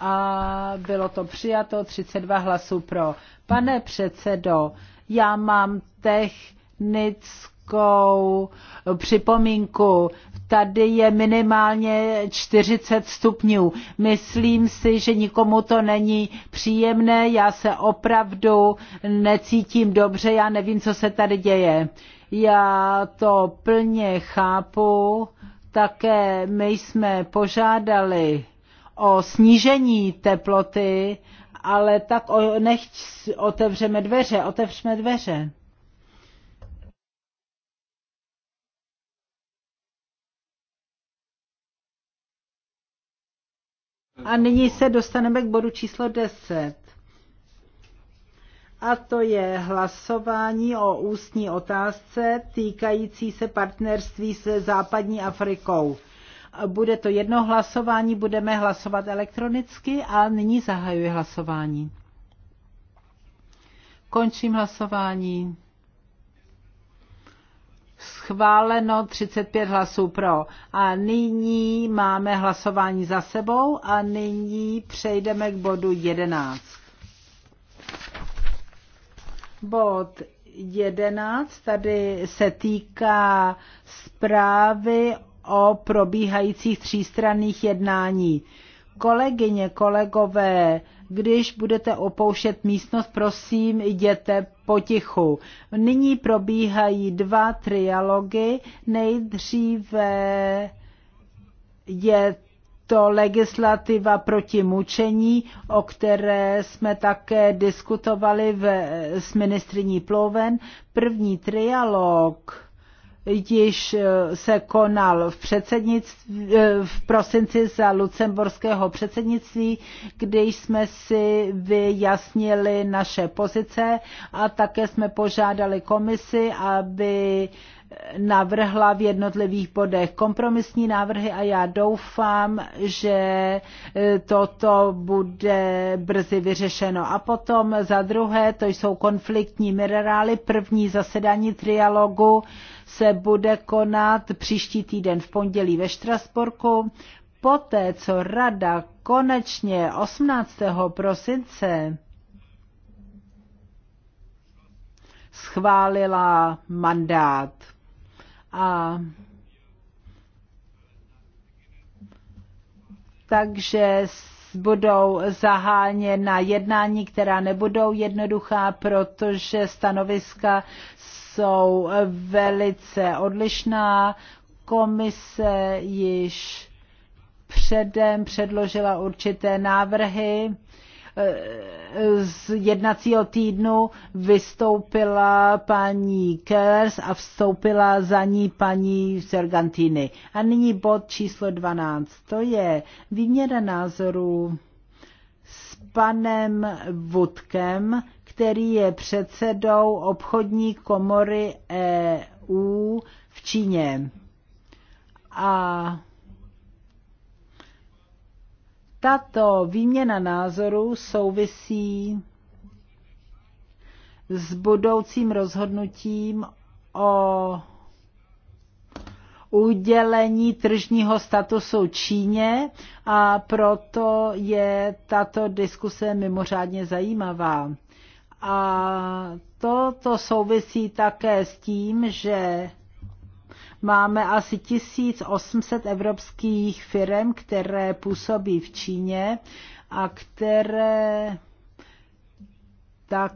a bylo to přijato 32 hlasů pro. Pane předsedo, já mám technickou připomínku. Tady je minimálně 40 stupňů. Myslím si, že nikomu to není příjemné. Já se opravdu necítím dobře. Já nevím, co se tady děje. Já to plně chápu. Také my jsme požádali o snížení teploty, ale tak o, nechť otevřeme dveře, otevřeme dveře. A nyní se dostaneme k bodu číslo 10. A to je hlasování o ústní otázce týkající se partnerství se západní Afrikou. Bude to jedno hlasování, budeme hlasovat elektronicky a nyní zahajuji hlasování. Končím hlasování. Schváleno 35 hlasů pro. A nyní máme hlasování za sebou a nyní přejdeme k bodu 11. Bod 11 tady se týká zprávy o probíhajících třístranných jednání. Kolegyně, kolegové, když budete opouštět místnost, prosím, jděte potichu. Nyní probíhají dva trialogy. Nejdříve je to legislativa proti mučení, o které jsme také diskutovali v, s ministriní Ploven. První trialog již eh, se konal v, předsednictví, eh, v prosinci za lucemburského předsednictví, kde jsme si vyjasnili naše pozice a také jsme požádali komisi, aby navrhla v jednotlivých bodech kompromisní návrhy a já doufám, že e, toto bude brzy vyřešeno. A potom za druhé, to jsou konfliktní minerály. První zasedání trialogu se bude konat příští týden v pondělí ve Štrasburku. Poté, co rada konečně 18. prosince schválila mandát a takže budou zaháněna jednání, která nebudou jednoduchá, protože stanoviska jsou velice odlišná. Komise již předem předložila určité návrhy z jednacího týdnu vystoupila paní Kers a vstoupila za ní paní Sergantini. A nyní bod číslo 12. To je výměna názoru s panem Vudkem, který je předsedou obchodní komory EU v Číně. A tato výměna názorů souvisí s budoucím rozhodnutím o udělení tržního statusu Číně a proto je tato diskuse mimořádně zajímavá. A toto souvisí také s tím, že Máme asi 1800 evropských firm, které působí v Číně a které tak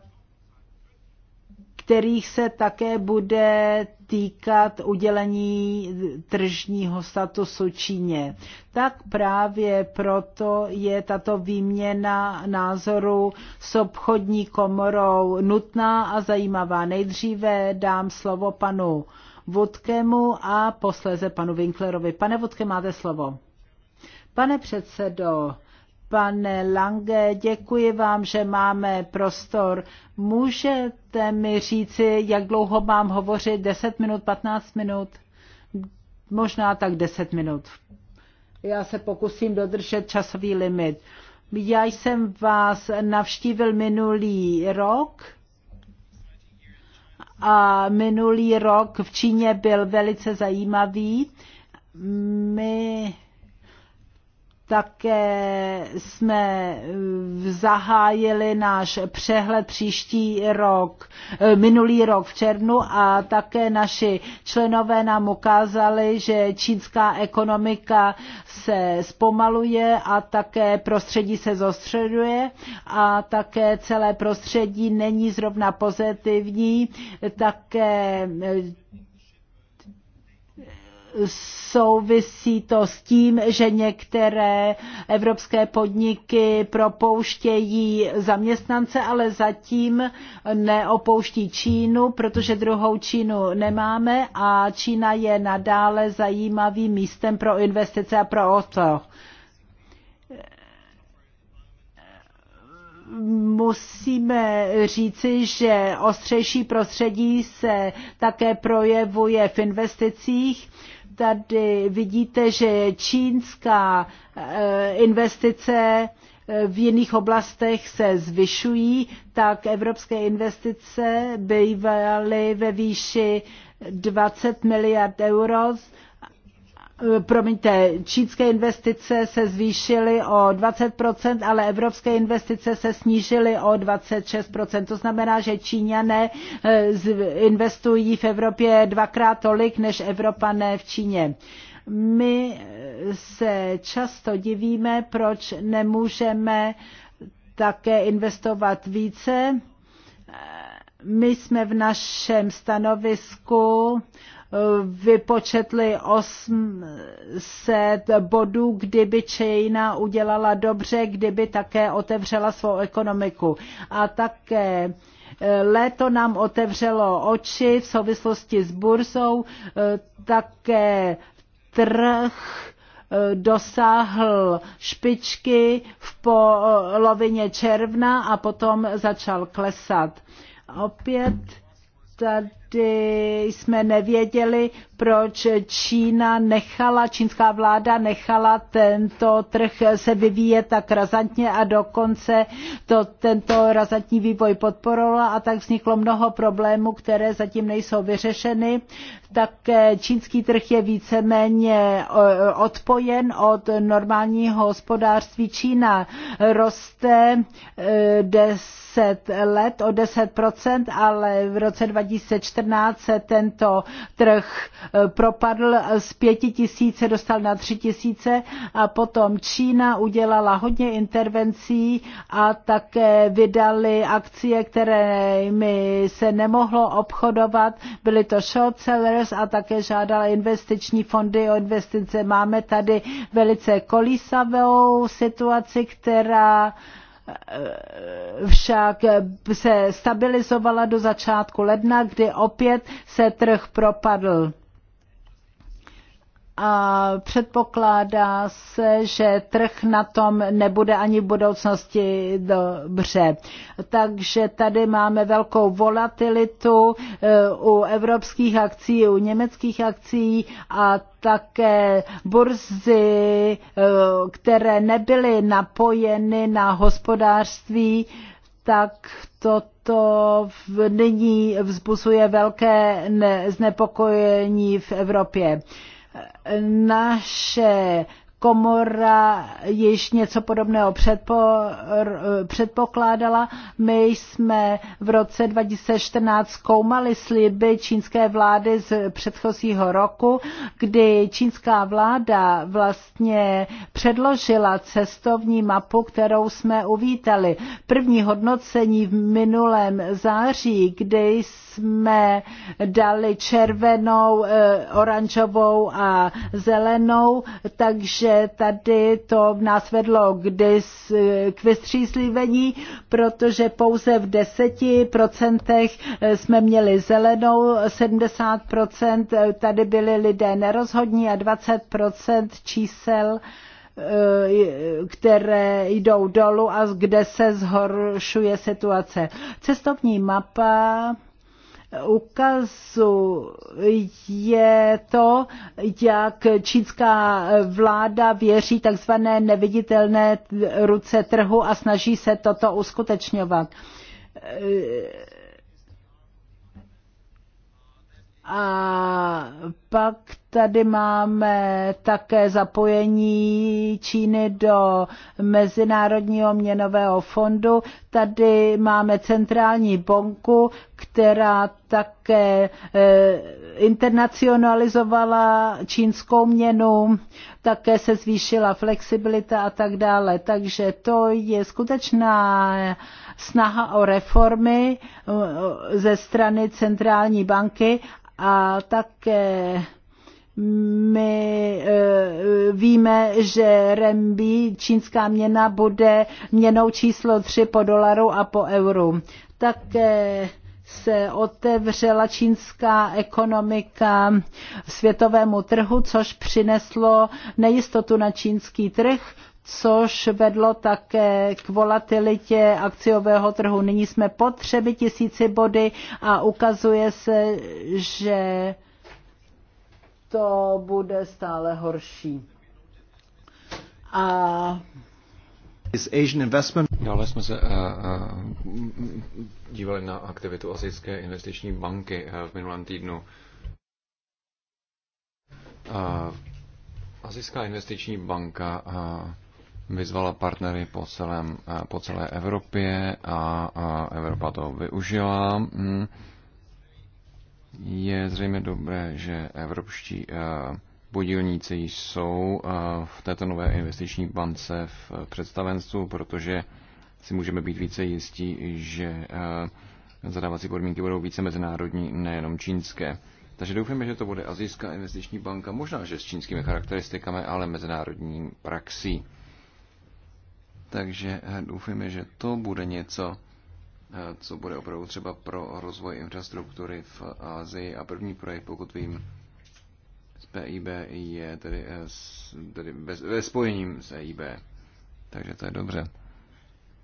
kterých se také bude týkat udělení tržního statusu Číně. Tak právě proto je tato výměna názoru s obchodní komorou nutná a zajímavá. Nejdříve dám slovo panu Vodkému a posléze panu Winklerovi. Pane Vodke, máte slovo. Pane předsedo, pane Lange, děkuji vám, že máme prostor. Můžete mi říci, jak dlouho mám hovořit? 10 minut, 15 minut? Možná tak 10 minut. Já se pokusím dodržet časový limit. Já jsem vás navštívil minulý rok a minulý rok v Číně byl velice zajímavý. My také jsme eh, zahájili náš přehled příští rok, eh, minulý rok v červnu a také naši členové nám ukázali, že čínská ekonomika se zpomaluje a také prostředí se zostředuje a také celé prostředí není zrovna pozitivní, také eh, souvisí to s tím, že některé evropské podniky propouštějí zaměstnance, ale zatím neopouští Čínu, protože druhou Čínu nemáme a Čína je nadále zajímavým místem pro investice a pro otoch. musíme říci, že ostřejší prostředí se také projevuje v investicích tady vidíte, že čínská eh, investice eh, v jiných oblastech se zvyšují, tak evropské investice bývaly ve výši 20 miliard euro Eh, promiňte, čínské investice se zvýšily o 20%, ale evropské investice se snížily o 26%. To znamená, že Číňané eh, investují v Evropě dvakrát tolik, než Evropané v Číně my eh, se často divíme, proč nemůžeme také investovat více. My jsme v našem stanovisku vypočetli 800 bodů, kdyby Čína udělala dobře, kdyby také otevřela svou ekonomiku. A také eh, Léto nám otevřelo oči v souvislosti s burzou, eh, také trh eh, dosáhl špičky v polovině června a potom začal klesat. Opět tady kdy jsme nevěděli, proč Čína nechala, čínská vláda nechala tento trh se vyvíjet tak razantně a dokonce to, tento razantní vývoj podporovala a tak vzniklo mnoho problémů, které zatím nejsou vyřešeny. Tak čínský trh je víceméně odpojen od normálního hospodářství. Čína roste 10 e, let o 10%, ale v roce 2014 2014 se tento trh eh, propadl, z pěti tisíc se dostal na tři tisíce a potom Čína udělala hodně intervencí a také vydali akcie, které mi se nemohlo obchodovat. Byly to short sellers a také žádala investiční fondy o investice. Máme tady velice kolísavou situaci, která však se stabilizovala do začátku ledna, kdy opět se trh propadl a předpokládá se, že trh na tom nebude ani v budoucnosti dobře. Takže tady máme velkou volatilitu eh, u evropských akcí, u německých akcí a také burzy, eh, které nebyly napojeny na hospodářství, tak toto nyní vzbuzuje velké znepokojení v Evropě naše komora již něco podobného předpo, předpokládala. My jsme v roce 2014 zkoumali sliby čínské vlády z předchozího roku, kdy čínská vláda vlastně předložila cestovní mapu, kterou jsme uvítali. První hodnocení v minulém září, kdy jsme dali červenou, eh, oranžovou a zelenou, takže tady to nás vedlo k, dis, k vystříslivení, protože pouze v 10% jsme měli zelenou, 70% tady byli lidé nerozhodní a 20% čísel eh, které jdou dolů a kde se zhoršuje situace. Cestovní mapa ukazuje to, jak čínská vláda věří takzvané neviditelné ruce trhu a snaží se toto uskutečňovat. A pak Tady máme také zapojení Číny do Mezinárodního měnového fondu. Tady máme centrální banku, která také eh, internacionalizovala čínskou měnu, také se zvýšila flexibilita a tak dále. Takže to je skutečná snaha o reformy eh, ze strany centrální banky a také my e, víme, že rembi čínská měna, bude měnou číslo 3 po dolaru a po euru. Také se otevřela čínská ekonomika světovému trhu, což přineslo nejistotu na čínský trh, což vedlo také k volatilitě akciového trhu. Nyní jsme potřeby tisíci body a ukazuje se, že to bude stále horší. A Dále no, jsme se uh, uh, dívali na aktivitu Asijské investiční banky uh, v minulém týdnu. Uh, Asijská investiční banka uh, vyzvala partnery po, celém, uh, po celé Evropě a uh, Evropa to využila. Mm je zřejmě dobré, že evropští eh, podílníci jsou eh, v této nové investiční bance v představenstvu, protože si můžeme být více jistí, že eh, zadávací podmínky budou více mezinárodní, nejenom čínské. Takže doufáme, že to bude Azijská investiční banka, možná, že s čínskými charakteristikami, ale mezinárodní praxí. Takže doufáme, že to bude něco, co bude opravdu třeba pro rozvoj infrastruktury v Ázii. A první projekt, pokud vím, z PIB je tedy, eh, tedy bez, ve spojením s EIB. Takže to je dobře.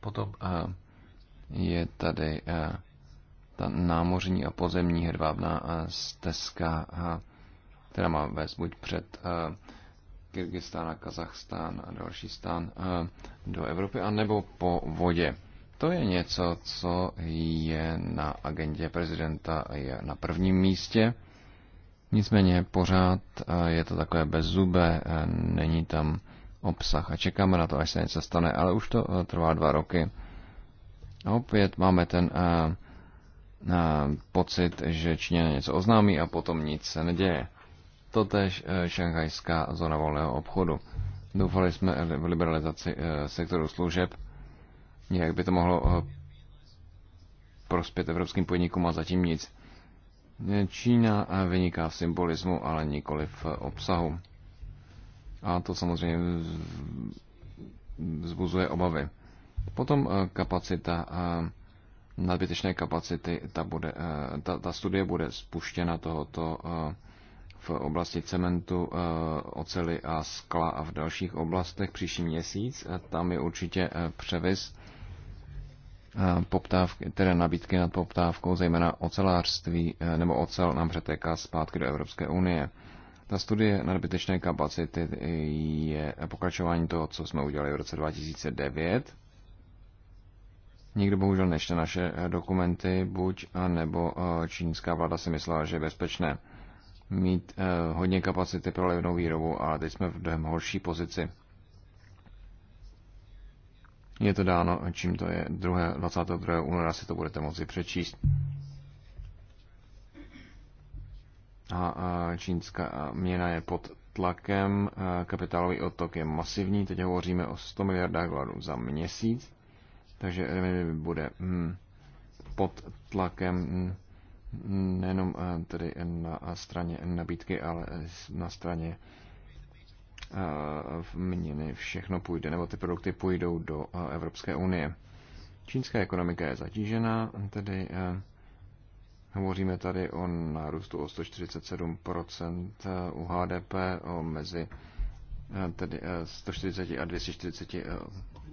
Potom eh, je tady eh, ta námořní a pozemní hedvábná stezka, která má vést buď před Kyrgyzstán a Kazachstán a další stán do Evropy, anebo po vodě to je něco, co je na agendě prezidenta, je na prvním místě. Nicméně pořád eh, je to takové bezzubé, eh, není tam obsah a čekáme na to, až se něco stane, ale už to eh, trvá dva roky. A opět máme ten a, a, pocit, že Číně něco oznámí a potom nic se neděje. Totež šanghajská zóna volného obchodu. Doufali jsme v liberalizaci sektoru služeb, Nějak by to mohlo eh, prospět evropským podnikům a zatím nic. Čína eh, vyniká v symbolismu, ale nikoli v eh, obsahu. A to samozřejmě vzbuzuje obavy. Potom kapacita, nadbytečné kapacity, ta, bude, ta, ta studie bude spuštěna tohoto v oblasti cementu, ocely a skla a v dalších oblastech příští měsíc. Tam je určitě převis poptávky, tedy nabídky nad poptávkou, zejména ocelářství e, nebo ocel nám přetéká zpátky do Evropské unie. Ta studie nadbytečné kapacity je pokračování toho, co jsme udělali v roce 2009. Nikdo bohužel nečte naše e, dokumenty, buď a nebo e, čínská vláda si myslela, že je bezpečné mít hodně kapacity pro levnou výrobu, ale teď jsme v mnohem horší pozici. Je to dáno, čím to je 2. 22. února si to budete moci přečíst. A čínská měna je pod tlakem, kapitálový otok je masivní, teď hovoříme o 100 miliardách dolarů za měsíc, takže bude hm, pod tlakem hm, nejenom eh, tedy na straně nabídky, ale na straně měny, všechno půjde, nebo ty produkty půjdou do Evropské unie. Čínská ekonomika je zatížená, tedy hovoříme tady o nárůstu o 147% u HDP, o mezi tedy 140 a 240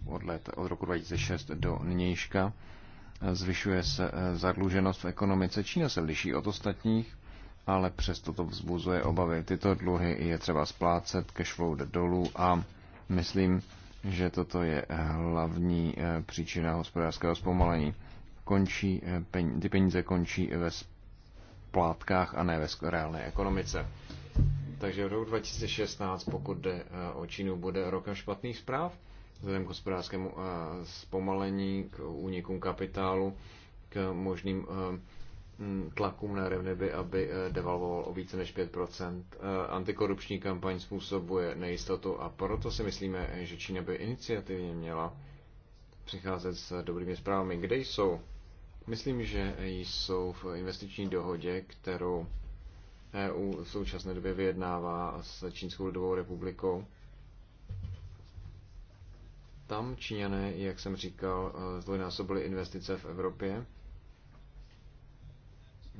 od, let, od roku 2006 do nynějška. Zvyšuje se zadluženost v ekonomice. Čína se liší od ostatních ale přesto to vzbuzuje obavy. Tyto dluhy je třeba splácet, cashflow jde dolů a myslím, že toto je hlavní eh, příčina hospodářského zpomalení. Končí, eh, ty peníze končí ve splátkách a ne ve reálné ekonomice. Takže v roku 2016, pokud jde eh, o Čínu, bude rokem špatných zpráv, vzhledem k hospodářskému zpomalení, k únikům kapitálu, k možným Mm, tlakům na Remneby, aby eh, devalvoval o více než 5%. Eh, antikorupční kampaň způsobuje nejistotu a proto si myslíme, že Čína by iniciativně měla přicházet s dobrými zprávami. Kde jsou? Myslím, že jsou v investiční dohodě, kterou EU v současné době vyjednává s Čínskou lidovou republikou. Tam Číňané, jak jsem říkal, eh, zdvojnásobili investice v Evropě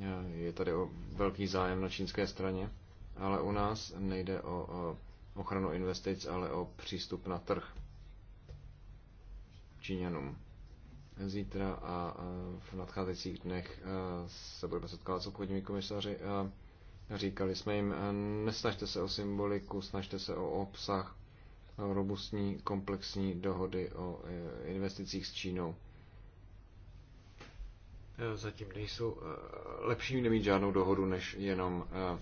Eh, je tady o velký zájem na čínské straně, ale u nás nejde o ochranu investic, ale o přístup na trh Číňanům. Zítra a v nadcházejících dnech eh, se budeme setkávat s obchodními komisaři a říkali jsme jim, eh, nesnažte se o symboliku, snažte se o obsah robustní komplexní dohody o investicích s Čínou Eh, zatím nejsou. Eh, lepší nemít žádnou dohodu, než jenom eh,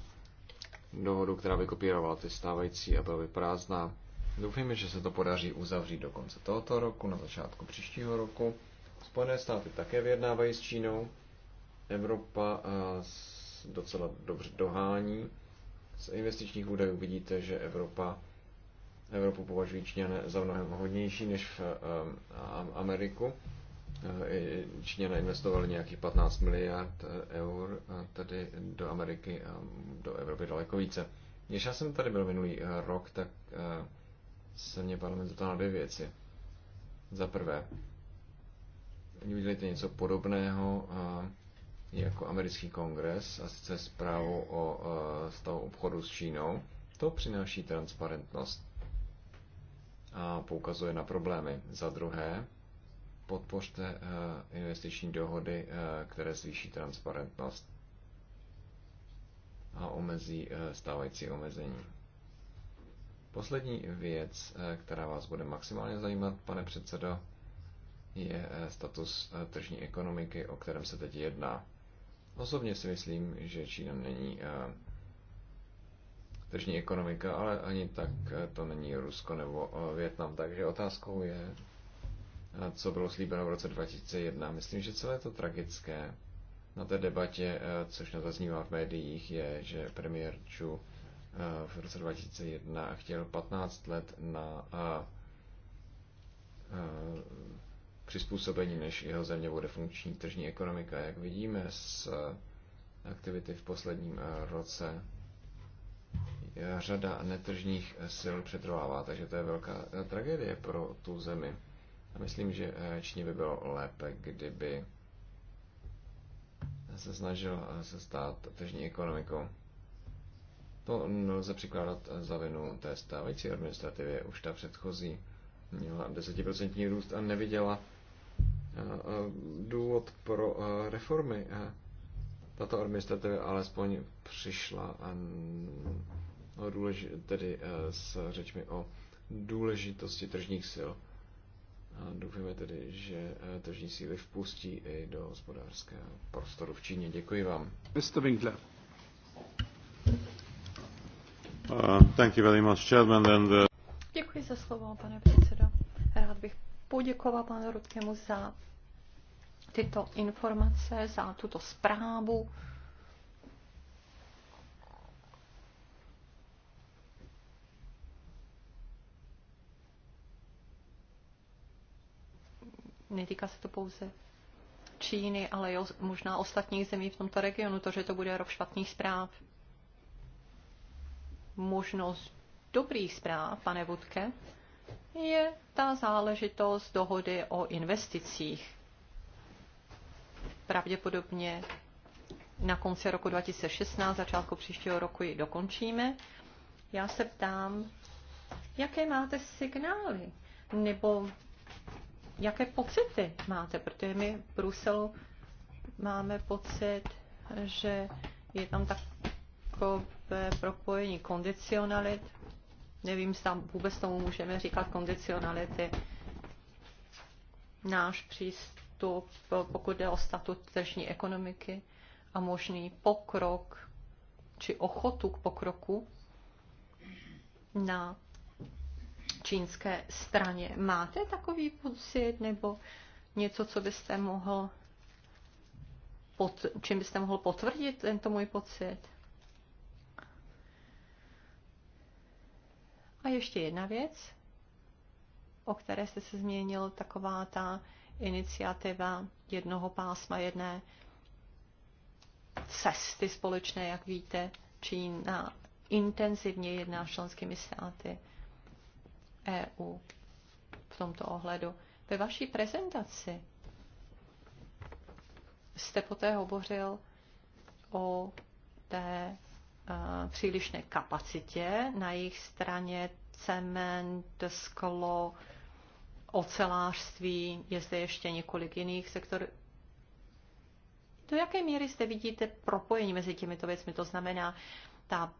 dohodu, která by kopírovala ty stávající a byla by prázdná. Doufejme, že se to podaří uzavřít do konce tohoto roku, na začátku příštího roku. Spojené státy také vyjednávají s Čínou. Evropa docela dobře dohání. Z investičních údajů vidíte, že Evropa Evropu považují Číňané za mnohem hodnější než v Ameriku. Eh, Číně investovali nějakých 15 miliard eh, eur tady do Ameriky a do Evropy daleko více. Když já jsem tady byl minulý eh, rok, tak se mě parlament zeptal na dvě věci. Za prvé, viděli něco podobného jako americký kongres, a sice zprávu o stavu obchodu s Čínou. To přináší transparentnost a poukazuje na problémy. Za druhé, podpořte eh, investiční dohody, eh, které zvýší transparentnost a omezí eh, stávající omezení. Poslední věc, která vás bude maximálně zajímat, pane předsedo, je status tržní ekonomiky, o kterém se teď jedná. Osobně si myslím, že Čína není tržní ekonomika, ale ani tak to není Rusko nebo Větnam. Takže otázkou je, co bylo slíbeno v roce 2001. Myslím, že celé to tragické na té debatě, eh, což nezaznívá v médiích, je, že premiér Chu eh, v roce 2001 chtěl 15 let na eh, přizpůsobení, než jeho země bude funkční tržní ekonomika. Jak vidíme z aktivity v posledním roce, řada netržních sil přetrvává, takže to je velká tragédie pro tu zemi. Myslím, že eh, Číně by bylo lépe, kdyby se snažil eh, se stát tržní ekonomikou. To nelze přikládat eh, za vinu té stávající administrativy. Už ta předchozí měla desetiprocentní růst a neviděla důvod pro reformy. Tato administrativa alespoň přišla o důleži- tedy s řečmi o důležitosti tržních sil a doufujeme tedy, že eh, tržní síly vpustí i do hospodářského prostoru v Číně. Děkuji vám. Mr. Winkler. Uh, thank you very much, Chairman. And, uh... Děkuji za slovo, pane předsedo. Rád bych poděkoval panu Rudkému za tyto informace, za tuto zprávu. netýká se to pouze Číny, ale jo, možná ostatních zemí v tomto regionu, to, že to bude rok špatných zpráv. Možnost dobrých zpráv, pane Vudke, je ta záležitost dohody o investicích. Pravděpodobně na konci roku 2016, začátku příštího roku ji dokončíme. Já se ptám, jaké máte signály nebo jaké pocity máte, protože my v Bruselu máme pocit, že je tam takové propojení kondicionalit. Nevím, zda vůbec tomu můžeme říkat kondicionality. Náš přístup, pokud jde o statut tržní ekonomiky a možný pokrok či ochotu k pokroku na čínské straně. Máte takový pocit nebo něco, co byste mohl, pod, čím byste mohl potvrdit tento můj pocit? A ještě jedna věc, o které jste se změnil, taková ta iniciativa jednoho pásma, jedné cesty společné, jak víte, Čína intenzivně jedná s členskými státy EU v tomto ohledu. Ve vaší prezentaci jste poté hovořil o té uh, přílišné kapacitě na jejich straně cement, sklo, ocelářství, je zde ještě několik jiných sektorů. Do jaké míry zde vidíte propojení mezi těmito věcmi? To znamená ta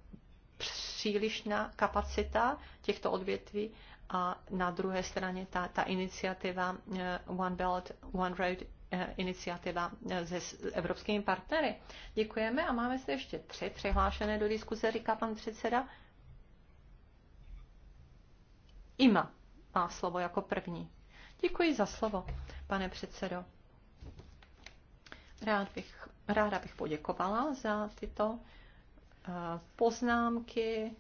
přílišná kapacita těchto odvětví a na druhé straně ta, ta iniciativa eh, One Belt, One Road eh, iniciativa eh, se evropskými partnery. Děkujeme a máme se ještě tři přihlášené do diskuze, říká pan předseda. Ima má slovo jako první. Děkuji za slovo, pane předsedo. Rád bych, ráda bych poděkovala za tyto poznámky,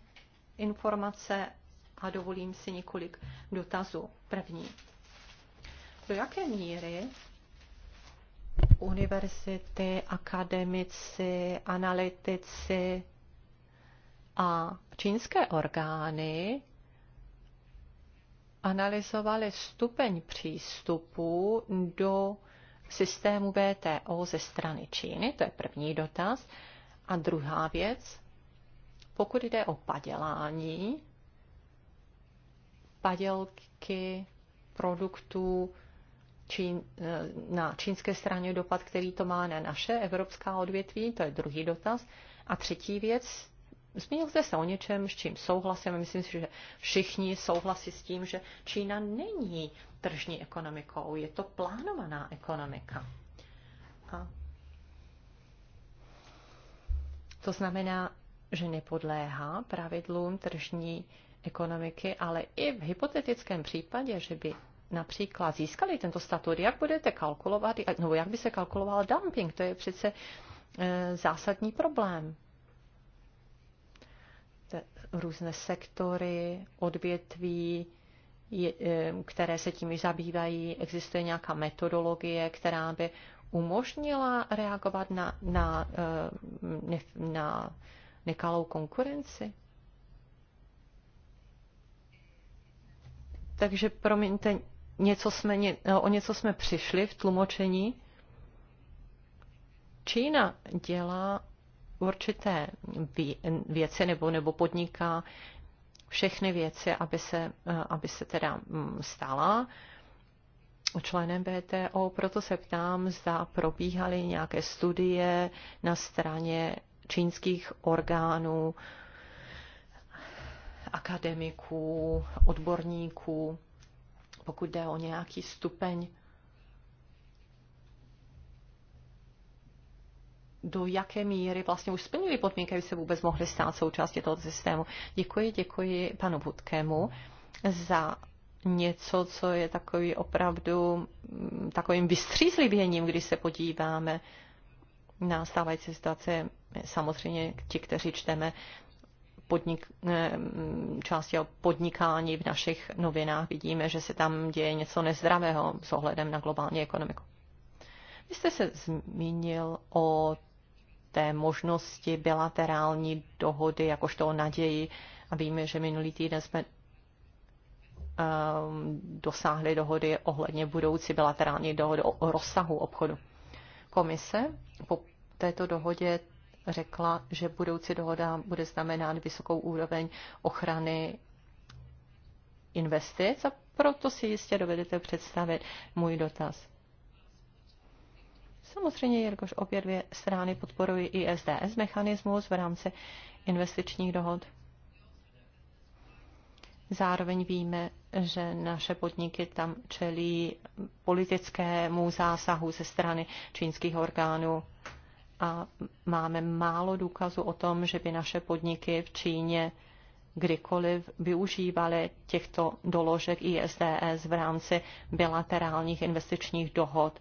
informace a dovolím si několik dotazů. První. Do jaké míry univerzity, akademici, analytici a čínské orgány analyzovali stupeň přístupu do systému VTO ze strany Číny, to je první dotaz. A druhá věc, pokud jde o padělání, padělky produktů čín, eh, na čínské straně dopad, který to má na naše evropská odvětví, to je druhý dotaz. A třetí věc, Zmínil jste se o něčem, s čím souhlasím. Myslím si, že všichni souhlasí s tím, že Čína není tržní ekonomikou. Je to plánovaná ekonomika. A to znamená, že nepodléhá pravidlům tržní ekonomiky, ale i v hypotetickém případě, že by například získali tento statut, jak budete kalkulovat, nebo jak by se kalkuloval dumping, to je přece e, zásadní problém. různé sektory, odvětví, eh, které se tím zabývají, existuje nějaká metodologie, která by umožnila reagovat na, na, eh, na, na nekalou konkurenci? takže promiňte, něco jsme, eh, o něco jsme přišli v tlumočení. Čína dělá určité věci nebo, nebo podniká všechny věci, aby se, eh, aby se teda mm, stala členem BTO. Proto se ptám, zda probíhaly nějaké studie na straně čínských orgánů akademiků, odborníků, pokud jde o nějaký stupeň, do jaké míry vlastně už splnili podmínky, aby se vůbec mohli stát součástí toho systému. Děkuji, děkuji panu Budkému za něco, co je takový opravdu mm, takovým vystřízlivěním, když se podíváme na stávající situace. Samozřejmě ti, kteří čteme podnik, eh, mm, části o podnikání v našich novinách vidíme, že se tam děje něco nezdravého s ohledem na globální ekonomiku. Vy jste se zmínil o té možnosti bilaterální dohody, jakožto o naději. A víme, že minulý týden jsme ehm, dosáhli dohody ohledně budoucí bilaterální dohody o rozsahu obchodu. Komise po této dohodě řekla, že budoucí dohoda bude znamenat vysokou úroveň ochrany investic a proto si jistě dovedete představit můj dotaz. Samozřejmě, jelikož obě dvě strany podporují i SDS mechanismus v rámci investičních dohod. Zároveň víme, že naše podniky tam čelí politickému zásahu ze strany čínských orgánů a máme málo důkazů o tom, že by naše podniky v Číně kdykoliv využívaly těchto doložek ISDS v rámci bilaterálních investičních dohod,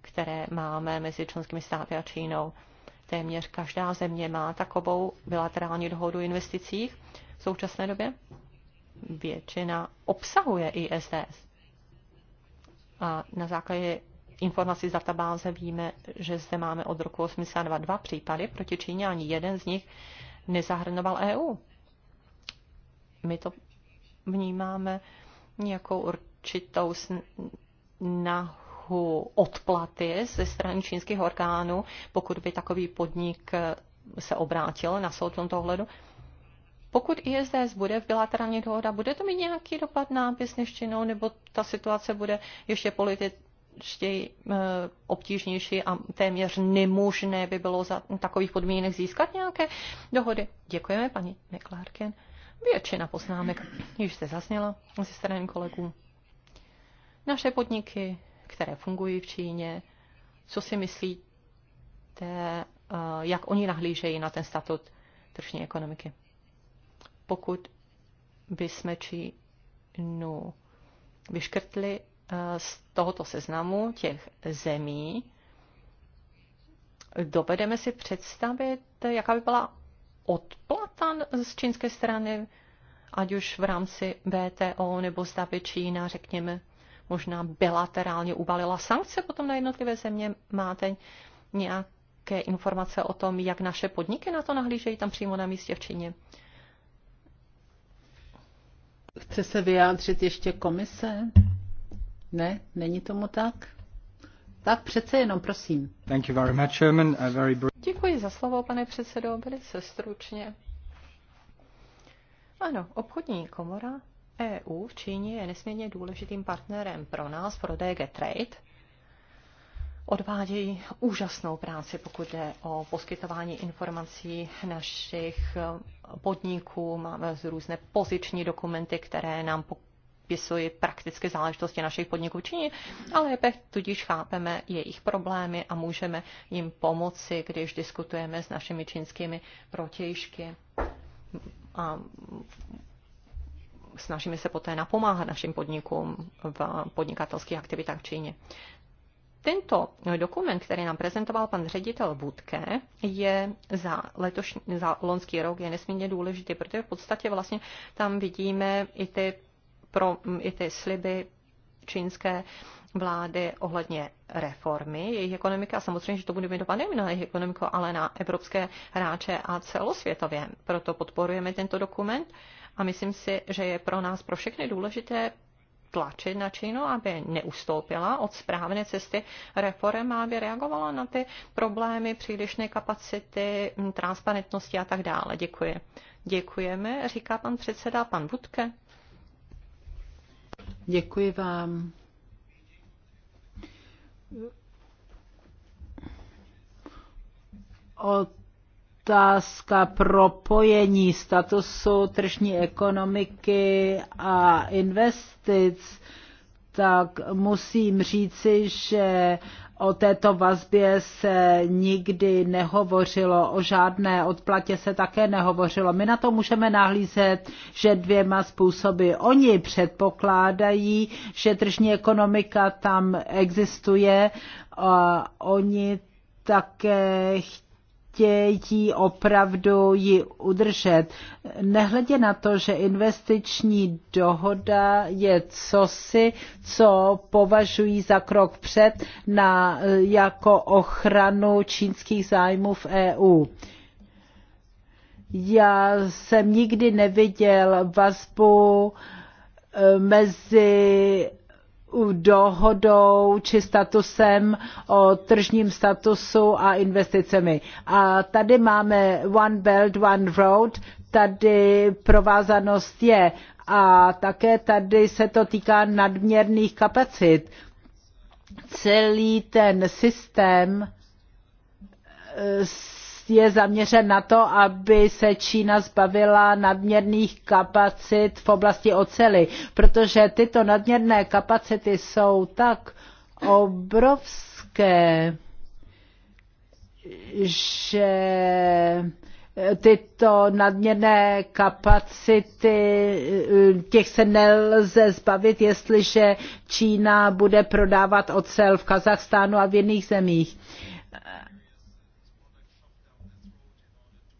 které máme mezi členskými státy a Čínou. Téměř každá země má takovou bilaterální dohodu o investicích v současné době. Většina obsahuje ISDS. A na základě informací z databáze víme, že zde máme od roku 1982 dva případy proti Číně, ani jeden z nich nezahrnoval EU. My to vnímáme nějakou určitou snahu odplaty ze strany čínských orgánů, pokud by takový podnik eh, se obrátil na soud tomto ohledu. Pokud ISDS bude v bilaterální dohoda, bude to mít nějaký dopad na business nebo ta situace bude ještě politi- ještě eh, obtížnější a téměř nemožné by bylo za takových podmínek získat nějaké dohody. Děkujeme, paní McClarken. Většina poznámek již se zasněla ze strany kolegů. Naše podniky, které fungují v Číně, co si myslíte, eh, jak oni nahlížejí na ten statut tržní ekonomiky? Pokud jsme Čínu vyškrtli z tohoto seznamu těch zemí, dovedeme si představit, jaká by byla odplata z čínské strany, ať už v rámci BTO nebo zda by Čína, řekněme, možná bilaterálně uvalila sankce potom na jednotlivé země. Máte nějaké informace o tom, jak naše podniky na to nahlížejí tam přímo na místě v Číně? Chce se vyjádřit ještě komise? Ne, není tomu tak? Tak přece jenom, prosím. Thank you very much, Chairman. A very Děkuji za slovo, pane předsedo, velice stručně. Ano, obchodní komora EU v Číně je nesmírně důležitým partnerem pro nás, pro DG Trade. Odvádějí úžasnou práci, pokud jde o poskytování informací našich podniků. Máme různé poziční dokumenty, které nám popisuji prakticky záležitosti našich podniků činí, ale lépe tudíž chápeme jejich problémy a můžeme jim pomoci, když diskutujeme s našimi čínskými protějšky. A snažíme se poté napomáhat našim podnikům v podnikatelských aktivitách v Číně. Tento dokument, který nám prezentoval pan ředitel Budke, je za, letošní, za lonský rok je nesmírně důležitý, protože v podstatě vlastně tam vidíme i ty pro mm, i ty sliby čínské vlády ohledně reformy jejich ekonomiky a samozřejmě, že to bude mít dopad nejen na jejich ekonomiku, ale na evropské hráče a celosvětově. Proto podporujeme tento dokument a myslím si, že je pro nás pro všechny důležité tlačit na Čínu, aby neustoupila od správné cesty reform a aby reagovala na ty problémy, přílišné kapacity, transparentnosti a tak dále. Děkuji. Děkujeme, říká pan předseda, pan Budke. Děkuji vám. Otázka propojení statusu tržní ekonomiky a investic, tak musím říci, že O této vazbě se nikdy nehovořilo, o žádné odplatě se také nehovořilo. My na to můžeme nahlízet, že dvěma způsoby. Oni předpokládají, že tržní ekonomika tam existuje a oni také chtějí chtějí opravdu ji udržet. Nehledě na to, že investiční dohoda je cosi, co považují za krok před na, jako ochranu čínských zájmů v EU. Já jsem nikdy neviděl vazbu e, mezi dohodou či statusem o tržním statusu a investicemi. A tady máme One Belt, One Road, tady provázanost je a také tady se to týká nadměrných kapacit. Celý ten systém eh, je zaměřen na to, aby se Čína zbavila nadměrných kapacit v oblasti ocely, protože tyto nadměrné kapacity jsou tak obrovské, že tyto nadměrné kapacity, těch se nelze zbavit, jestliže Čína bude prodávat ocel v Kazachstánu a v jiných zemích.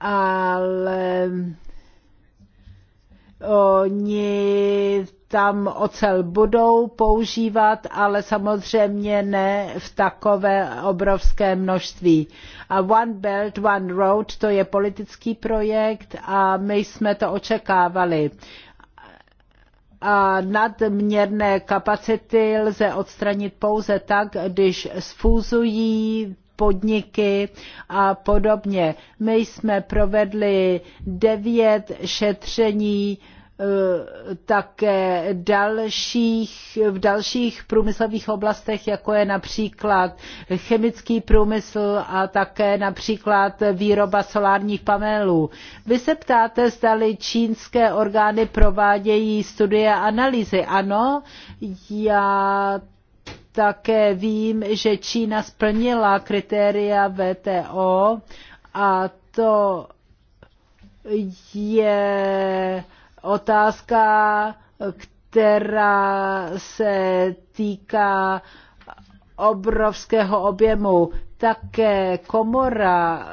ale oni tam ocel budou používat, ale samozřejmě ne v takové obrovské množství. A One Belt, One Road, to je politický projekt a my jsme to očekávali. A nadměrné kapacity lze odstranit pouze tak, když sfúzují podniky a podobně. My jsme provedli devět šetření eh, také dalších, v dalších průmyslových oblastech, jako je například chemický průmysl a také například výroba solárních panelů. Vy se ptáte, zdali čínské orgány provádějí studie a analýzy. Ano, já také vím, že Čína splnila kritéria VTO a to je otázka, která se týká obrovského objemu. Také komora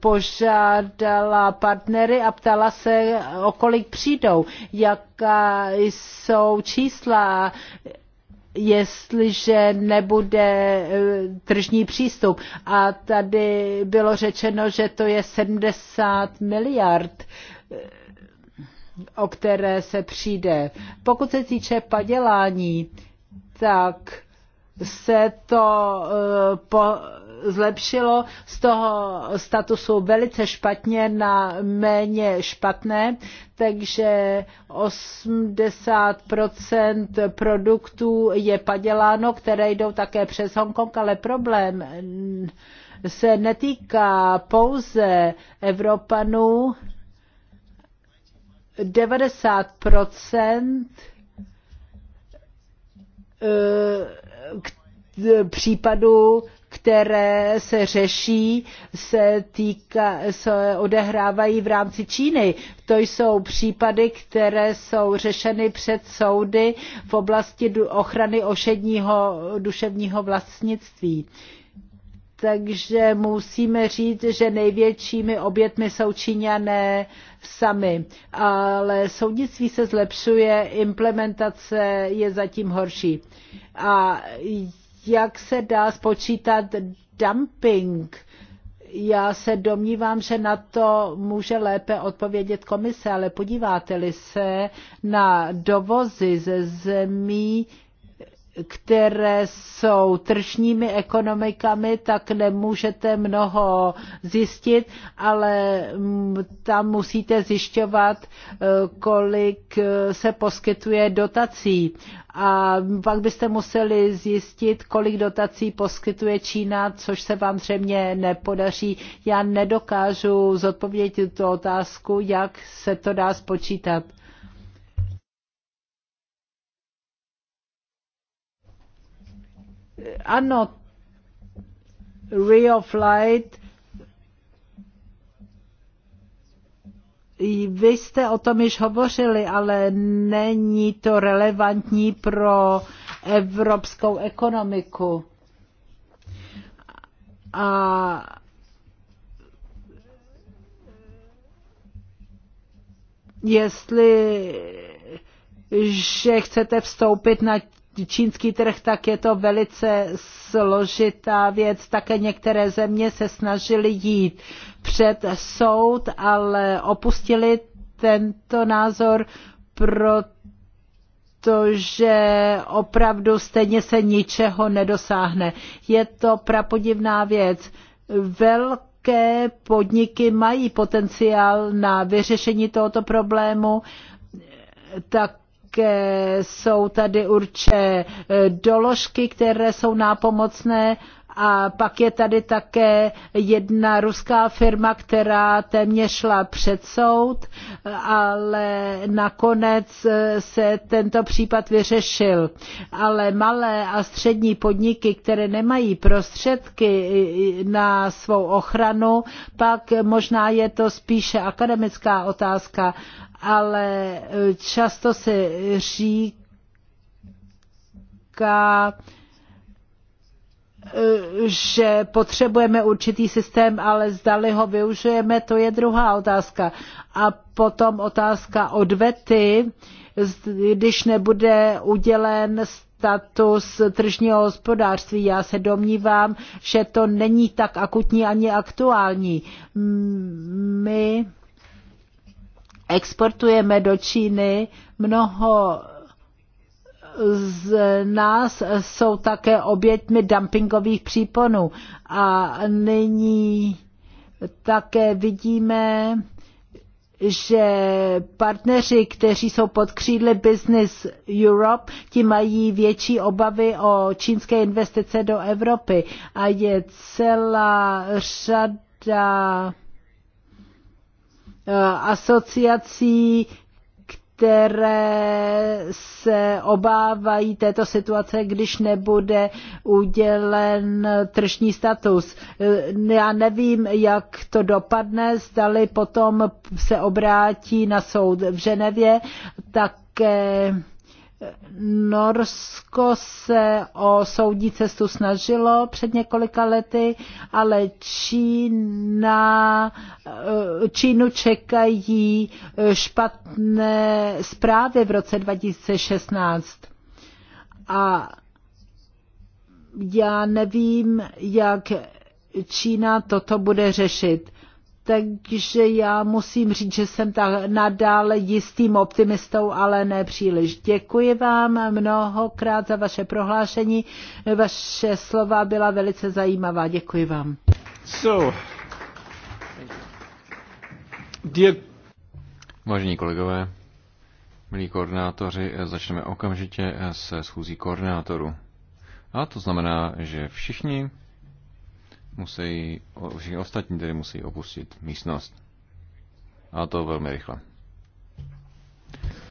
požádala partnery a ptala se, o kolik přijdou, jaká jsou čísla, jestliže nebude eh, tržní přístup. A tady bylo řečeno, že to je 70 miliard eh, o které se přijde. Pokud se týče padělání, tak se to eh, po, zlepšilo z toho statusu velice špatně na méně špatné, takže 80% produktů je paděláno, které jdou také přes Hongkong, ale problém se netýká pouze Evropanů, 90% eh, případů které se řeší, se, týka, se odehrávají v rámci Číny. To jsou případy, které jsou řešeny před soudy v oblasti ochrany ošedního duševního vlastnictví takže musíme říct, že největšími obětmi jsou Číňané sami. Ale soudnictví se zlepšuje, implementace je zatím horší. A jak se dá spočítat dumping. Já se domnívám, že na to může lépe odpovědět komise, ale podíváte-li se na dovozy ze zemí, které jsou tržními ekonomikami, tak nemůžete mnoho zjistit, ale mm, tam musíte zjišťovat, eh, kolik eh, se poskytuje dotací. A pak byste museli zjistit, kolik dotací poskytuje Čína, což se vám zřejmě nepodaří. Já nedokážu zodpovědět tu otázku, jak se to dá spočítat. Ano, Rio Flight, vy jste o tom již hovořili, ale není to relevantní pro evropskou ekonomiku. A jestli že chcete vstoupit na čínský trh, tak je to velice složitá věc. Také některé země se snažily jít před soud, ale opustili tento názor, protože opravdu stejně se ničeho nedosáhne. Je to prapodivná věc. Velká velké podniky mají potenciál na vyřešení tohoto problému, tak jsou tady určité eh, doložky, které jsou nápomocné a pak je tady také jedna ruská firma, která téměř šla před soud, ale nakonec eh, se tento případ vyřešil. Ale malé a střední podniky, které nemají prostředky eh, na svou ochranu, pak možná je to spíše akademická otázka, ale e, často se říká, e, že potřebujeme určitý systém, ale zdali ho využijeme, to je druhá otázka. A potom otázka odvety, když nebude udělen status tržního hospodářství. Já se domnívám, že to není tak akutní ani aktuální. My exportujeme do Číny mnoho z nás jsou také oběťmi dumpingových příponů. A nyní také vidíme, že partneři, kteří jsou pod křídly Business Europe, ti mají větší obavy o čínské investice do Evropy. A je celá řada Eh, asociací, které se obávají této situace, když nebude udělen tržní status. Eh, já nevím, jak to dopadne, zdali potom se obrátí na soud v Ženevě, tak. Norsko se o soudní cestu snažilo před několika lety, ale Čína, eh, Čínu čekají špatné zprávy v roce 2016. A já nevím, jak Čína toto bude řešit takže já musím říct, že jsem tak nadále jistým optimistou, ale ne příliš. Děkuji vám mnohokrát za vaše prohlášení. Vaše slova byla velice zajímavá. Děkuji vám. So, dear... Vážení kolegové, milí koordinátoři, začneme okamžitě se schůzí koordinátoru. A to znamená, že všichni musí, všichni ostatní tedy musí opustit místnost. A to velmi rychle.